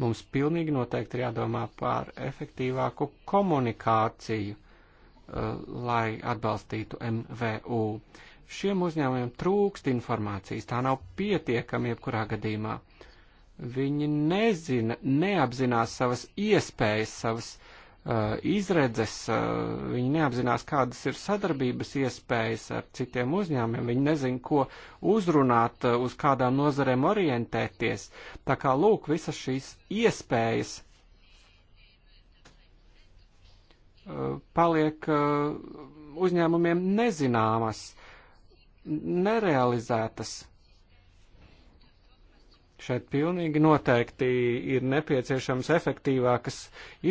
Mums pilnīgi noteikti ir jādomā par efektīvāku komunikāciju, eh, lai atbalstītu MVU. Uh, Šiem uzņēmumiem trūkst informācijas, tā nav pietiekama jebkurā gadījumā. Viņi nezina, neapzinās savas iespējas, savas uh, izredzes, uh, viņi neapzinās, kādas ir sadarbības iespējas ar citiem uzņēmumiem, viņi nezina, ko uzrunāt, uh, uz kādām nozarēm orientēties. Tā kā lūk, visas šīs iespējas uh, paliek uh, uzņēmumiem nezināmas nerealizētas. Šeit pilnīgi noteikti ir nepieciešams efektīvākas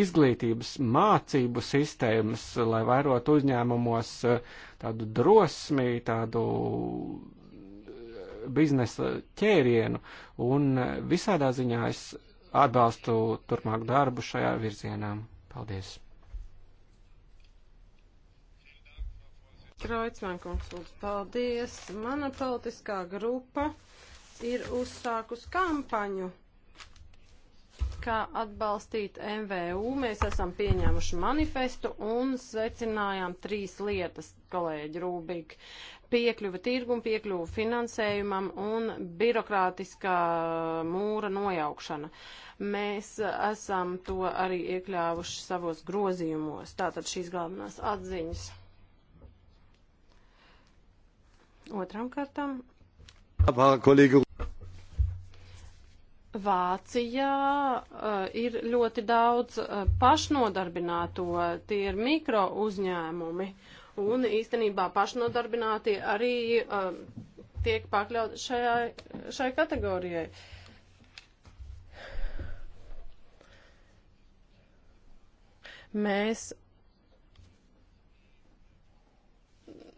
izglītības mācību sistēmas, lai vairot uzņēmumos eh, tādu drosmi, tādu eh, biznesa ķērienu, un eh, visādā ziņā es atbalstu turpmāk darbu šajā virzienā. Paldies! Kreutzmankungs, lūdzu, paldies. Mana politiskā grupa ir uzsākus kampaņu, kā atbalstīt MVU. Mēs esam pieņēmuši manifestu un svecinājām trīs lietas, kolēģi Rūbīgi piekļuva tirgum, piekļuva finansējumam un birokrātiskā mūra nojaukšana. Mēs esam to arī iekļāvuši savos grozījumos. Tātad šīs galvenās atziņas. Otram kārtam. Labā, kolēģi. Vācijā uh, ir ļoti daudz uh, pašnodarbināto, tie ir mikro uzņēmumi, un īstenībā pašnodarbinātie arī uh, tiek pakļaut šajai, šai kategorijai. Mēs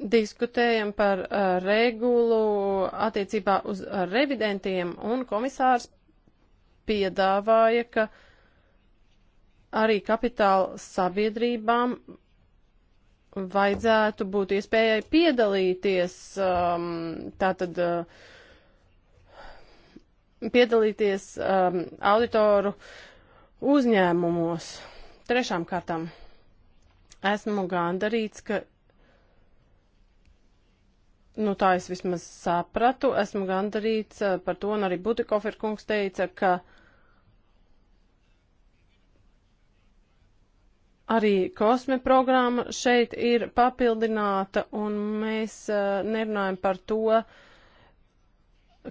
diskutējam par uh, regulu attiecībā uz uh, revidentiem, un komisārs piedāvāja, ka arī kapitāla sabiedrībām vajadzētu būt iespējai piedalīties um, tātad uh, piedalīties um, auditoru uzņēmumos. Trešām kārtām esmu gandarīts, ka Nu, tā es vismaz sapratu, esmu gandarīts eh, par to, un arī Butikofer kungs teica, ka arī kosme programma šeit ir papildināta, un mēs eh, nerunājam par to, uh,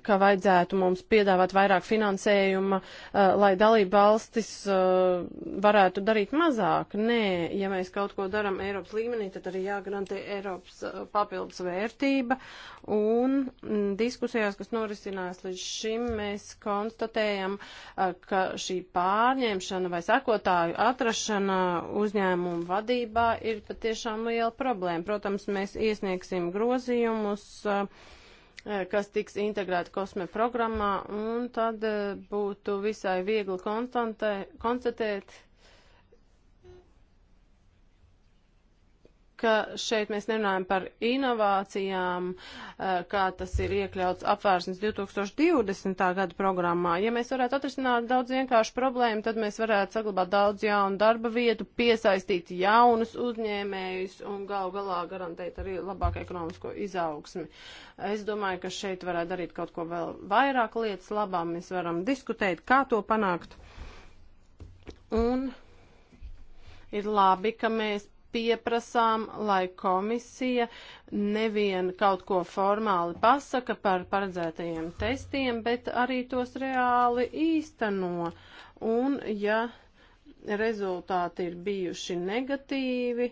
ka vajadzētu mums piedāvāt vairāk finansējuma, uh, lai dalība valstis uh, varētu darīt mazāk. Nē, ja mēs kaut ko daram Eiropas līmenī, tad arī jāgarantē Eiropas uh, papildus vērtība. Un m, mm, diskusijās, kas norisinās līdz šim, mēs konstatējam, ka šī pārņemšana vai sakotāju atrašana uzņēmumu vadībā ir patiešām liela problēma. Protams, mēs iesniegsim grozījumus. Uh, Eh, kas tiks integrēta kosme programmā, un tad eh, būtu visai viegli konstatēt, ka šeit mēs nerunājam par inovācijām, eh, kā tas ir iekļauts apvērsnes 2020. gada programmā. Ja mēs varētu atrisināt daudz vienkāršu problēmu, tad mēs varētu saglabāt daudz jaunu darba vietu, piesaistīt jaunus uzņēmējus un gal galā garantēt arī labāku ekonomisko izaugsmi. Es domāju, ka šeit varētu darīt kaut ko vēl vairāk lietas labā. Mēs varam diskutēt, kā to panākt. Un ir labi, ka mēs pieprasām, lai komisija nevien kaut ko formāli pasaka par paredzētajiem testiem, bet arī tos reāli īsteno. Un, ja rezultāti ir bijuši negatīvi,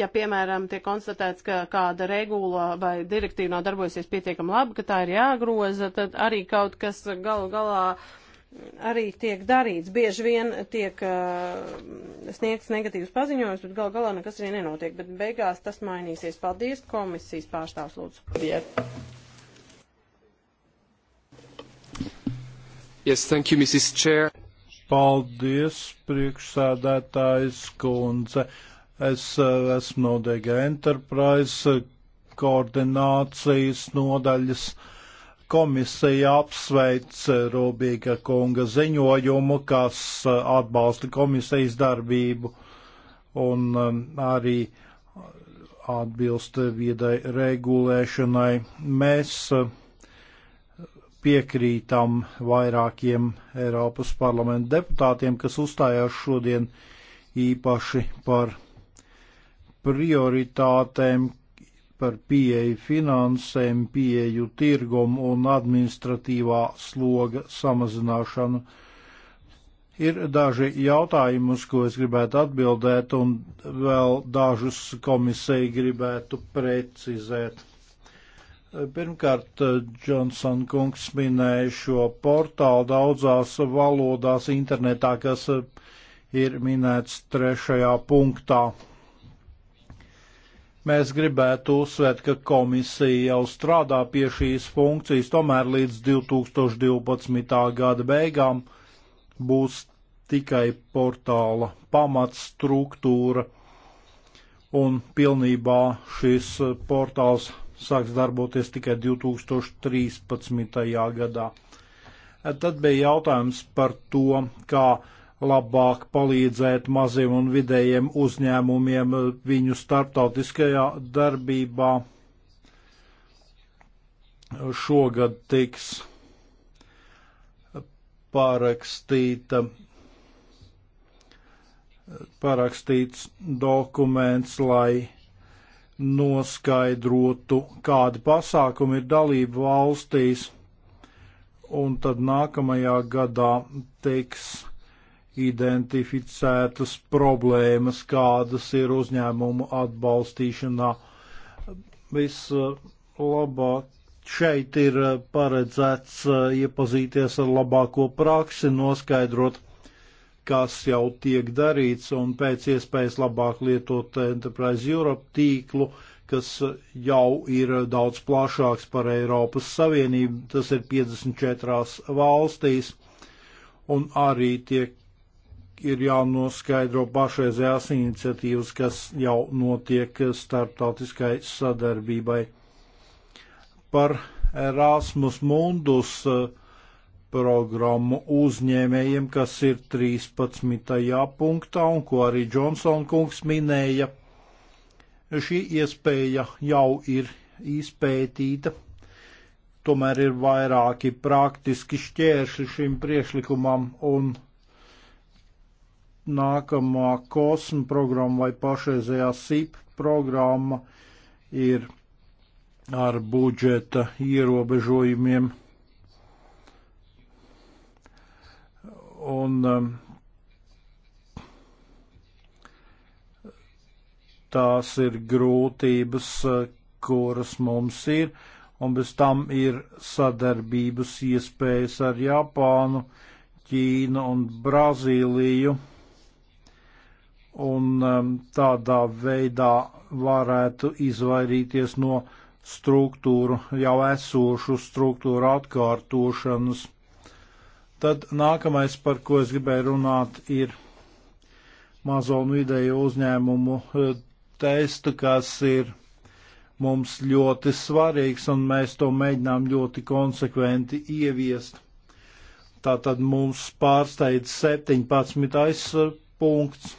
ja, piemēram, tiek konstatēts, ka kāda regula vai direktīva nav darbojusies pietiekami labi, ka tā ir jāgroza, tad arī kaut kas galu galā uh, arī tiek darīts. Bieži vien tiek uh, sniegts negatīvs paziņojums, bet gal galā nekas arī nenotiek. Bet beigās tas mainīsies. Paldies, komisijas pārstāvs lūdzu. Yeah. Yes, thank you, Mrs. Chair. Paldies, priekšsēdētājs kundze. Es uh, esmu no DG Enterprise koordinācijas nodaļas. Uh, Komisija apsveic Rūbīga kunga ziņojumu, kas atbalsta komisijas darbību un um, arī atbilst viedai regulēšanai. Mēs uh, piekrītam vairākiem Eiropas parlamenta deputātiem, kas uzstājās šodien īpaši par prioritātēm, par pieeju finansēm, pieeju tirgumu un administratīvā sloga samazināšanu. Ir daži jautājumi, uz ko es gribētu atbildēt, un vēl dažus komisija gribētu precizēt. Pirmkārt, Johnson kungs minēja šo portālu daudzās valodās internetā, kas ir minēts trešajā punktā Mēs gribētu uzsvērt, ka komisija jau strādā pie šīs funkcijas, tomēr līdz 2012. gada beigām būs tikai portāla pamatstruktūra, un pilnībā šis portāls sāks darboties tikai 2013. gadā. Tad bija jautājums par to, kā labāk palīdzēt maziem un vidējiem uzņēmumiem viņu starptautiskajā darbībā. Šogad tiks pārakstīta, pārakstīts dokuments, lai noskaidrotu, kādi pasākumi ir dalību valstīs, un tad nākamajā gadā tiks identificētas problēmas, kādas ir uzņēmumu atbalstīšanā. Vislabāk šeit ir paredzēts uh, iepazīties ar labāko praksi, noskaidrot, kas jau tiek darīts un pēc iespējas labāk lietot Enterprise Europe tīklu, kas jau ir daudz plašāks par Eiropas Savienību, tas ir 54 valstīs, un arī tiek ir jānoskaidro pašreizējās iniciatīvas, kas jau notiek starptautiskai sadarbībai. Par Erasmus Mundus eh, programmu uzņēmējiem, kas ir 13. punktā un ko arī Johnson kungs minēja. Šī iespēja jau ir izpētīta, tomēr ir vairāki praktiski šķēršļi šim priešlikumam un priekšlikumam nākamā kosma programma vai pašreizējā SIP programma ir ar budžeta ierobežojumiem. Un um, tās ir grūtības, uh, kuras mums ir, un bez tam ir sadarbības iespējas ar Japānu, Ķīnu un Brazīliju un um, tādā veidā varētu izvairīties no struktūru, jau esošu struktūru atkārtošanas. Tad nākamais, par ko es gribēju runāt, ir mazo un vidēju uzņēmumu uh, testa, kas ir mums ļoti svarīgs, un mēs to mēģinām ļoti konsekventi ieviest. Tātad mums pārsteidz 17. Uh, punkts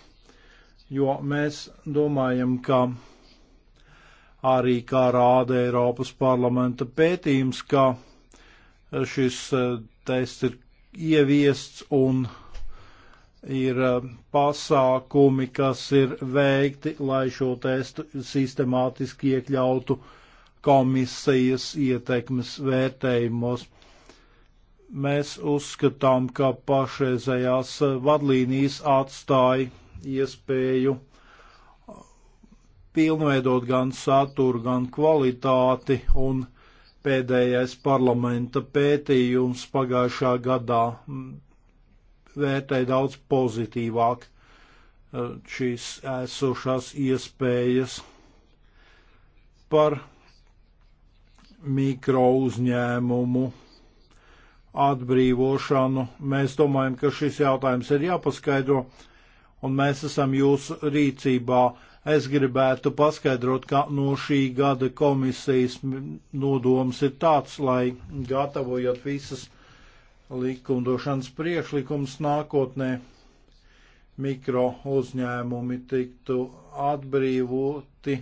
jo mēs domājam, ka arī kā rāda Eiropas parlamenta pētījums, ka šis e, tests ir ieviests un ir e, pasākumi, kas ir veikti, lai šo testu sistemātiski iekļautu komisijas ietekmes vērtējumos. Mēs uzskatām, ka pašreizējās e, vadlīnijas atstāja iespēju pilnveidot gan saturu, gan kvalitāti, un pēdējais parlamenta pētījums pagājušā gadā mm, vērtēja daudz pozitīvāk e, šīs esošās iespējas par mikro uzņēmumu atbrīvošanu. Mēs domājam, ka šis jautājums ir jāpaskaidro un mēs esam jūsu rīcībā. Es gribētu paskaidrot, ka no šī gada komisijas nodoms ir tāds, lai gatavojot visas likumdošanas priekšlikums nākotnē, mikro uzņēmumi tiktu atbrīvoti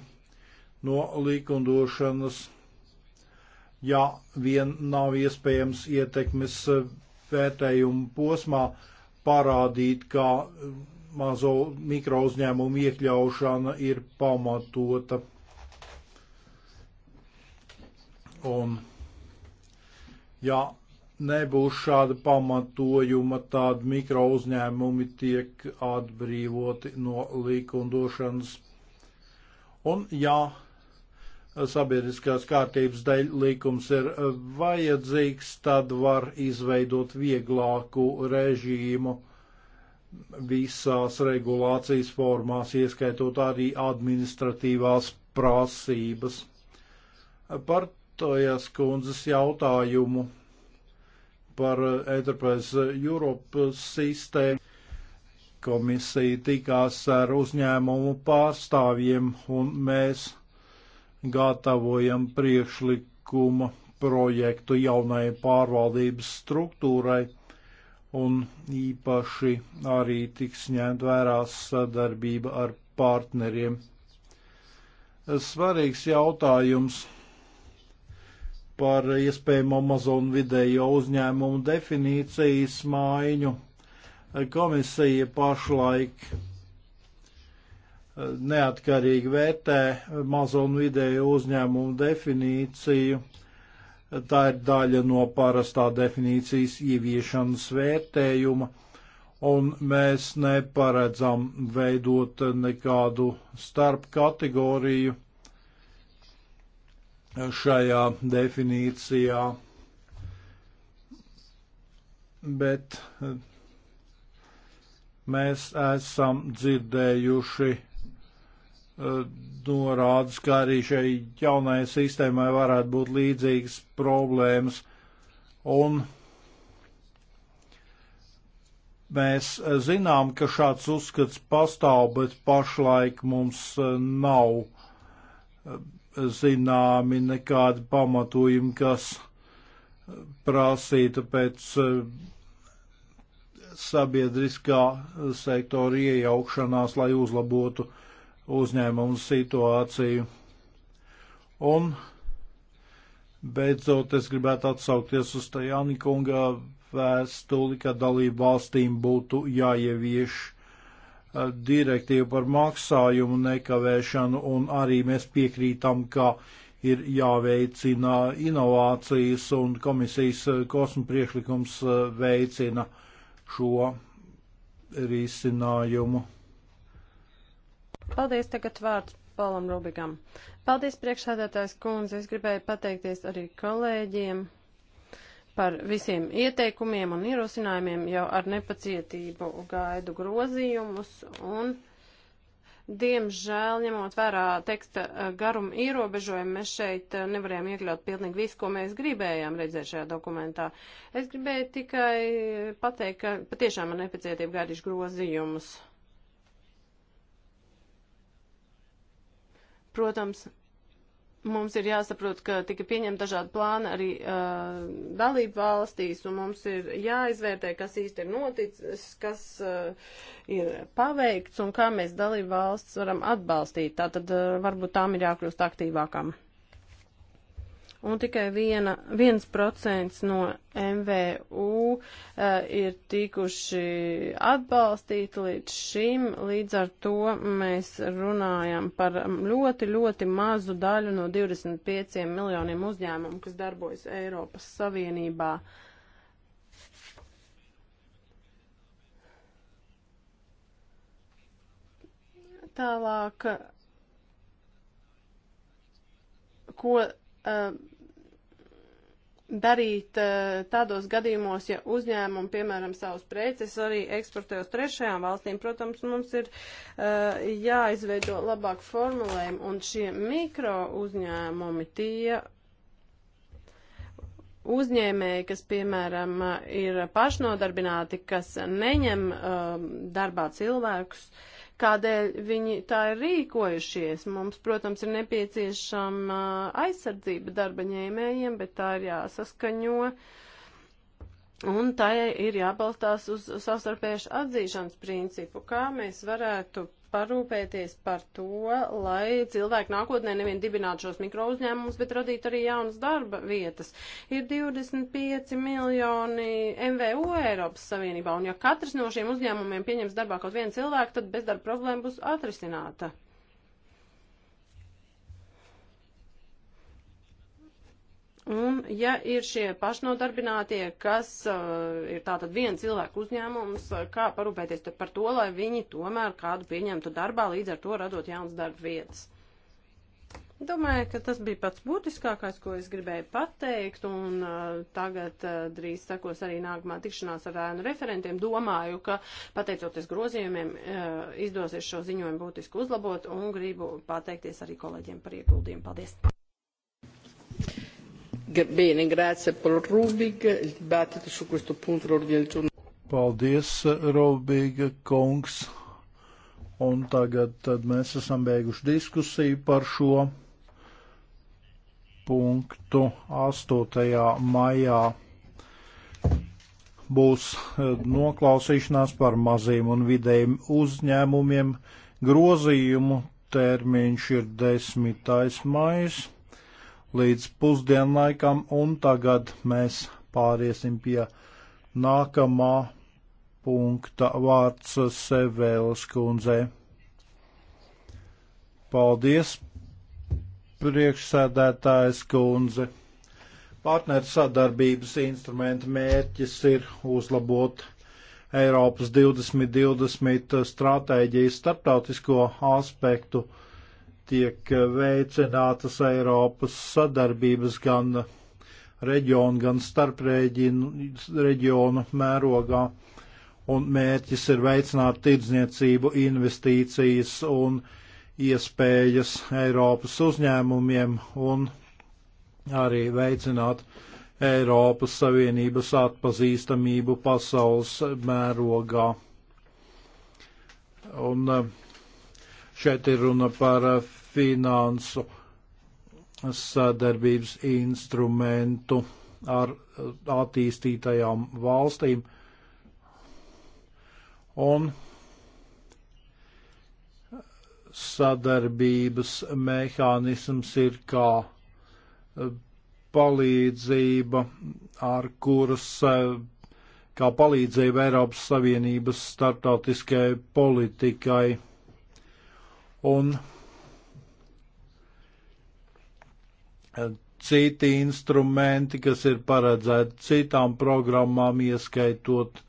no likumdošanas, ja vien nav iespējams ietekmes vērtējumu posmā parādīt, ka mazo mikro uzņēmumu iekļaušana ir pamatota. Un, ja nebūs šāda pamatojuma, tad mikro uzņēmumi tiek atbrīvoti no likumdošanas. Un, ja sabiedriskās kārtības dēļ likums ir vajadzīgs, tad var izveidot vieglāku režīmu visās regulācijas formās, ieskaitot arī administratīvās prasības. Par tojas kundzes jautājumu par Enterprise Europe sistēmu komisija tikās ar uzņēmumu pārstāvjiem un mēs gatavojam priekšlikuma projektu jaunai pārvaldības struktūrai un īpaši arī tiks ņemt vērā sadarbība ar partneriem. Svarīgs jautājums par iespējamo mazo un vidējo uzņēmumu definīcijas maiņu. Komisija pašlaik eh, neatkarīgi vērtē mazo un vidējo uzņēmumu definīciju Tā ir daļa no parastā definīcijas ieviešanas vērtējuma, un mēs neparedzam veidot nekādu starpkategoriju šajā definīcijā. Bet eh, mēs esam dzirdējuši eh, norādes, ka arī šai jaunajai sistēmai varētu būt līdzīgas problēmas. Un mēs zinām, ka šāds uzskats pastāv, bet pašlaik mums e, nav e, zināmi nekādi pamatojumi, kas prasītu pēc e, sabiedriskā sektora iejaukšanās, lai uzlabotu uh, uzņēmumu situāciju. Un beidzot es gribētu atsaukties uz Tajāni kunga vēstuli, ka dalību valstīm būtu jāievieš eh, direktīva par maksājumu nekavēšanu, un arī mēs piekrītam, ka ir jāveicina inovācijas, un komisijas eh, kosmu priekšlikums eh, veicina šo risinājumu. Paldies tagad vārds Paulam Rubigam. Paldies priekšsēdētājs kundze. Es gribēju pateikties arī kolēģiem par visiem ieteikumiem un ierosinājumiem. Jau ar nepacietību gaidu grozījumus un. Diemžēl, ņemot vērā teksta eh, garuma ierobežojumu, mēs šeit eh, nevarējām iekļaut pilnīgi visu, ko mēs gribējām redzēt šajā dokumentā. Es gribēju tikai pateikt, ka patiešām ar nepacietību gaidīšu grozījumus. Protams, mums ir jāsaprot, ka tika pieņemta dažādi plāni arī uh, dalību valstīs, un mums ir jāizvērtē, kas īsti ir noticis, kas uh, ir paveikts, un kā mēs dalību valsts varam atbalstīt. Tātad uh, varbūt tām ir jākļūst aktīvākām un tikai viena, viens procents no MVU uh, eh, ir tikuši atbalstīti līdz šim, līdz ar to mēs runājam par ļoti, ļoti mazu daļu no 25 miljoniem uzņēmumu, kas darbojas Eiropas Savienībā. Tālāk, ko uh, darīt eh, tādos gadījumos, ja uzņēmumi, piemēram, savus preces arī eksportē uz trešajām valstīm, protams, mums ir uh, jāizveido labāk formulējumi, un šie mikro uzņēmumi, tie uzņēmēji, kas, piemēram, ir pašnodarbināti, kas neņem uh, darbā cilvēkus, uh, kādēļ viņi tā ir rīkojušies. Mums, protams, ir nepieciešama aizsardzība darba ņēmējiem, bet tā ir jāsaskaņo. Un tai ir jābalstās uz savstarpējušu atzīšanas principu, kā mēs varētu parūpēties par to, lai cilvēki nākotnē nevien dibinātu šos mikro uzņēmumus, bet radītu arī jaunas darba vietas. Ir 25 miljoni MVU Eiropas Savienībā, un ja katrs no šiem uzņēmumiem pieņems darbā kaut vienu cilvēku, tad bezdarba problēma būs atrisināta. Un, ja ir šie pašnodarbinātie, kas uh, ir tātad viena cilvēka uzņēmums, uh, kā parūpēties par to, lai viņi tomēr kādu pieņemtu darbā, līdz ar to radot jaunas darba vietas. Domāju, ka tas bija pats būtiskākais, ko es gribēju pateikt, un uh, tagad uh, drīz sekos arī nākamā tikšanās ar ēnu referentiem. Domāju, ka pateicoties grozījumiem uh, izdosies šo ziņojumu būtiski uzlabot, un gribu pateikties arī kolēģiem par ieguldījumu. Paldies! Bene, grazie Paul Rubig. Il dibattito su questo punto l'ordine del giorno. Paldies, Rubig kungs. Un tagad tad mēs esam beiguši diskusiju par šo punktu 8. maijā. Būs e, noklausīšanās par maziem un vidējiem uzņēmumiem. Grozījumu termiņš ir 10. maijs līdz pusdienlaikam, un tagad mēs pāriesim pie nākamā punkta vārds Sevēlas kundzei. Paldies, priekšsēdētājs kundze. Partneru sadarbības instrumenta mērķis ir uzlabot Eiropas 2020 stratēģijas starptautisko aspektu tiek veicinātas Eiropas sadarbības gan reģionu, gan starp reģinu, reģionu mērogā. Un mērķis ir veicināt tirdzniecību, investīcijas un iespējas Eiropas uzņēmumiem un arī veicināt Eiropas Savienības atpazīstamību pasaules mērogā. Un eh, šeit ir runa par eh, finansu sadarbības instrumentu ar uh, attīstītajām valstīm. Un sadarbības mehānisms ir kā uh, palīdzība, ar kuras uh, kā palīdzība Eiropas Savienības starptautiskajai politikai. Un citi instrumenti, kas ir paredzēti citām programmām, ieskaitot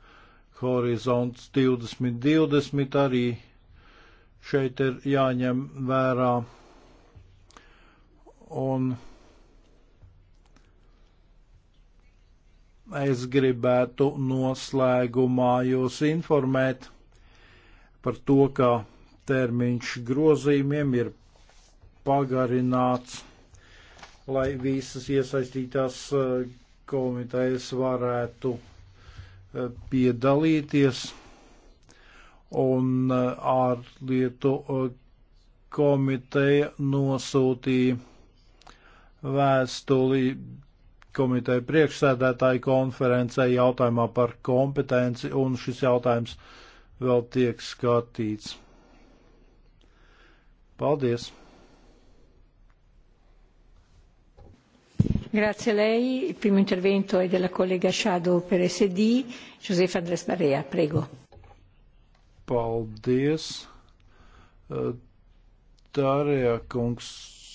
Horizonts 2020, arī šeit ir jāņem vērā. Un es gribētu noslēgumā jūs informēt par to, ka termiņš grozījumiem ir pagarināts lai visas iesaistītās uh, komitejas varētu uh, piedalīties un uh, ārlietu komiteja nosūtīja vēstuli komiteja priekšsēdētāja konferencē jautājumā par kompetenci, un šis jautājums vēl tiek skatīts. Paldies! Grazie a lei. Il primo intervento è della collega Shadow per SD, Josefa Andres Barea. Prego. Paldies. Eh, Darija kungs.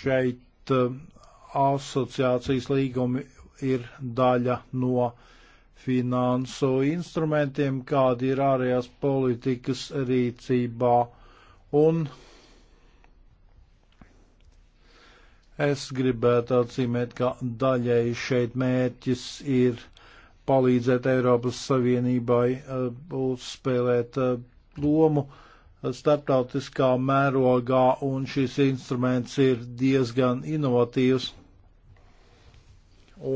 Šeit eh, asociācijas līgumi ir daļa no uh, finansu instrumentiem, kādi ir ārējās politikas rīcībā. Un es gribētu atzīmēt, ka daļai šeit mērķis ir palīdzēt Eiropas Savienībai eh, uzspēlēt eh, lomu eh, starptautiskā mērogā, un šis instruments ir diezgan inovatīvs.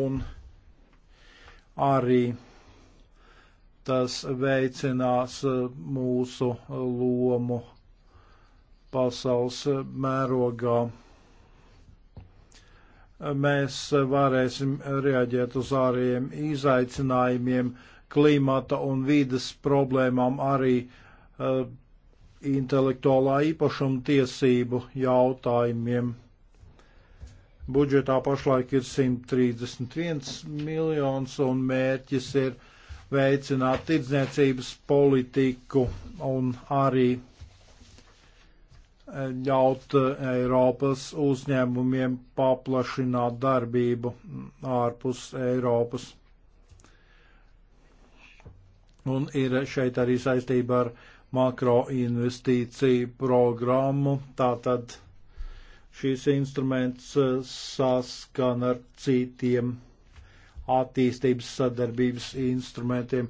Un arī tas veicinās eh, mūsu eh, lomu pasaules eh, mērogā. Mēs varēsim reaģēt uz ārējiem izaicinājumiem, klimata un vīdes problēmām, arī uh, intelektuālā īpašuma tiesību jautājumiem. Budžetā pašlaik ir 131 miljons un mērķis ir 1,5 veicināt tirdzniecības politiku un arī eh, ļaut eh, Eiropas uzņēmumiem paplašināt darbību ārpus Eiropas. Un ir šeit arī saistība ar makroinvestīciju programmu. Tātad šīs instruments eh, saskan ar citiem instrumentiem attīstības sadarbības instrumentiem.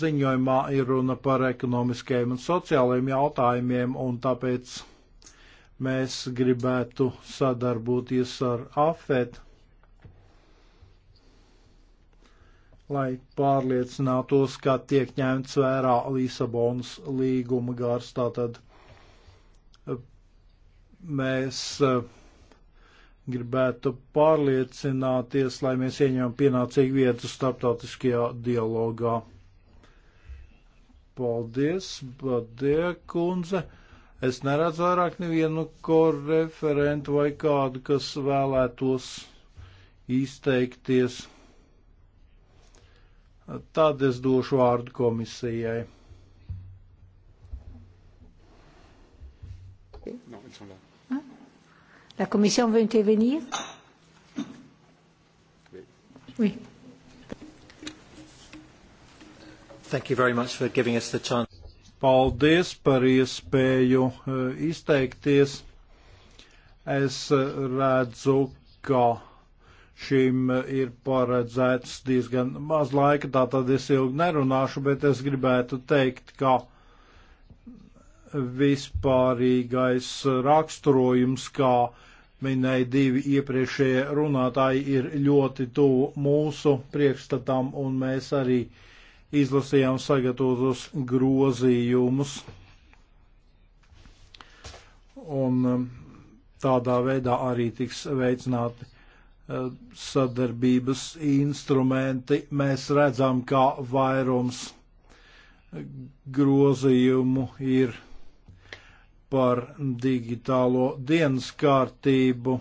Ziņojumā ir runa par ekonomiskajiem un sociālajiem jautājumiem, un tāpēc mēs gribētu sadarboties ar AFET, lai pārliecinātos, ka tiek ņemts vērā Lisabonas līguma gars. Tātad eh, mēs uh, gribētu pārliecināties, lai mēs ieņemam pienācīgu vietu starptautiskajā dialogā. Paldies, Badie kundze. Es neredzu vairāk nevienu koreferentu vai kādu, kas vēlētos izteikties. Tad es došu vārdu komisijai. No, it's all right. La Commission veut intervenir Oui. Thank you very much for giving us the chance. Paldies par iespēju eh, izteikties. Es eh, redzu, ka šim eh, ir paredzēts diezgan maz laika, tā tad es ilgi nerunāšu, bet es gribētu teikt, ka vispārīgais raksturojums, kā minēja divi iepriekšējie runātāji, ir ļoti tuvu mūsu priekšstatām, un mēs arī izlasījām sagatavotos grozījumus. Un um, tādā veidā arī tiks veicināti uh, sadarbības instrumenti. Mēs redzam, ka vairums grozījumu ir par digitālo dienas kārtību,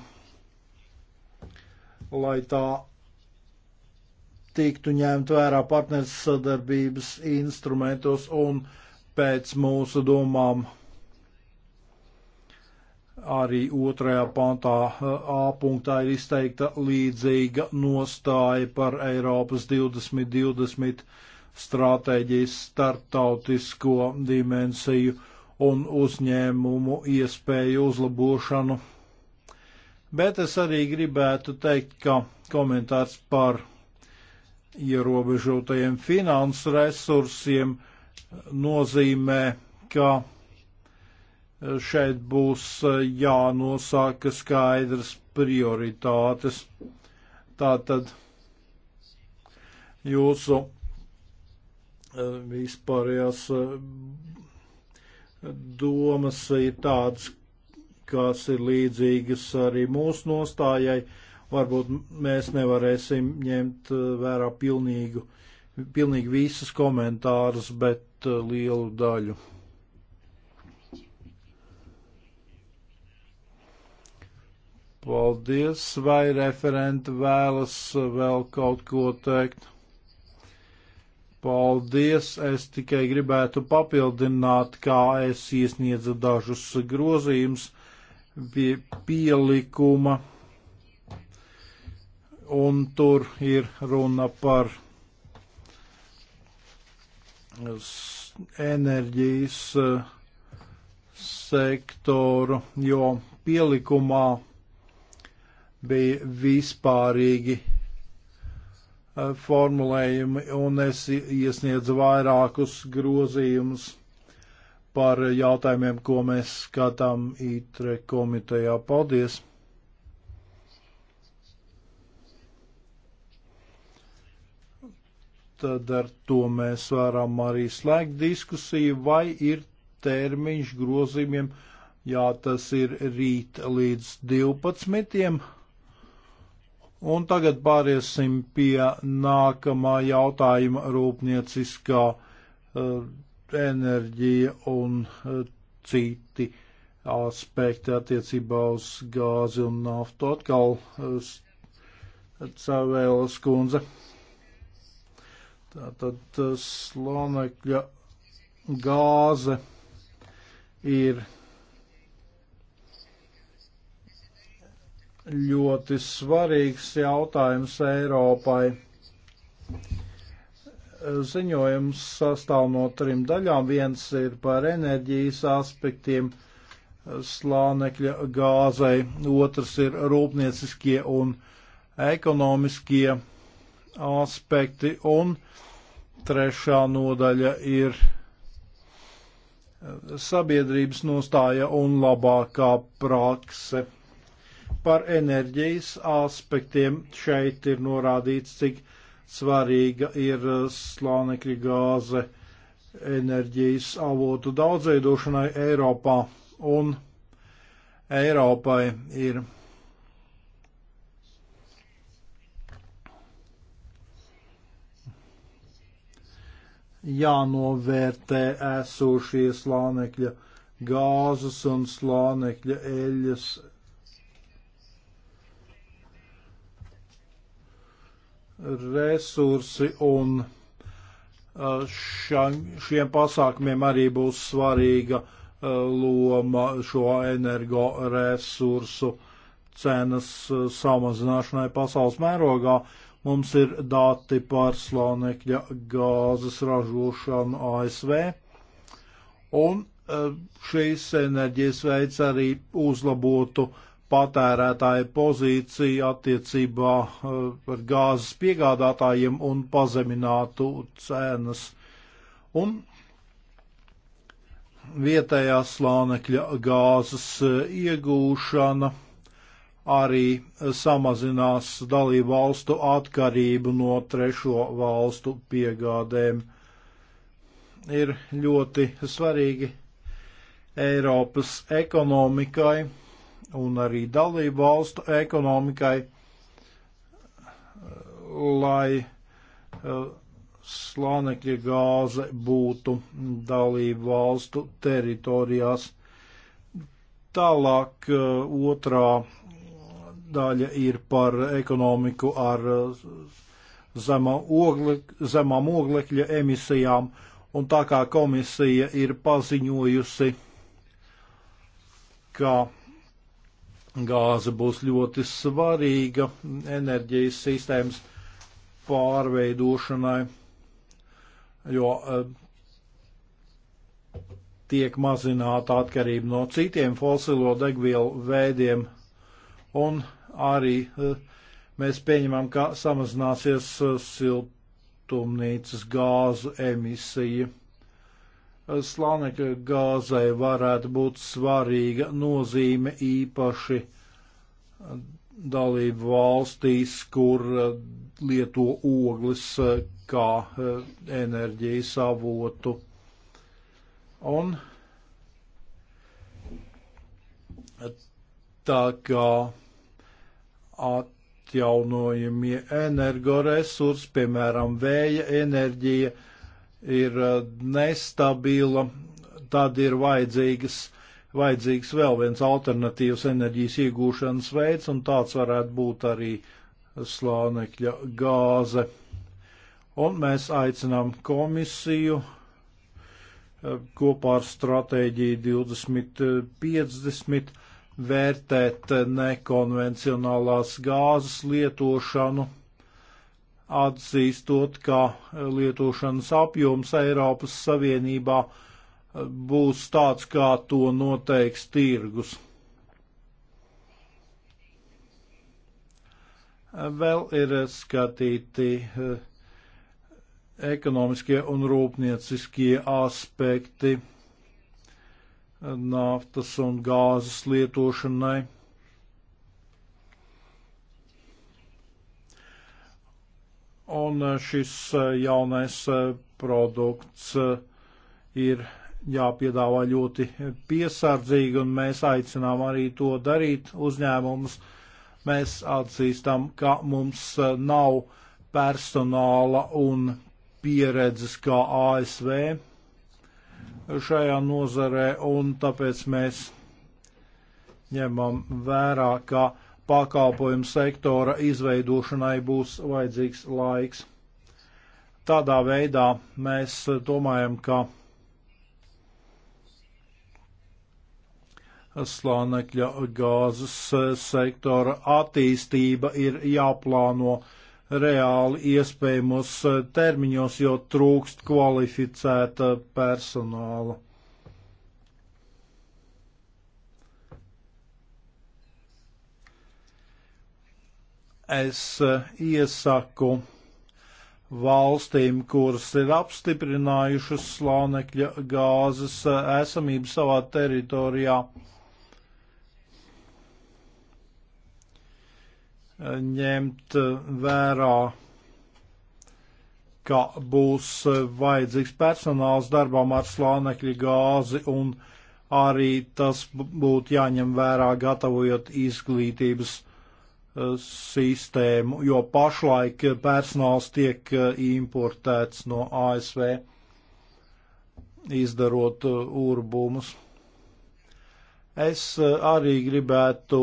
lai tā tiktu ņemt vērā partners sadarbības instrumentos un pēc mūsu domām arī otrajā pantā A punktā ir izteikta līdzīga nostāja par Eiropas 2020 stratēģijas startautisko dimensiju un uzņēmumu iespēju uzlabošanu. Bet es arī gribētu teikt, ka komentārs par ierobežotajiem finansu resursiem nozīmē, ka šeit būs jānosaka skaidrs prioritātes. Tātad jūsu eh, vispārējās eh, domas ir tādas, kas ir līdzīgas arī mūsu nostājai. Varbūt mēs nevarēsim ņemt uh, vērā pilnīgu, pilnīgi visas komentārus, bet uh, lielu daļu. Paldies, vai referenti vēlas uh, vēl kaut ko teikt? Paldies! Es tikai gribētu papildināt, kā es iesniedzu dažus grozījumus pie pielikuma, un tur ir runa par enerģijas e, sektoru, jo pielikumā bija vispārīgi Eh, formulējumi, un es iesniedzu vairākus grozījumus par jautājumiem, ko mēs skatām ITRE komitejā. Paldies! Tad ar to mēs varam arī slēgt diskusiju, vai ir termiņš grozījumiem. Jā, tas ir rīt līdz 12. Un tagad pāriesim pie nākamā jautājuma - rūpnieciskā uh, enerģija un uh, citi aspekti attiecībā uz gāzi un naftu. Atkal uh, Cavēlas kundze. Tātad slonekļa gāze ir ļoti svarīgs jautājums Eiropai. Ziņojums sastāv no trim daļām. Viens ir par enerģijas aspektiem slānekļa gāzei, otrs ir rūpnieciskie un ekonomiskie aspekti, un trešā nodaļa ir sabiedrības nostāja un labākā prakse par enerģijas aspektiem. Šeit ir norādīts, cik svarīga ir uh, slānekļa gāze enerģijas avotu daudzveidošanai Eiropā un Eiropai ir. Jānovērtē esošie slānekļa gāzes un slānekļa eļas resursi un ša, šiem pasākumiem arī būs svarīga loma šo energoresursu cenas samazināšanai pasaules mērogā. Mums ir dati par slānekļa gāzes ražošanu ASV. Un šīs enerģijas veids arī uzlabotu uh, patērētāja pozīciju attiecībā par eh, gāzes piegādātājiem un pazeminātu cenas. Un vietējā slānekļa gāzes eh, iegūšana arī samazinās dalību valstu atkarību no trešo valstu piegādēm. Ir ļoti svarīgi Eiropas ekonomikai un arī dalību valstu ekonomikai, lai eh, slānekļa gāze būtu dalību valstu teritorijās. Tālāk eh, otrā daļa ir par ekonomiku ar eh, zemā ogle, zemām oglekļa emisijām, un tā kā komisija ir paziņojusi, ka Gāze būs ļoti svarīga enerģijas sistēmas pārveidošanai, jo eh, tiek mazināta atkarība no citiem fosilo degvielu veidiem, un arī eh, mēs pieņemam, ka samazināsies eh, siltumnīcas gāzu emisija slānekļa gāzai varētu būt svarīga nozīme īpaši dalību valstīs, kur eh, lieto ogles eh, kā eh, enerģijas avotu. Un tā kā atjaunojamie energoresursi, piemēram, vēja enerģija, ir uh, nestabila, tad ir vajadzīgas, vajadzīgs vēl viens alternatīvs enerģijas iegūšanas veids, un tāds varētu būt arī slānekļa gāze. Un mēs aicinām komisiju uh, kopā ar stratēģiju 2050 vērtēt nekonvencionālās gāzes lietošanu atzīstot, ka e, lietošanas apjoms Eiropas Savienībā e, būs tāds, kā to noteiks tirgus. E, vēl ir skatīti ekonomiskie un rūpnieciskie aspekti naftas un gāzes lietošanai. Un eh, šis eh, jaunais eh, produkts ir jāpiedāvā ļoti piesardzīgi, un mēs aicinām arī to darīt uzņēmumus. Mēs atzīstam, ka mums nav personāla un pieredzes kā ASV šajā nozarē, un tāpēc mēs ņemam vērā, ka uh, pakalpojumu sektora izveidošanai būs vajadzīgs laiks. Tādā veidā mēs domājam, ka slānekļa gāzes sektora attīstība ir jāplāno reāli iespējamos termiņos, jo trūkst kvalificēta personāla. es eh, iesaku valstīm, kuras ir apstiprinājušas slānekļa gāzes eh, esamību savā teritorijā, eh, ņemt vērā, ka būs vajadzīgs personāls darbām ar slānekļa gāzi un arī tas būtu jāņem vērā gatavojot izglītības Eh, sistēmu, jo pašlaik personāls tiek eh, importēts no ASV, izdarot eh, urbumus. Es arī gribētu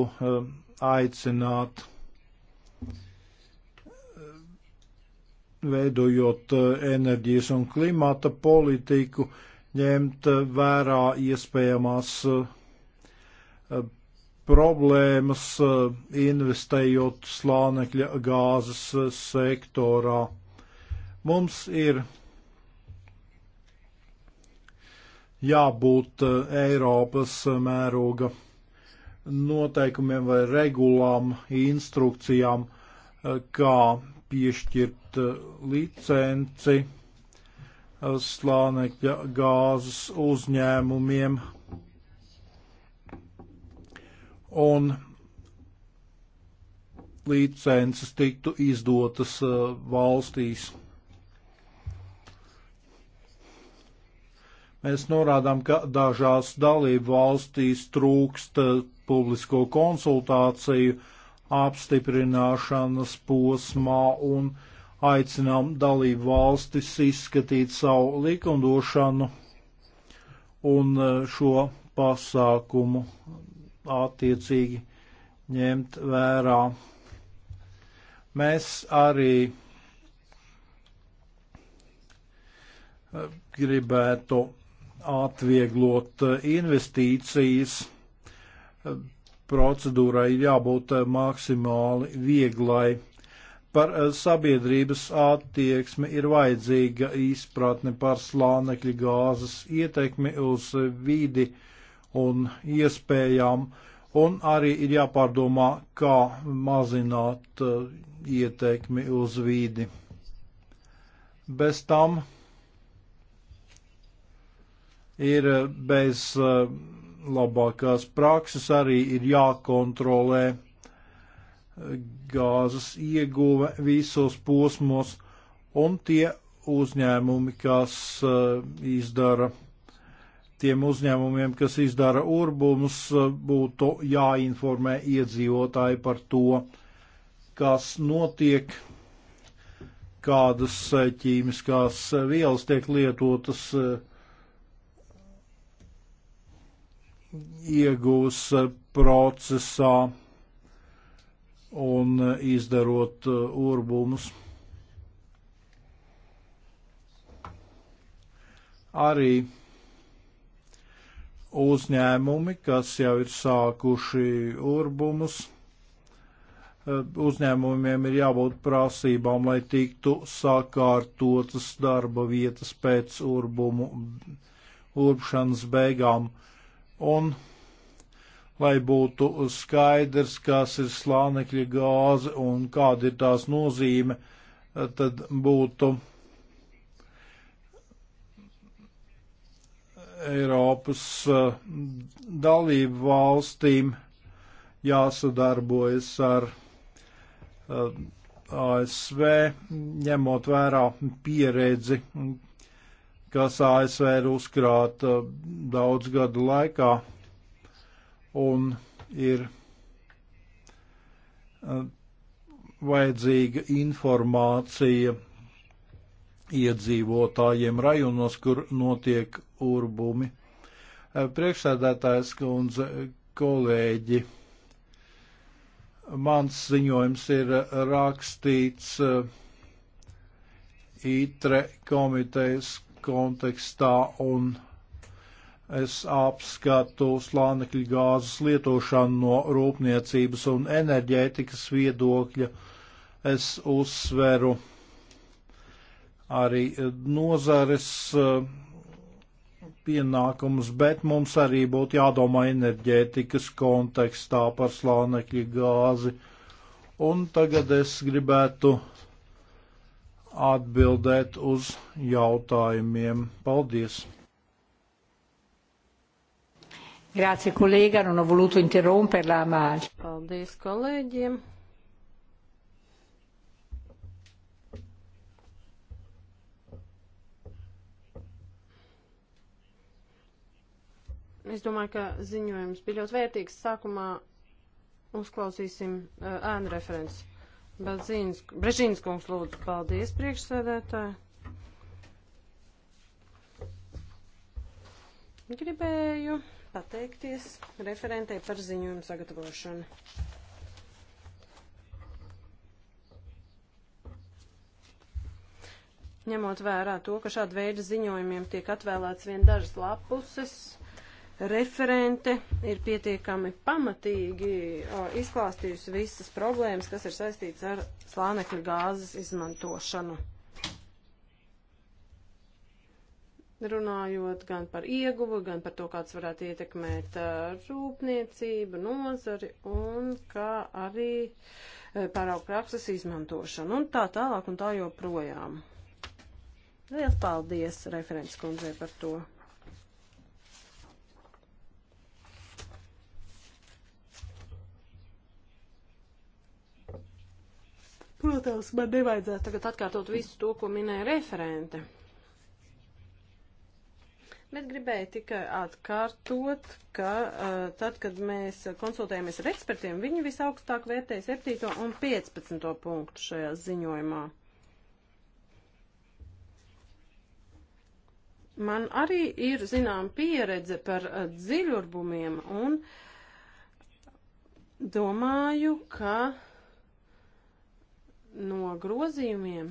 aicināt, veidojot enerģijas un klimata politiku, ņemt vērā iespējamās problēmas eh, investējot slānekļa gāzes eh, sektorā. Mums ir jābūt eh, Eiropas mēroga noteikumiem vai regulām, instrukcijām, kā piešķirt licenci slānekļa gāzes uzņēmumiem un licences tiktu izdotas uh, valstīs. Mēs norādām, ka dažās dalību valstīs trūkst uh, publisko konsultāciju apstiprināšanas posmā un aicinām dalību valstis izskatīt savu likumdošanu un uh, šo pasākumu attiecīgi ņemt vērā. Mēs arī eh, gribētu atvieglot eh, investīcijas. Eh, procedūrai jābūt maksimāli vieglai. Par sabiedrības attieksmi ir vajadzīga izpratne par slānekļa gāzes ietekmi uz vidi. Uh, un iespējām, un arī ir jāpārdomā, kā mazināt uh, ietekmi uz vīdi. Bez tam ir uh, bez uh, labākās prakses arī ir jākontrolē gāzes ieguve visos posmos, un tie uzņēmumi, kas izdara tiem uzņēmumiem, kas izdara urbumus, būtu jāinformē iedzīvotāji par to, kas notiek, kādas eh, ķīmiskās vielas tiek lietotas, eh, iegūs eh, procesā un izdarot urbumus. Arī uzņēmumi, kas jau ir sākuši urbumus. Uzņēmumiem ir jābūt prasībām, lai tiktu sakārtotas darba vietas pēc urbumu urbšanas beigām. Un lai būtu skaidrs, kas ir slānekļa gāze un kāda ir tās nozīme, tad būtu Eiropas eh, dalību valstīm jāsadarbojas ar eh, ASV, ņemot vērā pieredzi, kas ASV ir uzkrāta eh, daudz gadu laikā un ir vajadzīga informācija iedzīvotājiem rajonos, kur notiek urbumi. Eh, priekšsēdētājs kundze, kolēģi, mans ziņojums ir rakstīts eh, ITRE komitejas kontekstā un es apskatu slānekļa gāzes lietošanu no rūpniecības un enerģētikas viedokļa. Es uzsveru arī e, nozares e, pienākumus, bet mums arī būtu jādomā enerģētikas kontekstā par slānekļa gāzi. Un tagad es gribētu atbildēt uz jautājumiem. Paldies! Grazie, kolēģi, non nu, nu, ho voluto interromperla, ma... Paldies kolēģiem! Es domāju, ka ziņojums bija ļoti vērtīgs. Sākumā uzklausīsim ēnu referents. Brežīnas kungs lūdzu, paldies priekšsēdētāji. Gribēju pateikties referentei par ziņojumu sagatavošanu. Ņemot vērā to, ka šāda veida ziņojumiem tiek atvēlēts vien dažas lapuses, referente ir pietiekami pamatīgi izklāstījusi visas problēmas, kas ir saistīts ar slānekļa gāzes izmantošanu. Runājot gan par ieguvu, gan par to, kāds varētu ietekmēt rūpniecību, nozari un kā arī e, pārāk prakses izmantošanu un tā tālāk un tā joprojām. Liels paldies referents kundzei par to. Protams, man nevajadzētu tagad atkārtot visu to, ko minēja referente. Bet gribēju tikai atkārtot, ka uh, tad, kad mēs konsultējamies ar ekspertiem, viņi visaugstāk vērtēja 7. un 15. punktu šajā ziņojumā. Man arī ir zinām pieredze par uh, dziļurbumiem un domāju, ka no grozījumiem.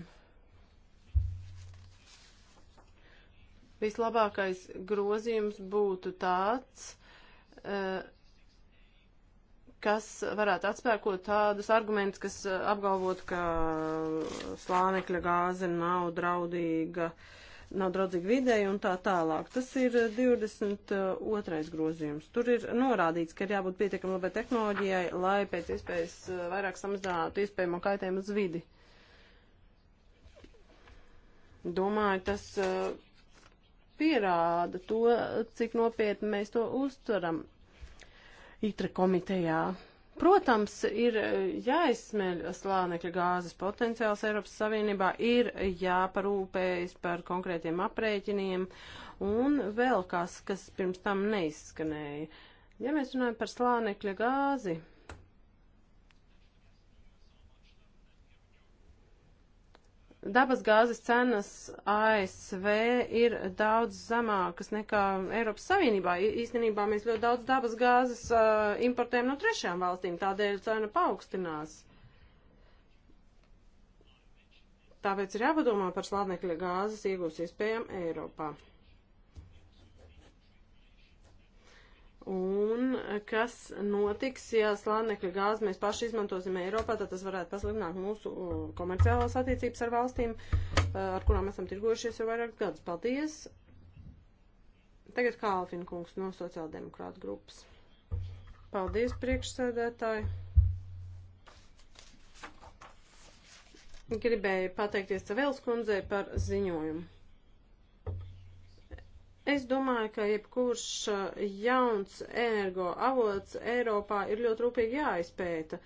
Vislabākais grozījums būtu tāds, eh, kas varētu atspēkot tādus argumentus, kas eh, apgalvotu, ka slānekļa gāze nav draudīga uh, nav draudzīgi videi un tā tālāk. Tas ir 22. grozījums. Tur ir norādīts, ka ir jābūt pietiekami labai tehnoloģijai, lai pēc iespējas eh, vairāk samazinātu iespējamo kaitējumu uz vidi. Domāju, tas eh, pierāda to, cik nopietni mēs to uztveram ITRE komitejā. Protams, ir e, jāizsmeļ slānekļa gāzes potenciāls Eiropas Savienībā, ir jāparūpējas par konkrētiem aprēķiniem un vēl kas, kas pirms tam neizskanēja. Ja mēs runājam par slānekļa gāzi, Dabas gāzes cenas ASV ir daudz zemākas nekā Eiropas Savienībā. Īstenībā mēs ļoti daudz dabas gāzes uh, importējam no trešajām valstīm, tādēļ cena paaugstinās. Tāpēc ir jāpadomā par slānekļa gāzes iegūs iespējām Eiropā. Un kas notiks, ja slānekļa gāzi mēs paši izmantosim Eiropā, tad tas varētu pasliktināt mūsu uh, komerciālās attiecības ar valstīm, uh, ar kurām esam tirgojušies jau vairāk gadus. Paldies! Tagad Kālfin kungs no sociāldemokrāta grupas. Paldies, priekšsēdētāji! Gribēju pateikties Cavils kundzei par ziņojumu. Es domāju, ka jebkurš uh, jauns energoavots Eiropā ir ļoti rūpīgi jāizpēta.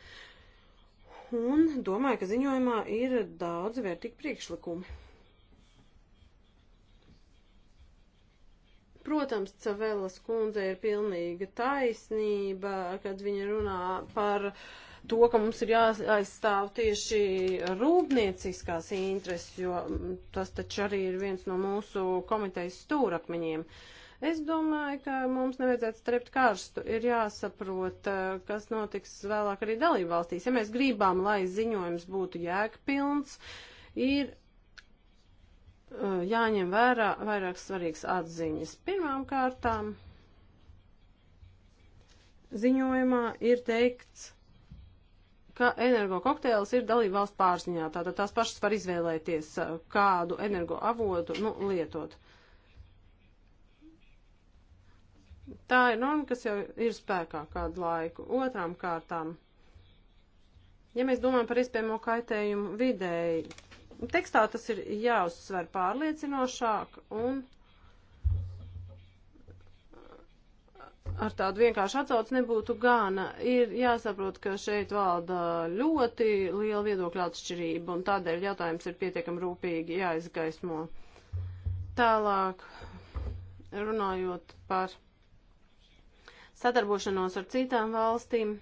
Un domāju, ka ziņojumā ir daudz vērtīgi priekšlikumi. Protams, Cavēlas kundze ir pilnīga taisnība, kad viņa runā par uh, to, ka mums ir jāaizstāv tieši rūpnieciskās intereses, jo mm, tas taču arī ir viens no mūsu komitejas stūrakmeņiem. Es domāju, ka mums nevajadzētu strept karstu. Ir jāsaprot, eh, kas notiks vēlāk arī dalību valstīs. Ja mēs gribam, lai ziņojums būtu jēgpilns, ir eh, jāņem vērā vairāk svarīgas atziņas. Pirmām kārtām ziņojumā ir teikts, ka energo kokteils ir dalība valsts pārziņā. Tātad tās pašas var izvēlēties, eh, kādu energo avotu nu, lietot. Tā ir norma, kas jau ir spēkā kādu laiku. Otrām kārtām, ja mēs domājam par iespējamo kaitējumu vidēji, tekstā tas ir jāuzsver pārliecinošāk un ar tādu vienkāršu atsauci nebūtu gana. Ir jāsaprot, ka šeit valda ļoti liela viedokļa atšķirība, un tādēļ jautājums ir pietiekami rūpīgi jāizgaismo. Tālāk, runājot par sadarbošanos ar citām valstīm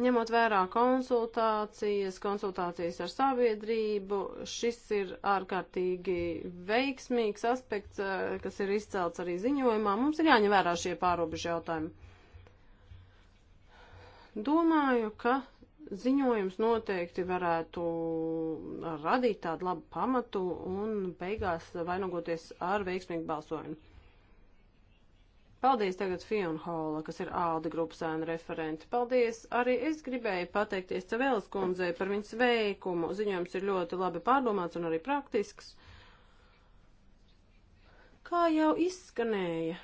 Ņemot vērā konsultācijas, konsultācijas ar sabiedrību, šis ir ārkārtīgi veiksmīgs aspekts, eh, kas ir izcelts arī ziņojumā. Mums ir jāņem vērā šie pārobežu jautājumi. Domāju, ka ziņojums noteikti varētu radīt tādu labu pamatu un beigās vainagoties ar veiksmīgu balsojumu. Paldies tagad Fionhola, kas ir āda grupas ēna referenti. Paldies! Arī es gribēju pateikties Cevēlas kundzei par viņas veikumu. Ziņojums ir ļoti labi pārdomāts un arī praktisks. Kā jau izskanēja,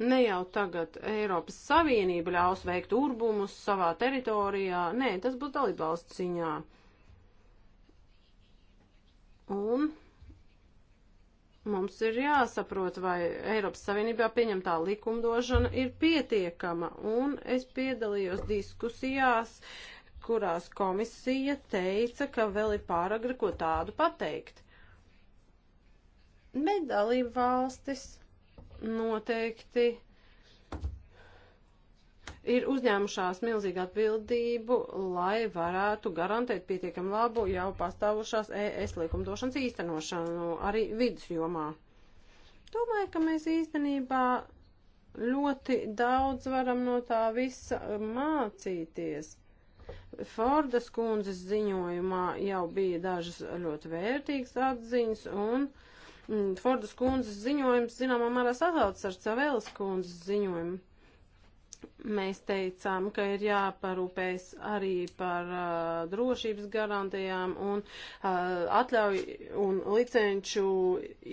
Ne jau tagad Eiropas Savienība ļaus veikt urbumus savā teritorijā, nē, tas būs dalībvalsts ziņā. Un Mums ir jāsaprot, vai Eiropas Savienībā pieņemtā likumdošana ir pietiekama, un es piedalījos diskusijās, kurās komisija teica, ka vēl ir pāragri ko tādu pateikt. Bet dalība valstis noteikti ir uzņēmušās milzīgu atbildību, lai varētu garantēt pietiekam labu jau pastāvošās ES likumdošanas īstenošanu arī vidus jomā. Domāju, ka mēs īstenībā ļoti daudz varam no tā visa mācīties. Fordas kundzes ziņojumā jau bija dažas ļoti vērtīgas atziņas un mm, Fordas kundzes ziņojums, zināmā mērā, sasaucas ar Cavēlas kundzes ziņojumu. Mēs teicām, ka ir jāparūpēs arī par uh, drošības garantijām un uh, atļauju un licenču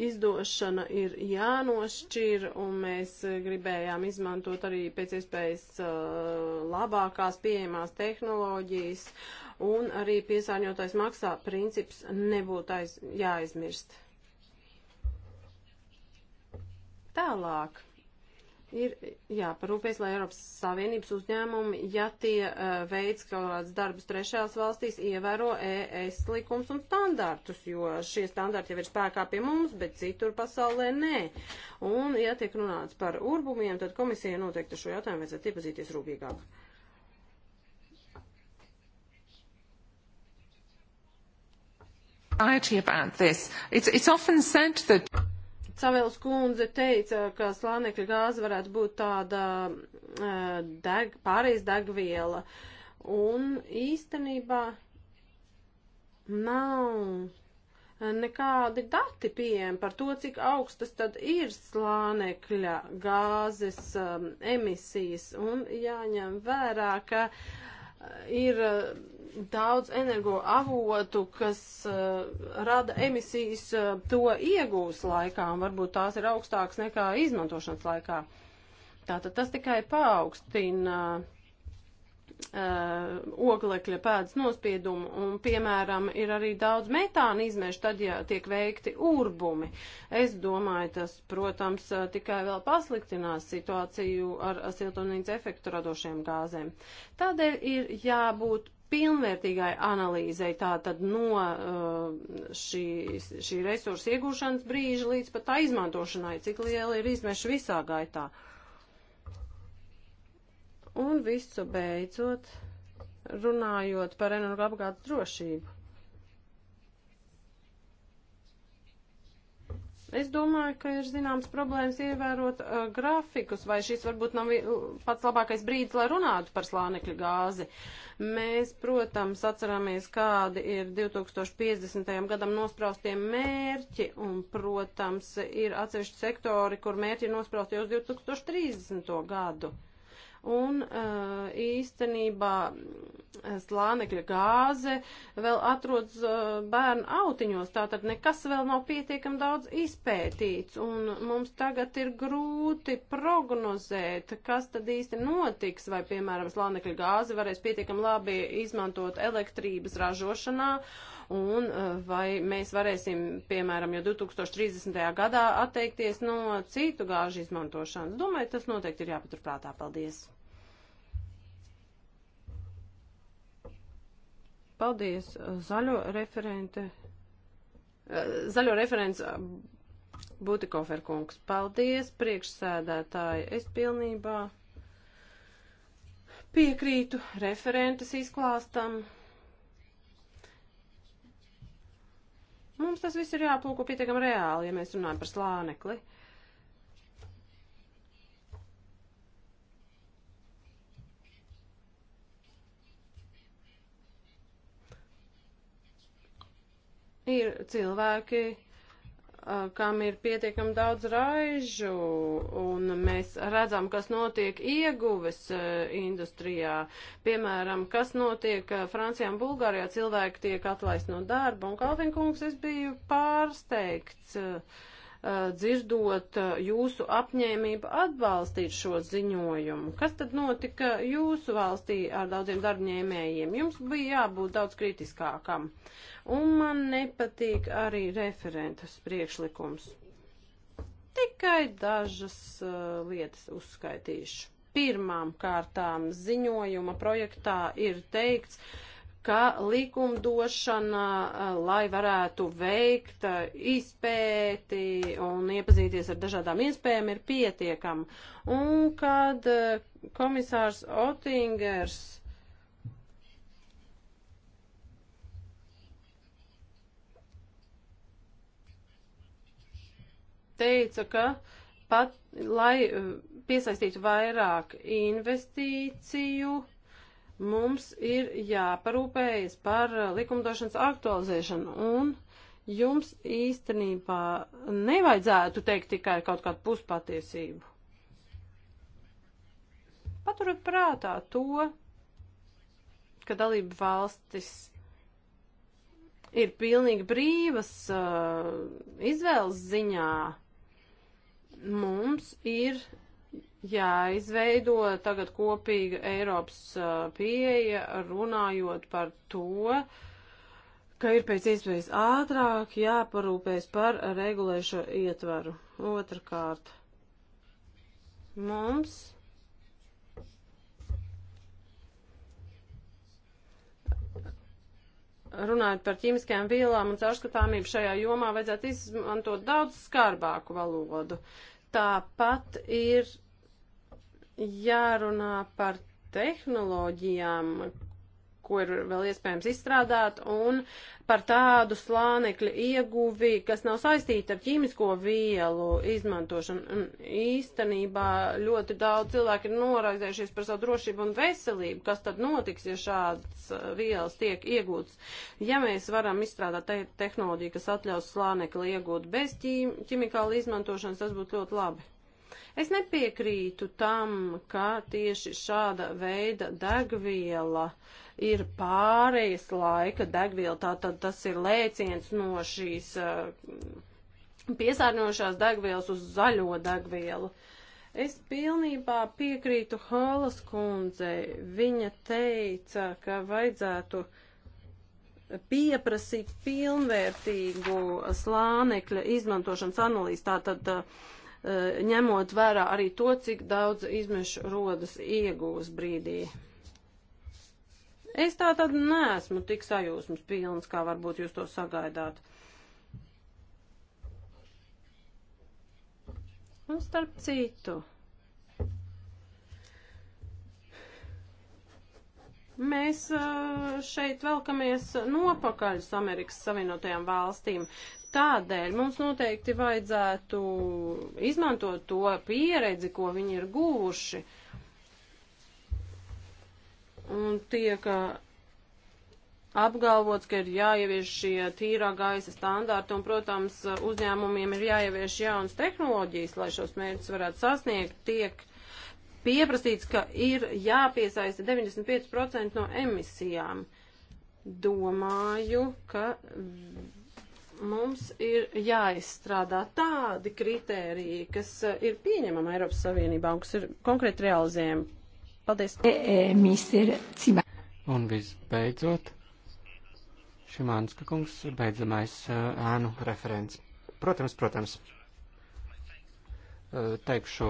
izdošana ir jānošķir un mēs gribējām izmantot arī pēc iespējas uh, labākās pieejamās tehnoloģijas un arī piesārņotais maksā princips nebūtu aiz, jāaizmirst. Tālāk ir jāparūpēs, lai Eiropas Savienības uzņēmumi, ja tie uh, veids kaut kāds darbus trešās valstīs, ievēro ES likums un standartus, jo šie standarti jau ir spēkā pie mums, bet citur pasaulē nē. Un, ja tiek runāts par urbumiem, tad komisija noteikti šo jautājumu vajadzētu iepazīties rūpīgāk. About this. It's, it's often said that Cavils kundze teica, ka slānekļa gāze varētu būt tāda e, deg, pārējais degviela. Un īstenībā nav nekādi dati pieejami par to, cik augstas tad ir slānekļa gāzes um, emisijas. Un jāņem vērā, ka e, ir. Uh, daudz energoavotu, kas uh, rada emisijas, uh, to iegūs laikā, un varbūt tās ir augstākas nekā izmantošanas laikā. Tātad tas tikai paaugstina uh, oglekļa pēdas nospiedumu, un, piemēram, ir arī daudz metāna izmešu, tad, ja tiek veikti urbumi. Es domāju, tas, protams, tikai vēl pasliktinās situāciju ar siltumnīca efektu radošiem gāzēm. Tādēļ ir jābūt pilnvērtīgai analīzei, tātad no uh, šī, šī resursa iegūšanas brīža līdz pat tā izmantošanai, cik liela ir izmeša visā gaitā. Un visu beidzot, runājot par energo apgādes drošību. Es domāju, ka ir zināms problēmas ievērot uh, grafikus, vai šis varbūt nav pats labākais brīdis, lai runātu par slānekļa gāzi. Mēs, protams, atceramies, kādi ir 2050. gadam nospraustie mērķi, un, protams, ir atsevišķi sektori, kur mērķi ir nospraustie uz 2030. gadu un uh, īstenībā eh, slānekļa gāze vēl atrodas uh, bērnu autiņos, tātad nekas vēl nav pietiekam daudz izpētīts, un mums tagad ir grūti prognozēt, kas tad īsti notiks, vai, piemēram, slānekļa gāze varēs pietiekam labi izmantot elektrības ražošanā, un uh, vai mēs varēsim, piemēram, jau 2030. gadā atteikties no citu gāžu izmantošanas. Domāju, tas noteikti ir jāpaturprātā. Paldies! Paldies, uh, zaļo referente. Uh, zaļo referents uh, Būtikofer kungs. Paldies, priekšsēdētāji. Es pilnībā piekrītu referentes izklāstam. Mums tas viss ir jāplūko pietiekam reāli, ja mēs runājam par slānekli. Uh, Ir cilvēki, kam ir pietiekami daudz raižu, un mēs redzam, kas notiek ieguves industrijā. Piemēram, kas notiek Francijā un Bulgārijā, cilvēki tiek atlaist no darba, un Kalvinkungs es biju pārsteigts. Uh, Uh, dzirdot uh, jūsu apņēmību atbalstīt šo ziņojumu. Kas tad notika jūsu valstī ar daudziem darbņēmējiem? Jums bija jābūt daudz kritiskākam. Un man nepatīk arī referentas priekšlikums. Tikai dažas uh, lietas uzskaitīšu. Pirmām kārtām ziņojuma projektā ir teikts, uh, ka likumdošana, eh, lai varētu veikt eh, izpēti un iepazīties ar dažādām iespējām, ir pietiekama. Un kad eh, komisārs Otingers teica, ka pat, lai piesaistītu vairāk investīciju, Mums ir jāparūpējas par uh, likumdošanas aktualizēšanu un jums īstenībā nevajadzētu teikt tikai kaut kādu puspatiesību. Paturot prātā to, ka dalība valstis ir pilnīgi brīvas uh, izvēles ziņā, mums ir jāizveido tagad kopīga Eiropas pieeja, runājot par to, ka ir pēc iespējas ātrāk jāparūpēs par regulēšo ietvaru. Otrakārt, mums runājot par ķīmiskajām vielām un caurskatāmību šajā jomā, vajadzētu izmantot daudz skarbāku valodu. Tāpat ir jārunā par tehnoloģijām, ko ir vēl iespējams izstrādāt, un par tādu slānekļu ieguvi, kas nav saistīta ar ķīmisko vielu izmantošanu. Un īstenībā ļoti daudz cilvēku ir noraizējušies par savu drošību un veselību, kas tad notiks, ja šāds uh, vielas tiek iegūts. Ja mēs varam izstrādāt te tehnoloģiju, kas atļaus slānekli iegūt bez ķīm, ķimikāla izmantošanas, tas būtu ļoti labi. Es nepiekrītu tam, ka tieši šāda veida degviela ir pārējas laika degviela, tātad tas ir lēciens no šīs eh, piesārņošās degvielas uz zaļo degvielu. Es pilnībā piekrītu Holas kundzei. Viņa teica, ka vajadzētu pieprasīt pilnvērtīgu slānekļa izmantošanas analīzi. Tātad uh, Eh, ņemot vērā arī to, cik daudz izmešu rodas iegūs brīdī. Es tā tad neesmu tik sajūsmas pilns, kā varbūt jūs to sagaidāt. Un starp citu, mēs eh, šeit velkamies nopakaļ uz Amerikas Savienotajām valstīm. Tādēļ mums noteikti vajadzētu izmantot to pieredzi, ko viņi ir guvuši. Un tiek uh, apgalvots, ka ir jāievieš šie tīrā gaisa standārti, un, protams, uh, uzņēmumiem ir jāievieš jaunas tehnoloģijas, lai šos mērķus varētu sasniegt. Tiek pieprasīts, ka ir jāpiesaista 95% no emisijām. Domāju, ka mums ir jāizstrādā tādi kritēriji, kas eh, ir pieņemama Eiropas Savienībā un kas ir konkrēti realizējami. Paldies. E, e, Mīster Cimā. Un visbeidzot, Šimānska kungs beidzamais eh, ēnu referents. Protams, protams. Eh, teikšu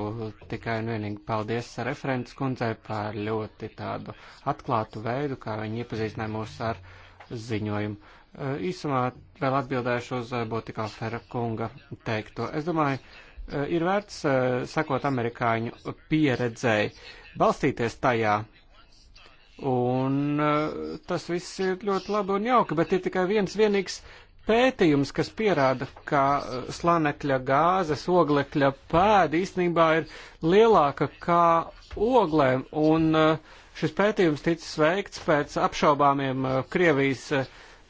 tikai un vienīgi paldies referents kundzei par ļoti tādu atklātu veidu, kā viņi iepazīstināja mūs ar ziņojumu Eh, īsumā vēl atbildēšu uz eh, Botikā Fera kunga teikto. Es domāju, eh, ir vērts sekot amerikāņu pieredzēji, balstīties tajā. Un tas viss ir ļoti labi un jauki, bet ir tikai viens vienīgs pētījums, kas pierāda, ka slanekļa gāzes oglekļa pēda īstenībā ir lielāka kā oglēm. Un šis pētījums ticis veikts pēc apšaubāmiem Krievijas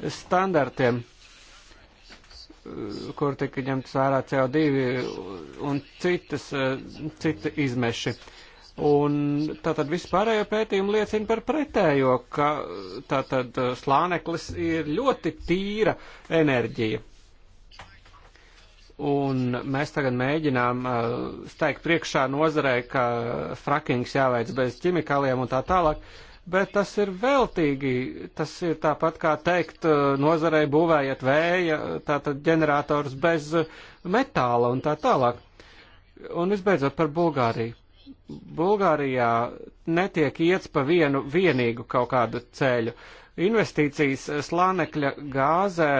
standartiem, kur tika ņemts vērā CO2 un citas, cita izmeši. Un tātad vispārējo pētījumu liecina par pretējo, ka tātad slāneklis ir ļoti tīra enerģija. Un mēs tagad mēģinām uh, steigt priekšā nozarei, ka frakings jāveic bez ķimikāliem un tā tālāk. Uh, bet tas ir veltīgi. Tas ir tāpat kā teikt, eh, nozarei būvējiet vēja, tātad ģenerators bez metāla un tā tālāk. Un visbeidzot par Bulgāriju. Bulgārijā netiek iets pa vienu vienīgu kaut kādu ceļu. Investīcijas slānekļa gāzē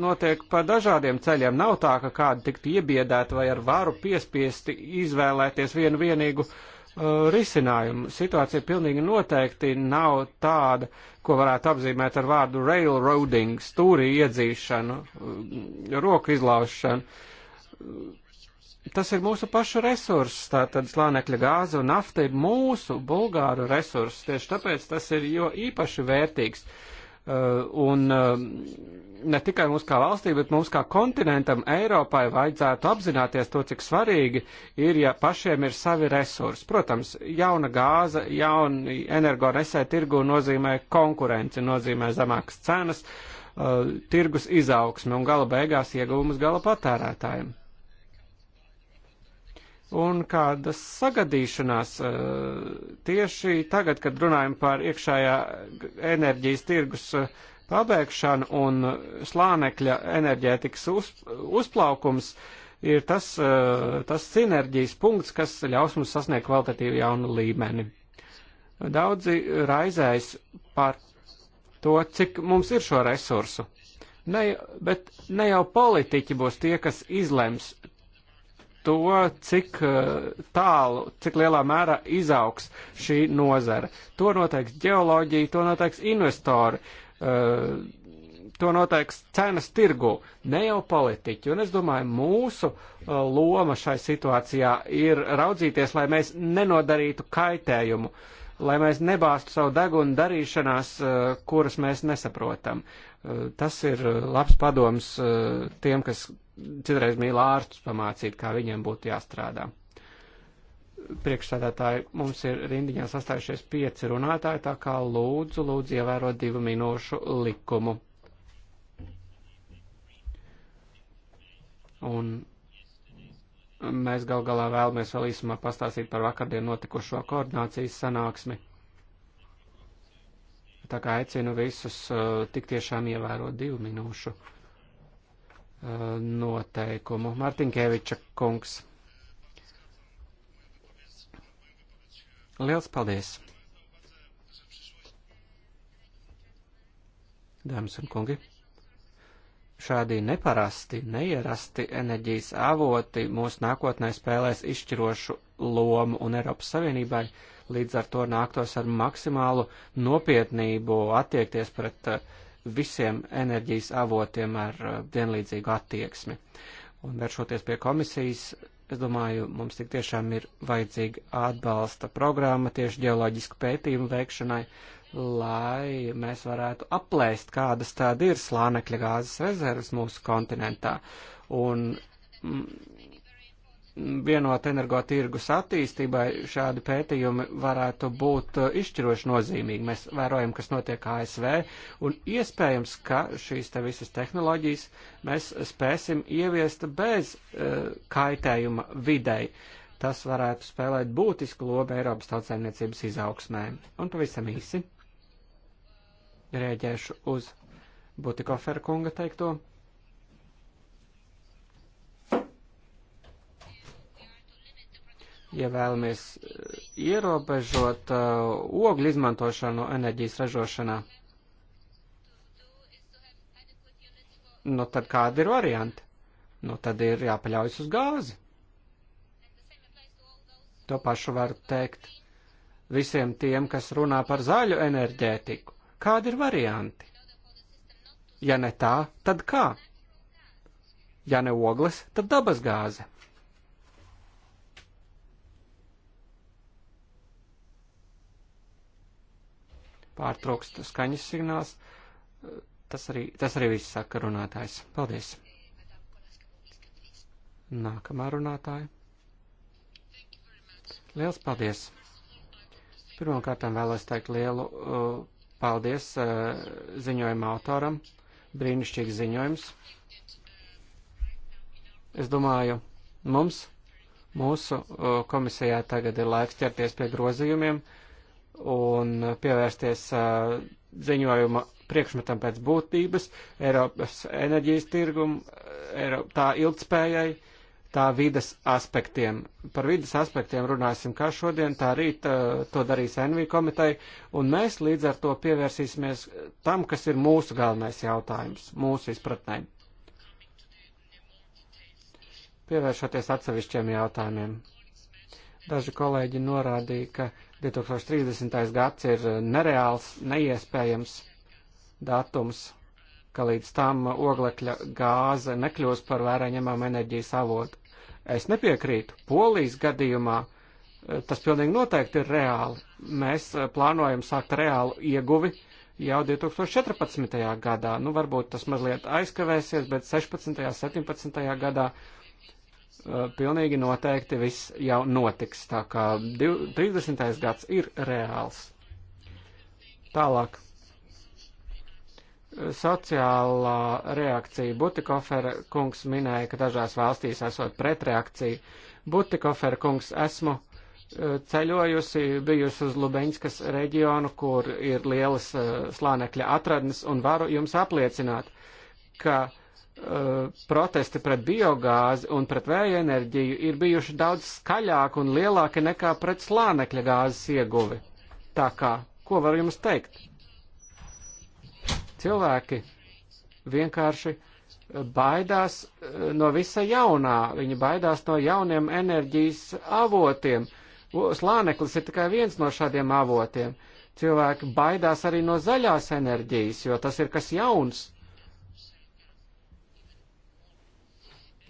notiek pa dažādiem ceļiem. Nav tā, ka kādi tiktu iebiedēti vai ar varu piespiesti izvēlēties vienu vienīgu uh, Uh, risinājumu. Situācija pilnīgi noteikti nav tāda, ko varētu apzīmēt ar vārdu railroading, stūrī iedzīšanu, uh, roku izlaušanu. Uh, tas ir mūsu pašu resurss, tātad slānekļa gāze un nafta ir mūsu bulgāru resurss, tieši tāpēc tas ir jo īpaši vērtīgs. Uh, Eh, un eh, ne tikai mums kā valstī, bet mums kā kontinentam, Eiropai, vajadzētu apzināties to, cik svarīgi ir, ja pašiem ir savi resursi. Protams, jauna gāza, jauna energoresē tirgu nozīmē konkurenci, nozīmē zemākas cenas, eh, tirgus izaugsmi un gala beigās ieguvumus gala patērētājiem un kādas sagadīšanās eh, tieši tagad, kad runājam par iekšējā enerģijas tirgus eh, pabeigšanu un slānekļa enerģētikas uz, uzplaukums, ir tas, eh, tas sinerģijas punkts, kas ļaus mums sasniegt kvalitatīvu jaunu līmeni. Daudzi raizējas par to, cik mums ir šo resursu. Ne, bet ne jau politiķi būs tie, kas izlems to, cik eh, tālu, cik lielā mērā izaugs šī nozara. To noteiks ģeoloģija, to noteiks investori, eh, to noteiks cenas tirgu, ne jau politiķi. Un es domāju, mūsu eh, loma šai situācijā ir raudzīties, lai mēs nenodarītu kaitējumu lai mēs nebāstu savu degunu darīšanās, kuras mēs nesaprotam. Tas ir labs padoms tiem, kas citreiz mīl ārstus pamācīt, kā viņiem būtu jāstrādā. Priekšsēdētāji, mums ir rindiņā sastājušies pieci runātāji, tā kā lūdzu, lūdzu ievērot divu minūšu likumu. Un mēs gal galā vēlamies vēl īsumā pastāstīt par vakardien notikušo koordinācijas sanāksmi. Tā kā aicinu visus uh, tik tiešām ievērot divu minūšu noteikumu. Mārtiņkēviča kungs. Liels paldies! Dāmas un kungi, šādi neparasti, neierasti enerģijas avoti mūsu nākotnē spēlēs izšķirošu lomu un Eiropas Savienībai līdz ar to nāktos ar maksimālu nopietnību attiekties pret uh, visiem enerģijas avotiem ar uh, vienlīdzīgu attieksmi. Un vēršoties pie komisijas, es domāju, mums tik tiešām ir vajadzīga atbalsta programma tieši ģeoloģisku pētījumu veikšanai, lai mēs varētu aplēst, kādas tāda ir slānekļa gāzes rezerves mūsu kontinentā. Un mm, vienot energotirgus attīstībai šādi pētījumi varētu būt uh, izšķiroši nozīmīgi. Mēs vērojam, kas notiek ASV, un iespējams, ka šīs te visas tehnoloģijas mēs spēsim ieviest bez uh, kaitējuma videi. Tas varētu spēlēt būtisku lomu Eiropas tautsēmniecības izaugsmē. Un pavisam īsi rēģēšu uz Butikoferu kunga teikto. Ja vēlamies eh, ierobežot uh, ogļu izmantošanu enerģijas ražošanā, nu tad kādi ir varianti? Nu tad ir jāpaļaujas uz gāzi. To pašu var teikt visiem tiem, kas runā par zaļu enerģētiku. Kādi ir varianti? Ja ne tā, tad kā? Ja ne ogles, tad dabasgāze. pārtraukst skaņas signāls. Tas arī, tas arī viss saka runātājs. Paldies. Nākamā runātāja. Liels paldies. Pirmkārt, vēlos teikt lielu uh, paldies uh, ziņojuma autoram. Brīnišķīgs ziņojums. Es domāju, mums, mūsu uh, komisijā tagad ir laiks ķerties pie grozījumiem. Uh, un pievērsties ziņojuma priekšmetam pēc būtības, Eiropas enerģijas tirgumu, Eiropa, tā ilgspējai, tā vidas aspektiem. Par vidas aspektiem runāsim kā šodien, tā rīt to darīs NV komiteja, un mēs līdz ar to pievērsīsimies tam, kas ir mūsu galvenais jautājums, mūsu izpratnē. Pievēršoties atsevišķiem jautājumiem. Daži kolēģi norādīja, ka 2030. gads ir eh, nereāls, neiespējams datums, ka līdz tam oglekļa gāze nekļūs par vērā ņemam enerģijas avotu. Es nepiekrītu. Polijas gadījumā eh, tas pilnīgi noteikti ir reāli. Mēs eh, plānojam sākt reālu ieguvi jau 2014. gadā. Nu, varbūt tas mazliet aizkavēsies, bet 16. un 17. gadā Eh, pilnīgi noteikti viss jau notiks. Tā kā 30. gads ir reāls. Tālāk. Eh, sociālā reakcija. Butikofera kungs minēja, ka dažās valstīs esot pretreakcija. Butikofera kungs esmu eh, ceļojusi, bijusi uz Lubeņskas reģionu, kur ir lielas slānekļa atradnes, un varu jums apliecināt, ka uh, Uh, protesti pret biogāzi un pret vēja enerģiju ir bijuši daudz skaļāki un lielāki nekā pret slānekļa gāzes ieguvi. Tā kā, ko var jums teikt? Cilvēki vienkārši uh, baidās uh, no visa jaunā, viņi baidās no jauniem enerģijas avotiem. Slāneklis ir tikai viens no šādiem avotiem. Cilvēki baidās arī no zaļās enerģijas, jo tas ir kas jauns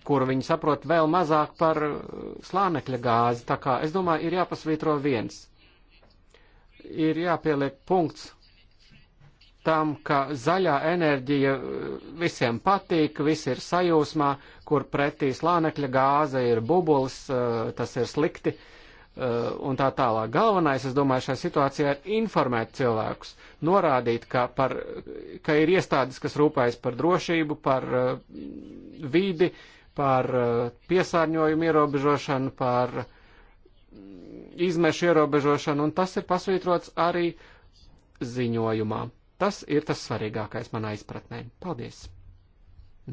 kuru viņi saprot vēl mazāk par uh, slānekļa gāzi. Tā kā es domāju, ir jāpasvītro viens. Ir jāpieliek punkts tam, ka zaļā enerģija uh, visiem patīk, visi ir sajūsmā, kur pretī slānekļa gāze ir bubulis, uh, tas ir slikti un tā tālāk. Galvenais, es domāju, šajā situācijā ir informēt cilvēkus, norādīt, ka, par, ka ir iestādes, kas rūpējas par drošību, par vīdi, uh, par uh, piesārņojumu ierobežošanu, par izmešu ierobežošanu, un tas ir pasvītrots arī ziņojumā. Tas ir tas svarīgākais manā izpratnē. Paldies!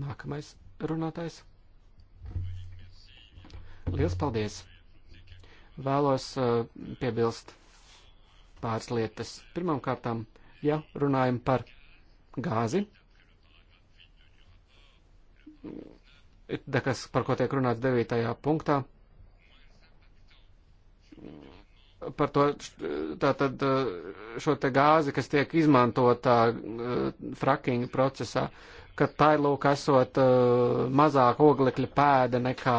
Nākamais runātais. Liels paldies! Vēlos uh, piebilst pāris lietas. Pirmkārtām, ja runājam par gāzi, kas, par ko tiek runāts 9. punktā. Par to tātad šo te gāzi, kas tiek izmantota eh, frakinga procesā, ka tā ir lūk esot eh, mazāk oglekļa pēda nekā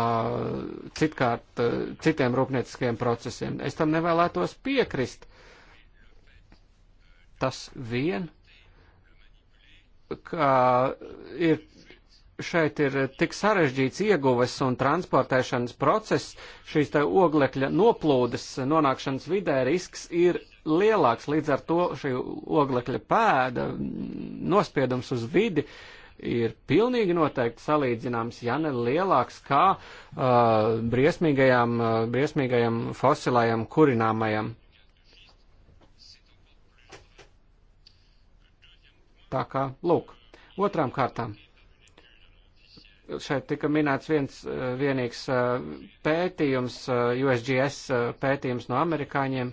citkārt eh, citiem rūpnieciskiem procesiem. Es tam nevēlētos piekrist. Tas vien, ka ir šeit ir tik sarežģīts ieguves un transportēšanas process, šīs te oglekļa noplūdes nonākšanas vidē risks ir lielāks, līdz ar to šī oglekļa pēda nospiedums uz vidi ir pilnīgi noteikti salīdzināms, ja ne lielāks kā uh, briesmīgajam, uh, briesmīgajam fosilajam kurināmajam. Tā kā, lūk, otrām kārtām Šeit tika minēts viens eh, vienīgs eh, pētījums, eh, USGS pētījums no amerikāņiem,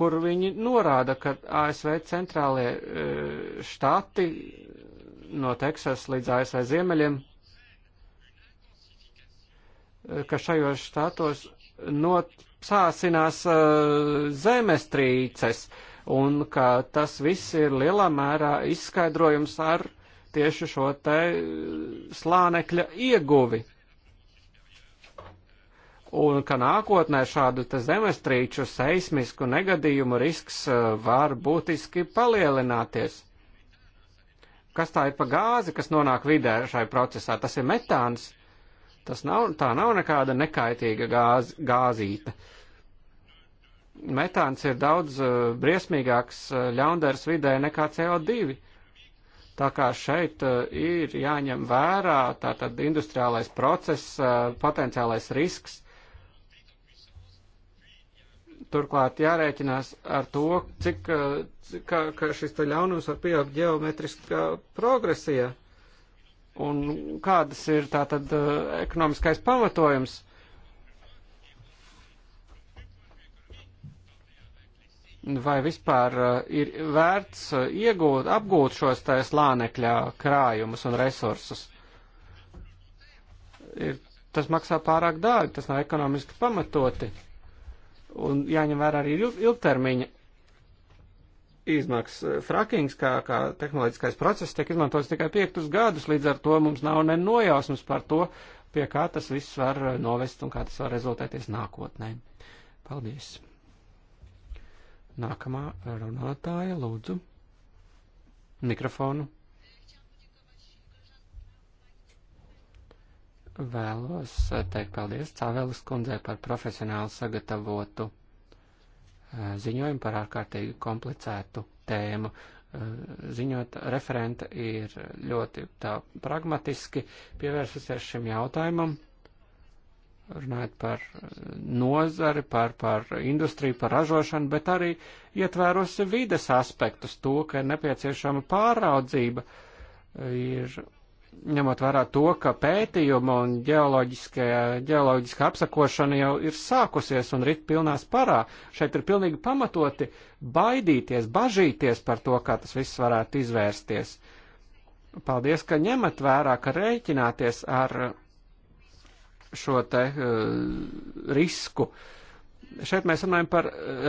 kur viņi norāda, ka ASV centrālie štati no Teksas līdz ASV ziemeļiem, ka šajos štatos nopsāsinās zemestrīces un ka tas viss ir lielā mērā izskaidrojums ar uh, tieši šo te eh, slānekļa ieguvi. Un ka nākotnē šādu te zemestrīču seismisku negadījumu risks eh, var būtiski palielināties. Kas tā ir pa gāzi, kas nonāk vidē šai procesā? Tas ir metāns. Tas nav, tā nav nekāda nekaitīga gāz, gāzīta. Metāns ir daudz eh, briesmīgāks ļaundars vidē nekā CO2. Tā kā šeit eh, ir jāņem vērā tātad industriālais process, eh, potenciālais risks. Turklāt jārēķinās ar to, cik eh, ka, ka šis ļaunums var pieaugt ģeometriskā progresija un kādas ir tātad ekonomiskais pamatojums vai vispār uh, ir vērts uh, iegūt, apgūt šos tā slānekļa krājumus un resursus. Ir, tas maksā pārāk dārgi, tas nav ekonomiski pamatoti. Un jāņem vērā arī ilgtermiņa izmaksas. Frakings kā, kā tehnoloģiskais process tiek izmantots tikai piektus gadus, līdz ar to mums nav ne nojausmas par to, pie kā tas viss var uh, novest un kā tas var rezultēties nākotnē. Paldies! Nākamā runātāja, lūdzu, mikrofonu. Vēlos teikt paldies Cāvēlis kundzei par profesionāli sagatavotu eh, ziņojumu par ārkārtīgi komplicētu tēmu. Eh, ziņot referenta ir ļoti tā pragmatiski pievērsusies šim jautājumam runājot par nozari, par, par industriju, par ražošanu, bet arī ietvēros vides aspektus, to, ka ir nepieciešama pāraudzība, ir ņemot vērā to, ka pētījuma un ģeoloģiskā apsakošana jau ir sākusies un rit pilnā sparā. Šeit ir pilnīgi pamatoti baidīties, bažīties par to, kā tas viss varētu izvērsties. Paldies, ka ņemat vērā, ka rēķināties ar šo te eh, risku. Šeit mēs runājam par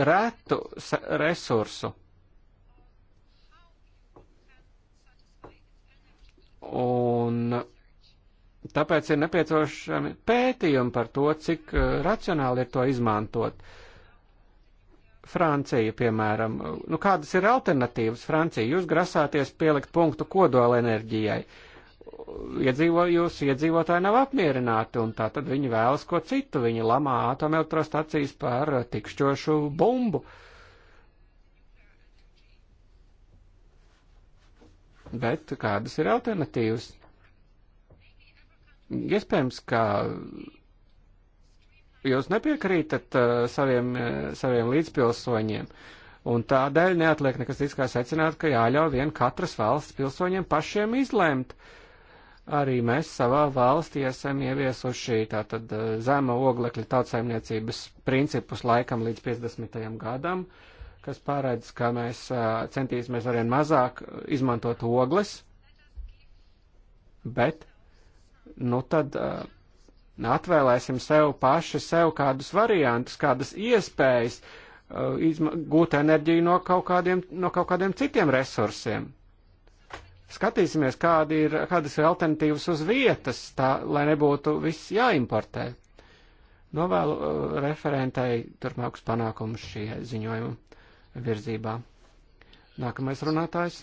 retu resursu. Un tāpēc ir nepieciešami pētījumi par to, cik eh, racionāli ir to izmantot. Francija, piemēram, nu kādas ir alternatīvas Francija? Jūs grasāties pielikt punktu kodolenerģijai. enerģijai iedzīvo, jūsu iedzīvotāji nav apmierināti, un tā tad viņi vēlas ko citu. Viņi lamā atomelektrostacijas par tikšķošu bumbu. Bet kādas ir alternatīvas? Iespējams, ka jūs nepiekrītat uh, saviem, uh, saviem līdzpilsoņiem. Un tādēļ neatliek nekas cits, kā secināt, ka jāļauj vien katras valsts pilsoņiem pašiem izlemt, uh, arī mēs savā valstī esam ieviesuši tātad eh, zema oglekļa tautsaimniecības principus laikam līdz 50. gadam, kas pārēdz, ka mēs eh, centīsimies arvien mazāk izmantot ogles, bet, nu tad eh, atvēlēsim sev paši sev kādus variantus, kādas iespējas gūt enerģiju no kaut kādiem, no kaut kādiem citiem resursiem skatīsimies, kādi ir, kādas ir alternatīvas uz vietas, tā, lai nebūtu viss jāimportē. Novēlu uh, referentai turpmākus panākumus šī ziņojuma virzībā. Nākamais runātājs.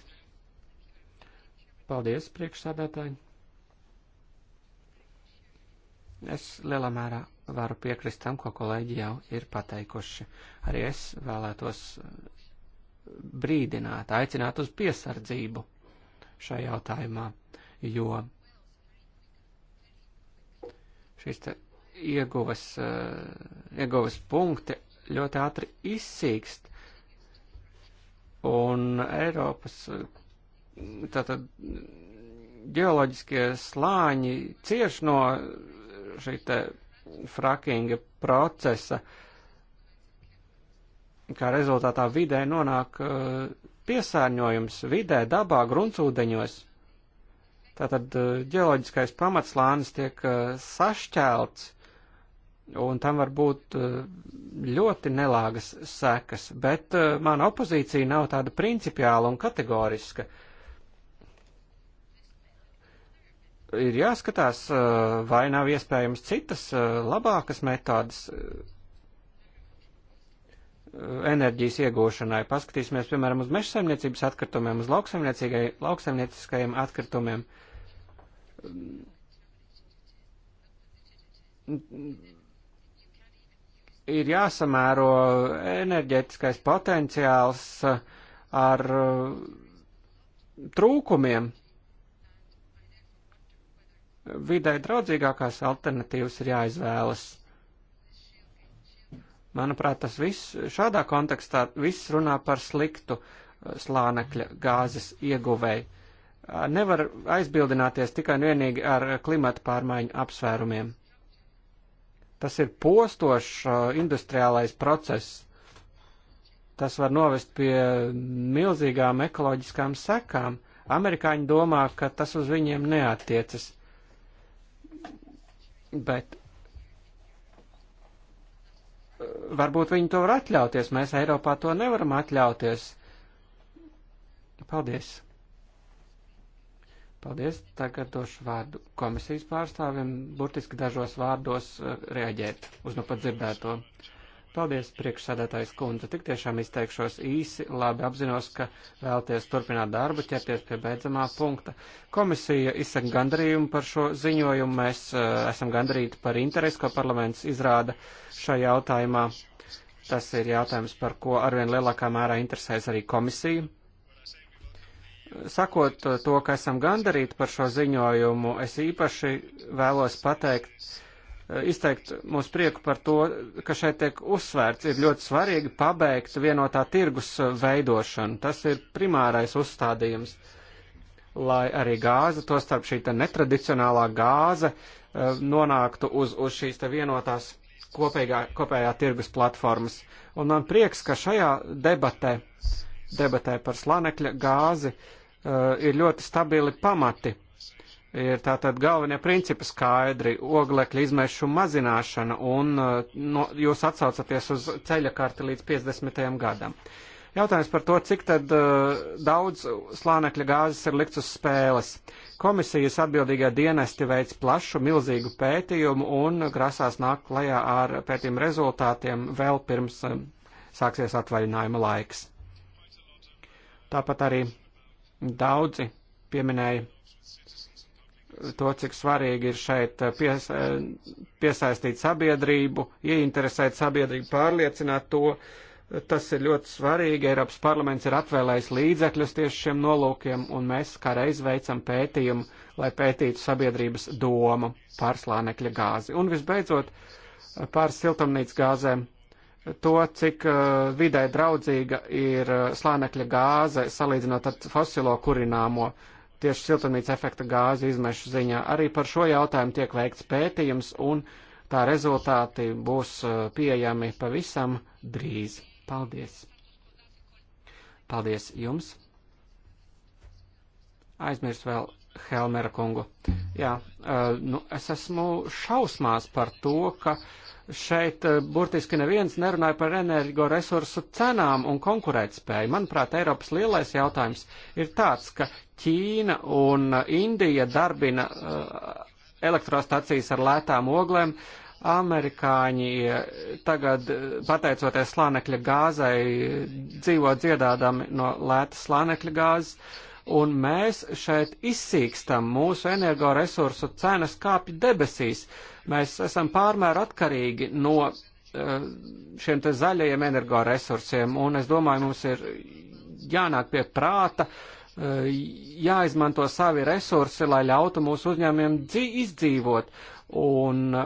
Paldies, priekšsādātāji. Es lielā mērā varu piekrist tam, ko kolēģi jau ir pateikuši. Arī es vēlētos brīdināt, aicināt uz piesardzību šajā jautājumā, jo šīs ieguvas, eh, ieguvas punkti ļoti ātri izsīkst. Un Eiropas tātad ģeoloģiskie slāņi cieš no šī te frakinga procesa, kā rezultātā vidē nonāk uh, piesārņojums vidē, dabā, gruntsūdeņos. Tātad eh, ģeoloģiskais pamatslānis tiek eh, sašķelts, un tam var būt eh, ļoti nelāgas sekas, bet mana opozīcija nav tāda principiāla un kategoriska. Ir jāskatās, vai nav iespējams citas labākas metodas enerģijas iegūšanai. Paskatīsimies, piemēram, uz meža saimniecības atkritumiem, uz lauksaimnieciskajiem atkritumiem. Ir jāsamēro enerģetiskais potenciāls ar uh, trūkumiem. Vidai draudzīgākās alternatīvas ir jāizvēlas Manuprāt, tas viss šādā kontekstā viss runā par sliktu uh, slānekļa gāzes ieguvēju. Uh, nevar aizbildināties tikai un vienīgi ar uh, klimata pārmaiņu apsvērumiem. Tas ir postošs industriālais process. Tas var novest pie milzīgām ekoloģiskām sekām. Amerikāņi domā, ka tas uz viņiem neatiecas. Bet varbūt viņi to var atļauties, mēs Eiropā to nevaram atļauties. Paldies! Paldies! Tagad došu vārdu komisijas pārstāvim, burtiski dažos vārdos eh, reaģēt uz nu pat dzirdēto. Uh, Paldies, priekšsādātājs kundze. Tik tiešām izteikšos īsi, labi apzinos, ka vēlties turpināt darbu, ķerties pie beidzamā punkta. Komisija izsaka gandarījumu par šo ziņojumu. Mēs uh, esam gandarīti par interesi, ko parlaments izrāda šajā jautājumā. Tas ir jautājums, par ko arvien lielākā mērā interesēs arī komisija. Sakot to, ka esam gandarīti par šo ziņojumu, es īpaši vēlos pateikt, uh, izteikt mūsu prieku par to, ka šeit tiek uzsvērts, ir ļoti svarīgi pabeigt vienotā tirgus veidošanu. Tas ir primārais uzstādījums, lai arī gāze, to starp šī te netradicionālā gāze, eh, nonāktu uz, uz šīs te vienotās kopējā, kopējā tirgus platformas. Un man prieks, ka šajā debatē, debatē par slanekļa gāzi, eh, ir ļoti stabili pamati ir tātad galvenie principi skaidri - oglekļa izmešu mazināšana, un uh, no, jūs atsaucaties uz ceļa karti līdz 50. gadam. Jautājums par to, cik tad uh, daudz slānekļa gāzes ir likts uz spēles. Komisijas atbildīgie dienesti veic plašu, milzīgu pētījumu un grasās nāk klajā ar pētījumu rezultātiem vēl pirms um, sāksies atvaļinājuma laiks. Tāpat arī daudzi pieminēja to, cik svarīgi ir šeit eh, pies, eh, piesaistīt sabiedrību, ieinteresēt sabiedrību, pārliecināt to. Tas ir ļoti svarīgi. Eiropas parlaments ir atvēlējis līdzekļus tieši šiem nolūkiem, un mēs kā reiz veicam pētījumu, lai pētītu sabiedrības domu par slānekļa gāzi. Un visbeidzot, par siltumnīcas gāzēm. To, cik eh, vidē draudzīga ir slānekļa gāze, salīdzinot ar fosilo kurināmo, uh, tieši siltumnīca efekta gāzu izmešu ziņā. Arī par šo jautājumu tiek veikts pētījums, un tā rezultāti būs uh, pieejami pavisam drīz. Paldies! Paldies jums! Aizmirst vēl Helmera kungu. Jā, uh, nu, es esmu šausmās par to, ka uh, šeit eh, burtiski neviens nerunāja par energoresursu cenām un konkurētspēju. Manuprāt, Eiropas lielais jautājums ir tāds, ka Ķīna un eh, Indija darbina eh, elektrostacijas ar lētām oglēm. Amerikāņi tagad, pateicoties slānekļa gāzai, dzīvo dziedādami no lētas slānekļa gāzes un mēs šeit izsīkstam mūsu energoresursu cenas kāpju debesīs. Mēs esam pārmēr atkarīgi no eh, šiem te zaļajiem energoresursiem, un es domāju, mums ir jānāk pie prāta, eh, jāizmanto savi resursi, lai ļautu mūsu uzņēmiem izdzīvot, un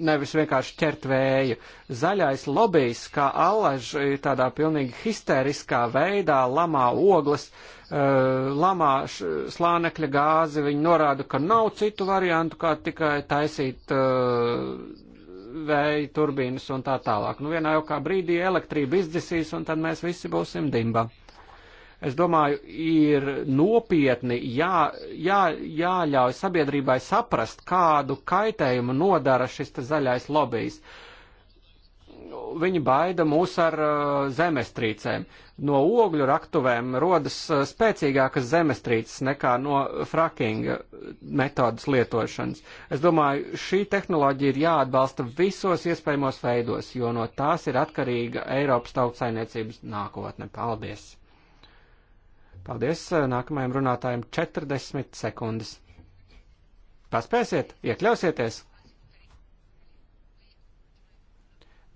nevis vienkārši ķert vēju. Zaļais lobijs, kā allaž, tādā pilnīgi histēriskā veidā lamā ogles, eh, lamā slānekļa gāzi, viņi norāda, ka nav citu variantu, kā tikai taisīt eh, vēja turbīnas un tā tālāk. Nu vienā jau kā brīdī elektrība izdzisīs, un tad mēs visi būsim dimba es domāju, ir nopietni jā, jā, jāļauj sabiedrībai saprast, kādu kaitējumu nodara šis zaļais lobijs. Viņi baida mūs ar uh, zemestrīcēm. No ogļu raktuvēm rodas uh, spēcīgākas zemestrīces nekā no frakinga metodas lietošanas. Es domāju, šī tehnoloģija ir jāatbalsta visos iespējamos veidos, jo no tās ir atkarīga Eiropas tautsainiecības nākotne. Paldies! Paldies eh, nākamajam runātājam 40 sekundes. Paspēsiet, iekļausieties!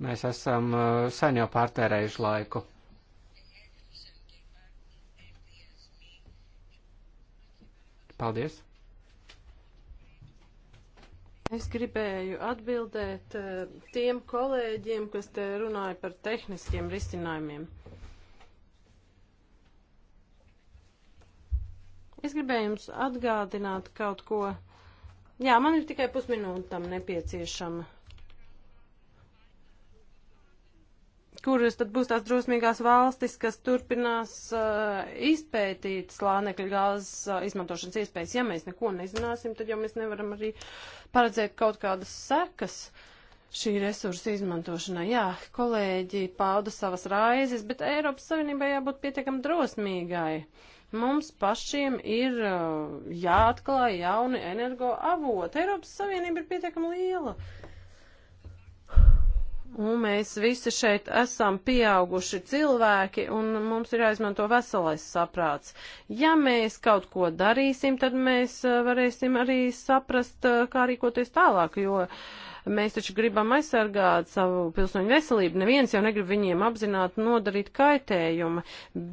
Mēs esam eh, sen jau pārtērējuši laiku. Paldies! Es gribēju atbildēt eh, tiem kolēģiem, kas te runāja par tehniskiem risinājumiem. Es gribēju jums atgādināt kaut ko. Jā, man ir tikai pusminūte tam nepieciešama. Kuras tad būs tās drosmīgās valstis, kas turpinās uh, izpētīt slānekļa gāzes uh, izmantošanas iespējas? Ja mēs neko nezināsim, tad jau mēs nevaram arī paredzēt kaut kādas sekas šī resursa izmantošanai. Jā, kolēģi pauda savas raizes, bet Eiropas Savienībai jābūt pietiekam drosmīgai. Uh, Mums pašiem ir uh, jāatklāj jauni energoavoti. Eiropas Savienība ir pietiekami liela. Un mēs visi šeit esam pieauguši cilvēki, un mums ir jāizmanto veselais saprāts. Ja mēs kaut ko darīsim, tad mēs uh, varēsim arī saprast, uh, kā rīkoties tālāk, jo uh, Mēs taču gribam aizsargāt savu pilsoņu veselību. Neviens jau negrib viņiem apzināti nodarīt kaitējumu,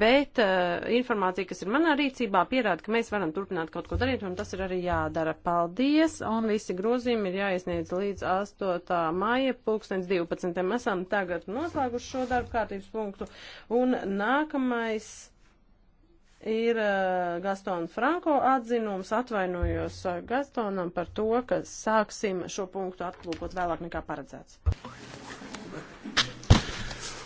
bet uh, informācija, kas ir manā rīcībā, pierāda, ka mēs varam turpināt kaut ko darīt, un tas ir arī jādara. Paldies! Un visi grozījumi ir jāiesniedz līdz 8. maija 2012. Mēs esam tagad noslēguši šo darbu kārtības punktu. Un nākamais ir Gastona Franko atzinums. Atvainojos Gastonam par to, ka sāksim šo punktu atlūkot vēlāk nekā paredzēts.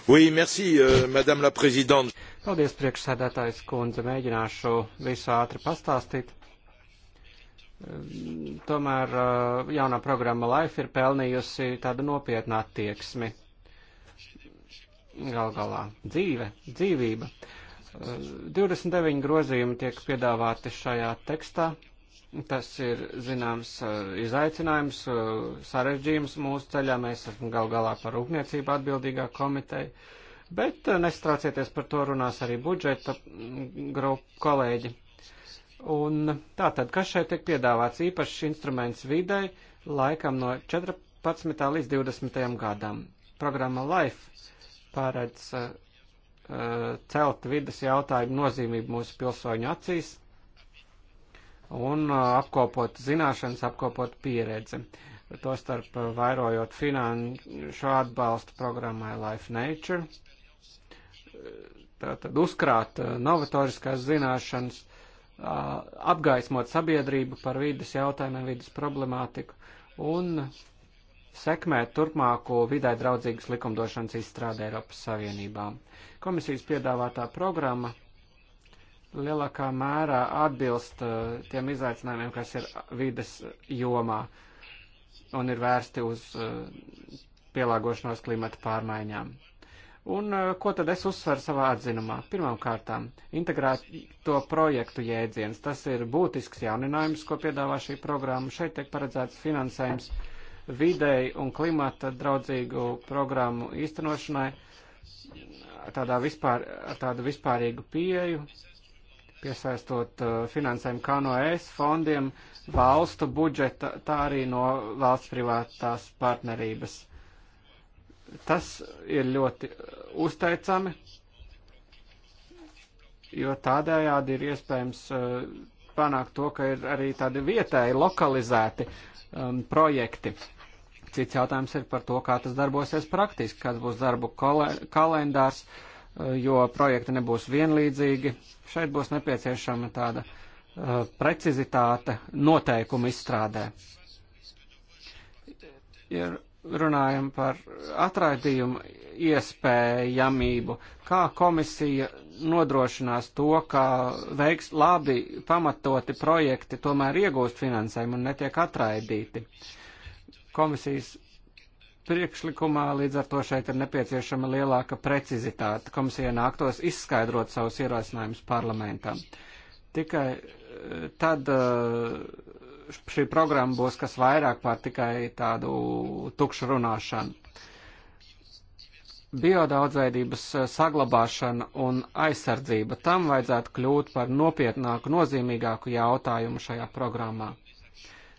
Oui, merci, euh, Madame la Présidente. Paldies, priekšsēdētājs kundze. Mēģināšu visu ātri pastāstīt. Tomēr jaunā programma Life ir pelnījusi tādu nopietnu attieksmi. Gal galā dzīve, dzīvība. Uh, 29 grozījumi tiek piedāvāti šajā tekstā. Tas ir zināms izaicinājums, sarežģījums mūsu ceļā. Mēs esam gal galā par rūpniecību atbildīgā komiteja. Bet nestraucieties par to runās arī budžeta grupu kolēģi. Un tātad, kas šeit tiek piedāvāts īpašs instruments videi laikam no 14. līdz 20. gadam? Programma LIFE paredz celt vidas jautājumu nozīmību mūsu pilsoņu acīs un uh, apkopot zināšanas, apkopot pieredzi. Tostarp uh, vairojot finanšu atbalstu programmai Life Nature, tātad uzkrāt uh, novatoriskās zināšanas, apgaismot sabiedrību par vidas jautājumiem, vidas problemātiku un sekmēt turpmāko vidē draudzīgas likumdošanas izstrāde Eiropas Savienībām. Uh, Komisijas piedāvātā programma lielākā mērā atbilst eh, tiem izaicinājumiem, kas ir vides jomā un ir vērsti uz eh, pielāgošanos klimata pārmaiņām. Un eh, ko tad es uzsveru savā atzinumā? Pirmkārt, integrēto projektu jēdziens. Tas ir būtisks jauninājums, ko piedāvā šī programma. Šeit tiek paredzēts finansējums videi un klimata draudzīgu programmu īstenošanai tādā vispār, tādu vispārīgu pieeju, piesaistot uh, finansējumu kā no ES fondiem, valstu budžeta, tā arī no valsts privātās partnerības. Tas ir ļoti uzteicami, jo tādējādi ir iespējams uh, panākt to, ka ir arī tādi vietēji lokalizēti um, projekti. Uh, Cits jautājums ir par to, kā tas darbosies praktiski, kāds būs darbu kalendārs, eh, jo projekti nebūs vienlīdzīgi. Šeit būs nepieciešama tāda eh, precizitāte noteikumu izstrādē. Ja runājam par atraidījumu iespējamību, kā komisija nodrošinās to, ka veiks labi pamatoti projekti tomēr iegūst finansējumu un netiek atraidīti. Uh, komisijas priekšlikumā, līdz ar to šeit ir nepieciešama lielāka precizitāte. Komisija nāktos izskaidrot savus ierosinājumus parlamentam. Tikai eh, tad eh, šī programma būs kas vairāk pār tikai tādu tukšu runāšanu. Biodaudzveidības eh, saglabāšana un aizsardzība tam vajadzētu kļūt par nopietnāku, nozīmīgāku jautājumu šajā programmā.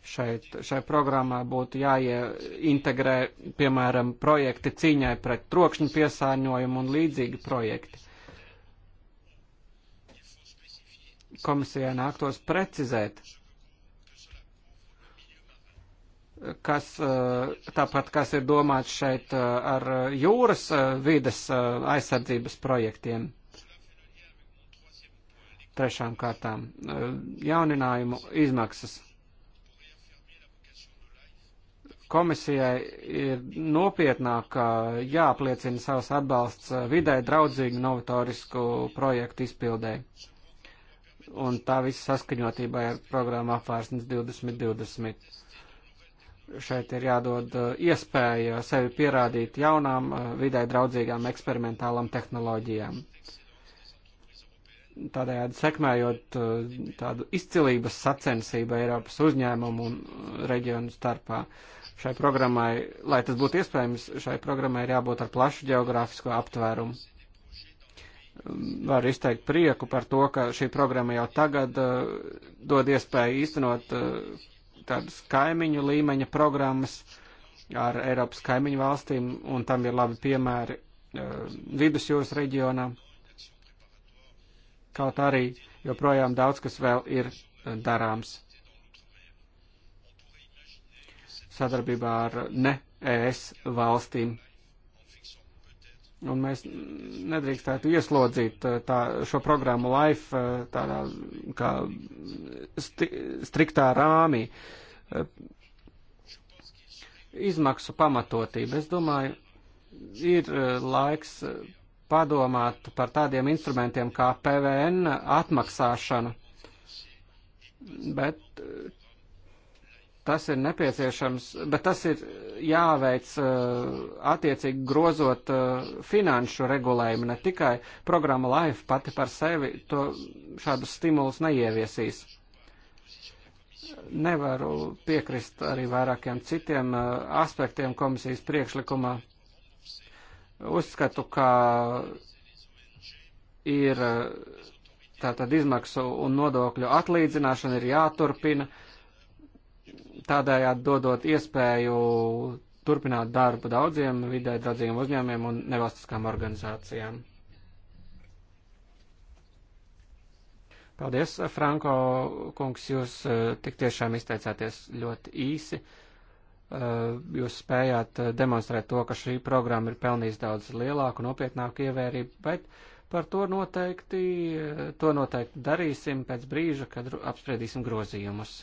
Šeit, šai programmā būtu jāintegrē, piemēram, projekti cīņai pret trokšņu piesārņojumu un līdzīgi projekti. Komisijai nāktos precizēt, kas eh, tāpat, kas ir domāts šeit eh, ar jūras eh, vides aizsardzības projektiem. Trešām kārtām jauninājumu izmaksas. Komisijai ir nopietnāk jāapliecina savs atbalsts eh, vidē draudzīgu novatorisku projektu izpildē. Un tā viss saskaņotībai ar programmu apvērsnes 2020. Šeit ir jādod eh, iespēja sevi pierādīt jaunām eh, vidē draudzīgām eksperimentālām tehnoloģijām tādējādi sekmējot tādu izcilības sacensību Eiropas uzņēmumu un reģionu starpā. Šai programmai, lai tas būtu iespējams, šai programmai ir jābūt ar plašu geogrāfisko aptvērumu. Um, var izteikt prieku par to, ka šī programma jau tagad uh, dod iespēju īstenot uh, tādas kaimiņu līmeņa programmas ar Eiropas kaimiņu valstīm, un tam ir labi piemēri uh, vidusjūras reģionā. Kaut arī joprojām daudz kas vēl ir uh, darāms. sadarbībā ar ne ES valstīm. Un mēs nedrīkstētu ieslodzīt eh, tā, šo programmu LIFE eh, tādā kā sti, striktā rāmī. Eh, izmaksu pamatotība. Es domāju, ir laiks padomāt par tādiem instrumentiem kā PVN atmaksāšana. Bet tas ir nepieciešams, bet tas ir jāveic uh, attiecīgi grozot uh, finanšu regulējumu, ne tikai programma Life pati par sevi to šādus stimulus neieviesīs. Nevaru piekrist arī vairākiem citiem uh, aspektiem komisijas priekšlikumā. Uzskatu, ka ir tātad izmaksu un nodokļu atlīdzināšana ir jāturpina. Uh, tādējādi dodot iespēju turpināt darbu daudziem vidē draudzīgiem uzņēmiem un nevalstiskām organizācijām. Paldies, Franko kungs, jūs eh, tik tiešām izteicāties ļoti īsi. Eh, jūs spējāt eh, demonstrēt to, ka šī programma ir pelnījusi daudz lielāku, nopietnāku ievērību, bet par to noteikti, to noteikti darīsim pēc brīža, kad apspriedīsim grozījumus.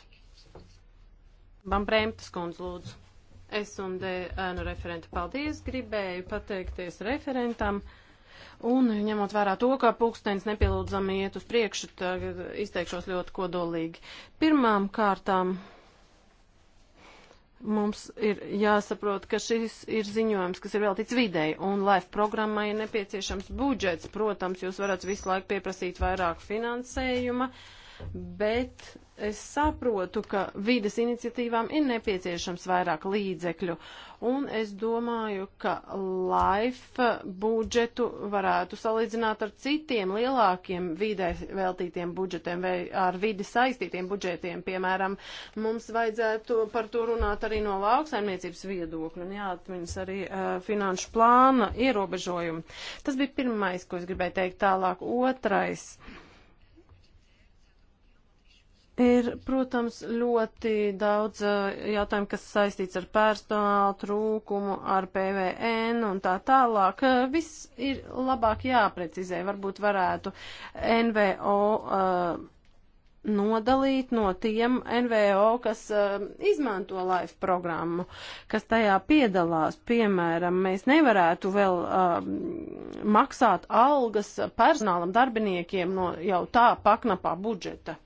Bambrēmtas kundze, lūdzu. Es un ēnu referenta paldies, gribēju pateikties referentam. Un ņemot vērā to, ka pulkstenis nepielūdzami iet uz priekšu, tagad izteikšos ļoti kodolīgi. Pirmām kārtām mums ir jāsaprot, ka šis ir ziņojums, kas ir veltīts videi, un LIFE programmai ir nepieciešams budžets. Protams, jūs varat visu laiku pieprasīt vairāk finansējuma. Uh, bet es saprotu, ka vides iniciatīvām ir nepieciešams vairāk līdzekļu, un es domāju, ka LIFE budžetu varētu salīdzināt ar citiem lielākiem vidē veltītiem budžetiem vai ar vidi saistītiem budžetiem. Piemēram, mums vajadzētu par to runāt arī no lauksaimniecības viedokļa un jāatminas arī uh, finanšu plāna ierobežojumi. Tas bija pirmais, ko es gribēju teikt tālāk. Otrais. Uh, Ir, protams, ļoti daudz eh, jautājumu, kas saistīts ar personālu trūkumu, ar PVN un tā tālāk. Eh, viss ir labāk jāprecizē. Varbūt varētu NVO uh, eh, nodalīt no tiem NVO, kas uh, izmanto LIFE programmu, kas tajā piedalās. Piemēram, mēs nevarētu vēl uh, maksāt algas personālam darbiniekiem no jau tā paknapā budžeta.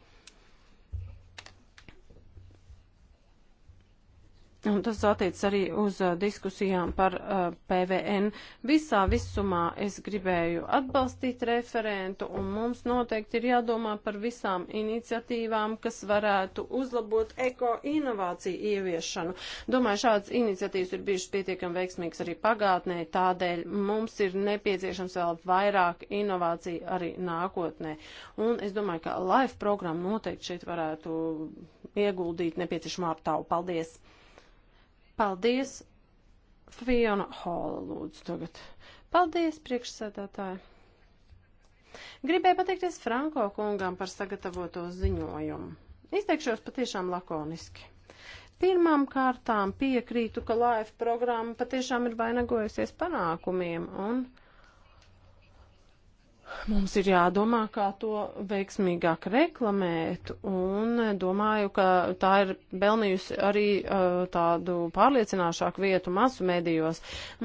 Un tas attiec arī uz uh, diskusijām par uh, PVN. Visā visumā es gribēju atbalstīt referentu, un mums noteikti ir jādomā par visām iniciatīvām, kas varētu uzlabot ekoinovāciju ieviešanu. Domāju, šādas iniciatīvas ir bijušas pietiekami veiksmīgas arī pagātnē, tādēļ mums ir nepieciešams vēl vairāk inovāciju arī nākotnē. Un es domāju, ka LIFE programma noteikti šeit varētu ieguldīt nepieciešamā aptaupu. Paldies! Paldies, Fiona Hola lūdzu tagad. Paldies, priekšsēdētāji. Gribēju pateikties Franko kungam par sagatavoto ziņojumu. Izteikšos patiešām lakoniski. Pirmām kārtām piekrītu, ka live programma patiešām ir vainagojusies panākumiem un Mums ir jādomā, kā to veiksmīgāk reklamēt, un domāju, ka tā ir pelnījusi arī uh, tādu pārliecināšāku vietu masu medijos.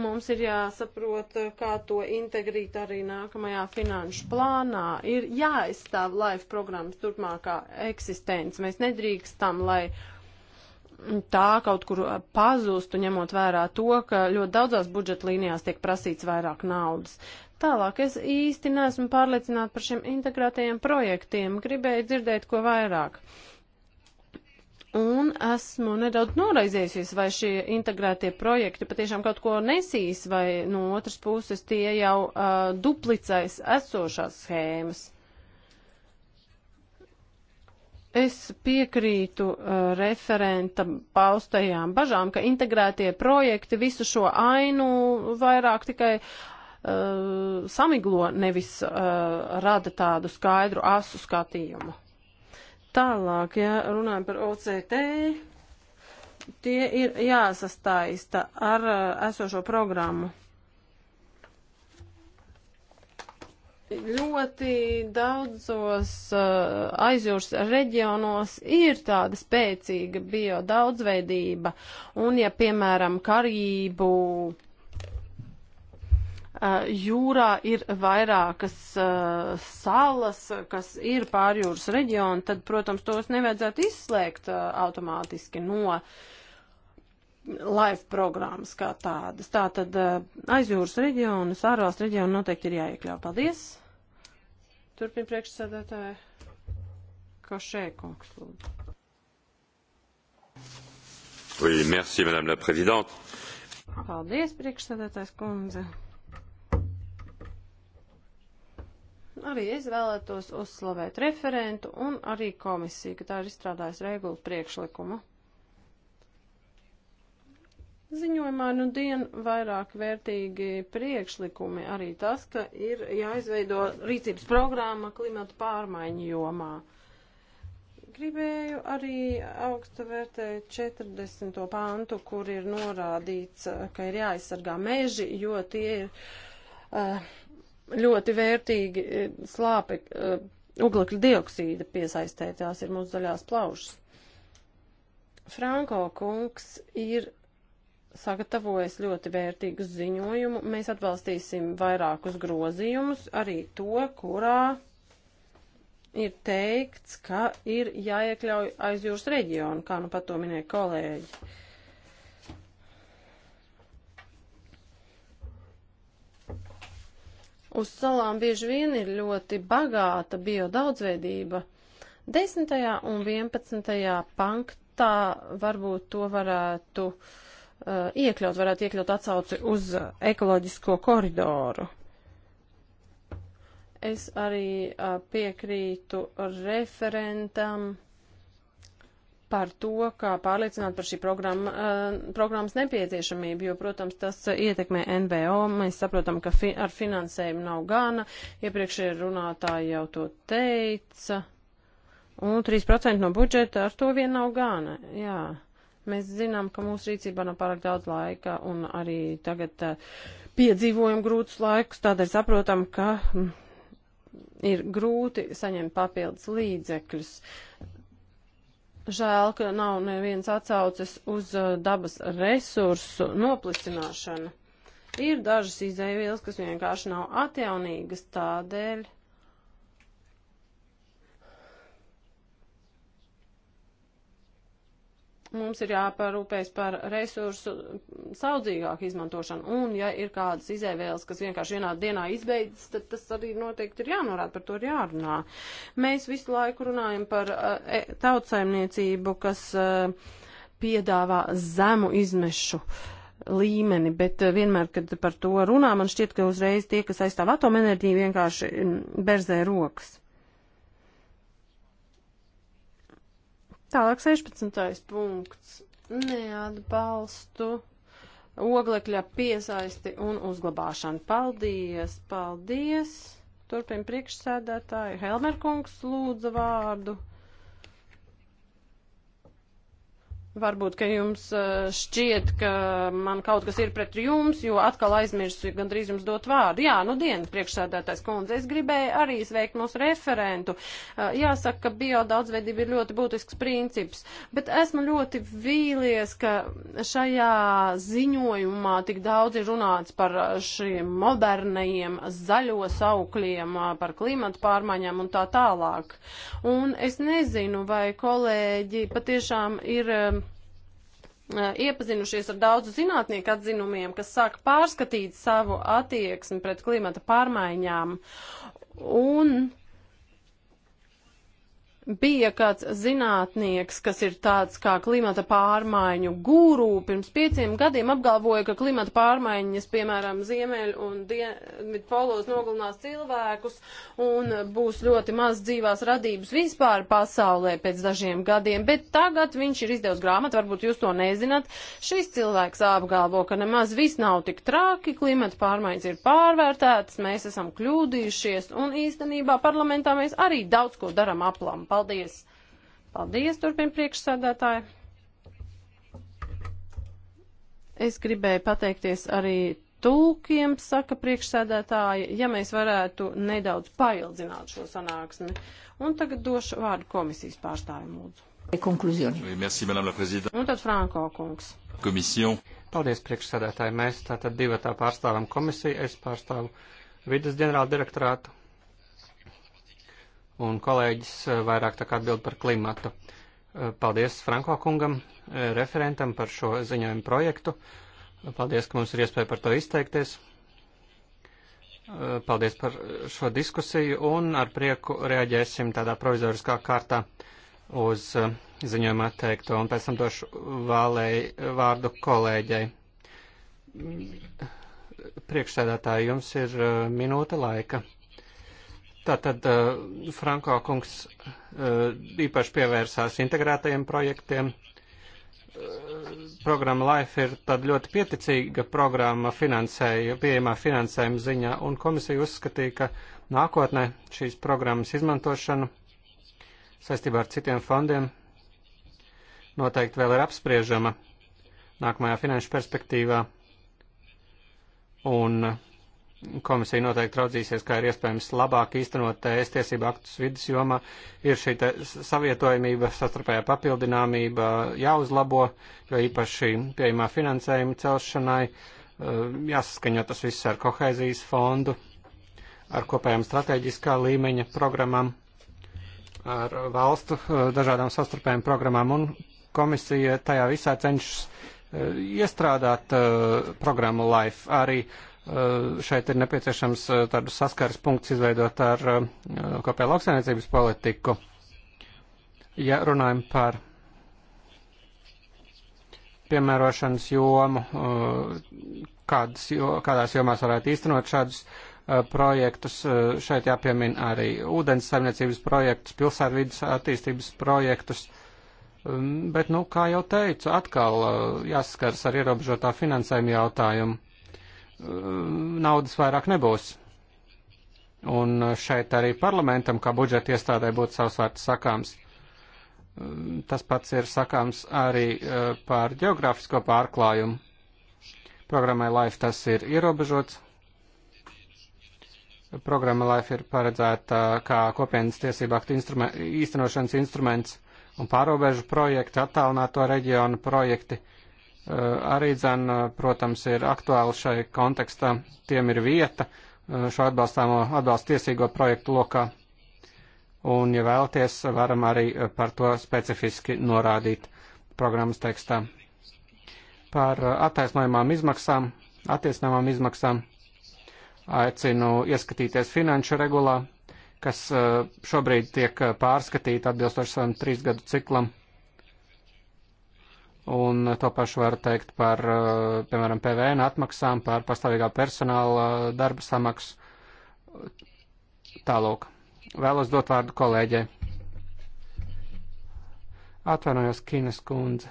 Mums ir jāsaprot, kā to integrīt arī nākamajā finanšu plānā. Ir jāizstāv live programmas turpmākā eksistence. Mēs nedrīkstam, lai tā kaut kur pazustu, ņemot vērā to, ka ļoti daudzās budžeta līnijās tiek prasīts vairāk naudas. Tālāk es īsti neesmu pārliecināta par šiem integrētajiem projektiem. Gribēju dzirdēt ko vairāk. Un esmu nedaudz noraizējusies, vai šie integrētie projekti patiešām kaut ko nesīs, vai no otras puses tie jau uh, duplicēs esošās schēmas. Es piekrītu uh, referenta paustajām bažām, ka integrētie projekti visu šo ainu vairāk tikai uh, samiglo, nevis uh, rada tādu skaidru asu skatījumu. Tālāk, ja runājam par OCT, tie ir jāsastāista ar uh, esošo programmu. Ļoti daudzos uh, aizjūras reģionos ir tāda spēcīga biodaudzveidība, un ja, piemēram, karību Eh, jūrā ir vairākas uh, salas, kas ir pārjūras reģioni, tad, protams, tos nevajadzētu izslēgt uh, automātiski no live programmas kā tādas. Tātad uh, aizjūras reģionus, ārvalsts reģionu noteikti ir jāiekļauj. Paldies! Turpin priekšsēdētāji Košēkungs, lūdzu. Oui, merci, Madame la Présidente. Paldies, priekšsēdētājs kundze. Un arī es vēlētos uzslavēt referentu un arī komisiju, ka tā ir izstrādājusi regulu priekšlikumu. Ziņojumā nu dien vairāk vērtīgi priekšlikumi arī tas, ka ir jāizveido rīcības programma klimata pārmaiņu jomā. Gribēju arī augstu vērtēt 40. pāntu, kur ir norādīts, ka ir jāaizsargā meži, jo tie ir uh, eh, ļoti vērtīgi e, slāpe uglekļa e, dioksīda piesaistē, tās ir mūsu zaļās plaušas. Franko kungs ir sagatavojis ļoti vērtīgu ziņojumu. Mēs atbalstīsim vairākus grozījumus, arī to, kurā ir teikts, ka ir jāiekļauj aizjūras reģionu, kā nu pat to minēja kolēģi. Uz salām bieži vien ir ļoti bagāta biodaudzveidība. 10. un 11. panktā varbūt to varētu uh, iekļaut, varētu iekļaut atsauci uz ekoloģisko koridoru. Es arī uh, piekrītu referentam par to, kā pārliecināt par šī programma, eh, programmas nepieciešamību, jo, protams, tas ietekmē NBO. Mēs saprotam, ka fi ar finansējumu nav gana. Iepriekšējie runātāji jau to teica. Un 3% no budžeta ar to vien nav gana. Jā. Mēs zinām, ka mūsu rīcībā nav pārāk daudz laika un arī tagad eh, piedzīvojam grūtus laikus, tādēļ saprotam, ka mm, ir grūti saņemt papildus līdzekļus. Uh, Žēl, ka nav neviens atsaucis uz uh, dabas resursu noplicināšanu. Ir dažas izēvielas, kas vienkārši nav atjaunīgas tādēļ mums ir jāparūpējas par resursu saudzīgāku izmantošanu. Un, ja ir kādas izēvēles, kas vienkārši vienā dienā izbeidzas, tad tas arī noteikti ir jānorāda, par to ir jārunā. Mēs visu laiku runājam par uh, tautsaimniecību, kas uh, piedāvā zemu izmešu līmeni, bet eh, vienmēr, kad par to runā, man šķiet, ka uzreiz tie, kas aizstāv atomenerģiju, vienkārši mm, berzē rokas. Tālāk 16. punkts. Neatbalstu oglekļa piesaisti un uzglabāšanu. Paldies, paldies. Turpin priekšsēdētāji. Helmerkungs lūdza vārdu. Varbūt, ka jums šķiet, ka man kaut kas ir pret jums, jo atkal aizmirsu gandrīz jums dot vārdu. Jā, nu dienas priekšsēdētājs kundze, es gribēju arī sveikt mūsu referentu. Jāsaka, ka bio daudzveidība ir ļoti būtisks princips, bet esmu ļoti vīlies, ka šajā ziņojumā tik daudz ir runāts par šiem modernajiem zaļo saukļiem, par klimatu pārmaiņām un tā tālāk. Un es nezinu, vai kolēģi patiešām ir Eh, iepazinušies ar daudzu zinātnieku atzinumiem, kas sāk pārskatīt savu attieksmi pret klimata pārmaiņām. Un bija kāds zinātnieks, kas ir tāds kā klimata pārmaiņu gūrū, pirms pieciem gadiem apgalvoja, ka klimata pārmaiņas, piemēram, ziemeļu un dienvidu polos nogalinās cilvēkus un būs ļoti maz dzīvās radības vispār pasaulē pēc dažiem gadiem, bet tagad viņš ir izdevusi grāmatu, varbūt jūs to nezināt. Šis cilvēks apgalvo, ka nemaz viss nav tik traki, klimata pārmaiņas ir pārvērtētas, mēs esam kļūdījušies un īstenībā parlamentā mēs arī daudz ko daram aplam. Paldies! Paldies, turpina priekšsēdētāji! Es gribēju pateikties arī tulkiem, saka priekšsēdētāji, ja mēs varētu nedaudz paildzināt šo sanāksmi. Un tagad došu vārdu komisijas pārstāvim lūdzu. Merci, Un tad Franko kungs. Komisija. Paldies, priekšsēdētāji. Mēs tātad divatā pārstāvam komisiju. Es pārstāvu vidas ģenerāla direktorātu un kolēģis eh, vairāk tā kā atbild par klimatu. Eh, paldies Franko kungam, eh, referentam par šo ziņojumu projektu. Paldies, ka mums ir iespēja par to izteikties. Paldies par šo diskusiju un ar prieku reaģēsim tādā provizoriskā kārtā uz ziņojumā teikto un pēc tam došu vālēji, vārdu kolēģei. Priekšsēdētāji, jums ir minūte laika. Tātad eh, Franko kungs eh, īpaši pievērsās integrētajiem projektiem. Eh, programma Life ir tāda ļoti pieticīga programma finansēja, pieejamā finansējuma ziņā, un komisija uzskatīja, ka nākotnē šīs programmas izmantošanu saistībā ar citiem fondiem noteikti vēl ir apspriežama nākamajā finanšu perspektīvā. Un Komisija noteikti raudzīsies, kā ir iespējams labāk īstenot ES tiesību aktus vidas jomā. Ir šī savietojamība, sastarpējā papildināmība jāuzlabo, jo īpaši pieejamā finansējuma celšanai e, jāsaskaņo tas viss ar kohēzijas fondu, ar kopējām strateģiskā līmeņa programmām, ar valstu e, dažādām sastarpējām programmām un komisija tajā visā cenšas e, iestrādāt programmu LIFE arī Eh, šeit ir nepieciešams eh, tādu saskares punkts izveidot ar eh, kopējā lauksainiecības politiku. Ja runājam par piemērošanas jomu, kādas, kādās jomās varētu īstenot šādus projektus. Šeit jāpiemin arī ūdens saimniecības projektus, pilsētvidas attīstības projektus. Mm, bet, nu, kā jau teicu, atkal jāsaskars ar ierobežotā finansējuma jautājumu. Eh, naudas vairāk nebūs. Un šeit arī parlamentam, kā budžeta iestādē, būtu savs vārds sakāms. Eh, tas pats ir sakāms arī eh, par geogrāfisko pārklājumu. Programmai Life tas ir ierobežots. Programma Life ir paredzēta kā kopienas tiesību aktu instrumen īstenošanas instruments un pārobežu projekti, attālināto reģionu projekti. Uh, Eh, arī dzen, eh, protams, ir aktuāli šai kontekstā, tiem ir vieta eh, šo atbalstāmo atbalstu tiesīgo projektu lokā. Un, ja vēlaties, varam arī par to specifiski norādīt programmas tekstā. Par attaisnojumām izmaksām, attiesnojumām izmaksām aicinu ieskatīties finanšu regulā, kas šobrīd tiek pārskatīta atbilstoši savam trīs gadu ciklam Un to pašu var teikt par, eh, piemēram, PVN atmaksām, par pastāvīgā personāla eh, darba samaksu. Tālūk. Vēlos dot vārdu kolēģei. Atvainojos, Kinas kundze.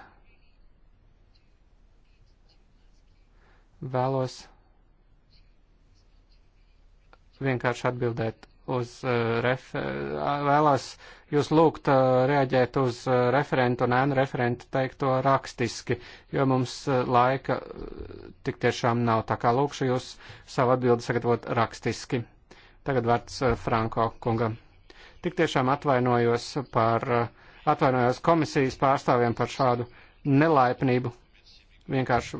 Vēlos vienkārši atbildēt uz eh, refer, vēlās jūs lūgt eh, reaģēt uz eh, referentu un ēnu referentu teikto rakstiski, jo mums laika tik tiešām nav. Tā kā lūkšu jūs savu atbildi sagatavot rakstiski. Tagad vārds Franko kungam. Tik tiešām atvainojos par, atvainojos komisijas pārstāvjiem par šādu nelaipnību. Vienkārši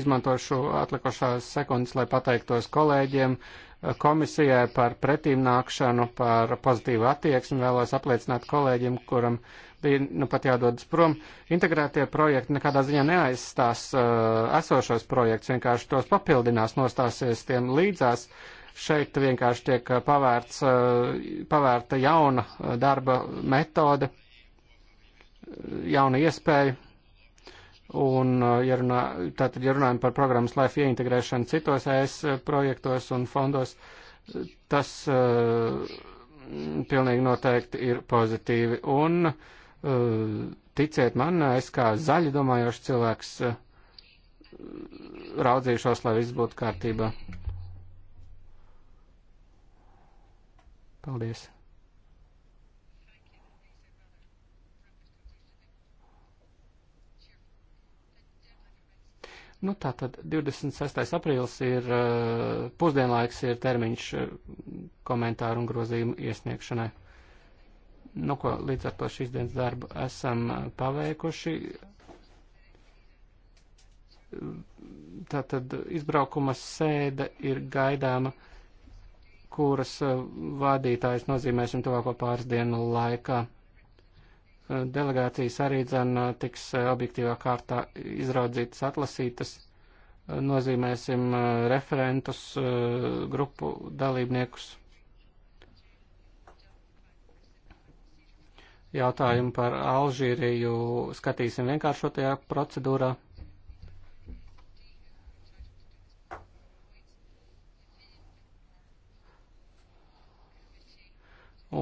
izmantošu atlikušās sekundes, lai pateiktos kolēģiem, uh, komisijai par pretīmnākšanu, par pozitīvu attieksmi. Vēlos apliecināt kolēģim, kuram bija nu pat jādodas prom. Integrētie projekti nekādā ziņā neaizstās uh, esošos projektus, vienkārši tos papildinās, nostāsies tiem līdzās. Šeit vienkārši tiek uh, pavērts, uh, pavērta jauna uh, darba metode, uh, jauna iespēja Un, uh, ja, runā, tātad, ja runājam par programmas LIFE ieintegrēšanu citos ES uh, projektos un fondos, tas uh, pilnīgi noteikti ir pozitīvi. Un uh, ticiet man, es kā zaļi domājošs cilvēks uh, raudzīšos, lai viss būtu kārtībā. Paldies! Nu, tā tad 26. aprīlis ir eh, pusdienlaiks, ir termiņš eh, komentāru un grozījumu iesniegšanai. Nu, ko līdz ar to šīs dienas darbu esam eh, paveikuši. Tātad izbraukuma sēde ir gaidāma, kuras vadītājs nozīmēsim tuvāko pāris dienu laikā delegācijas arī dzen tiks objektīvā kārtā izraudzītas, atlasītas. Nozīmēsim referentus, grupu dalībniekus. Jautājumu par Alžīriju skatīsim vienkāršotajā procedūrā.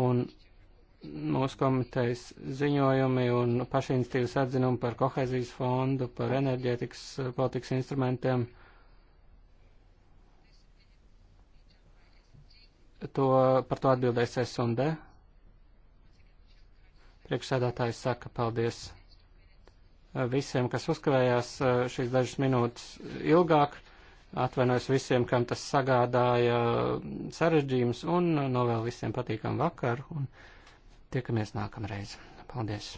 Un mūsu komitejas ziņojumi un pašinstīvas atzinumi par kohezijas fondu, par enerģētikas eh, politikas instrumentiem. To, par to atbildēs S un D. Priekšsēdētājs saka paldies eh, visiem, kas uzkavējās eh, šīs dažas minūtes ilgāk. Atvainojos visiem, kam tas sagādāja sarežģījums un novēl visiem patīkamu vakaru. Un Tiekamies nākamreiz. Paldies!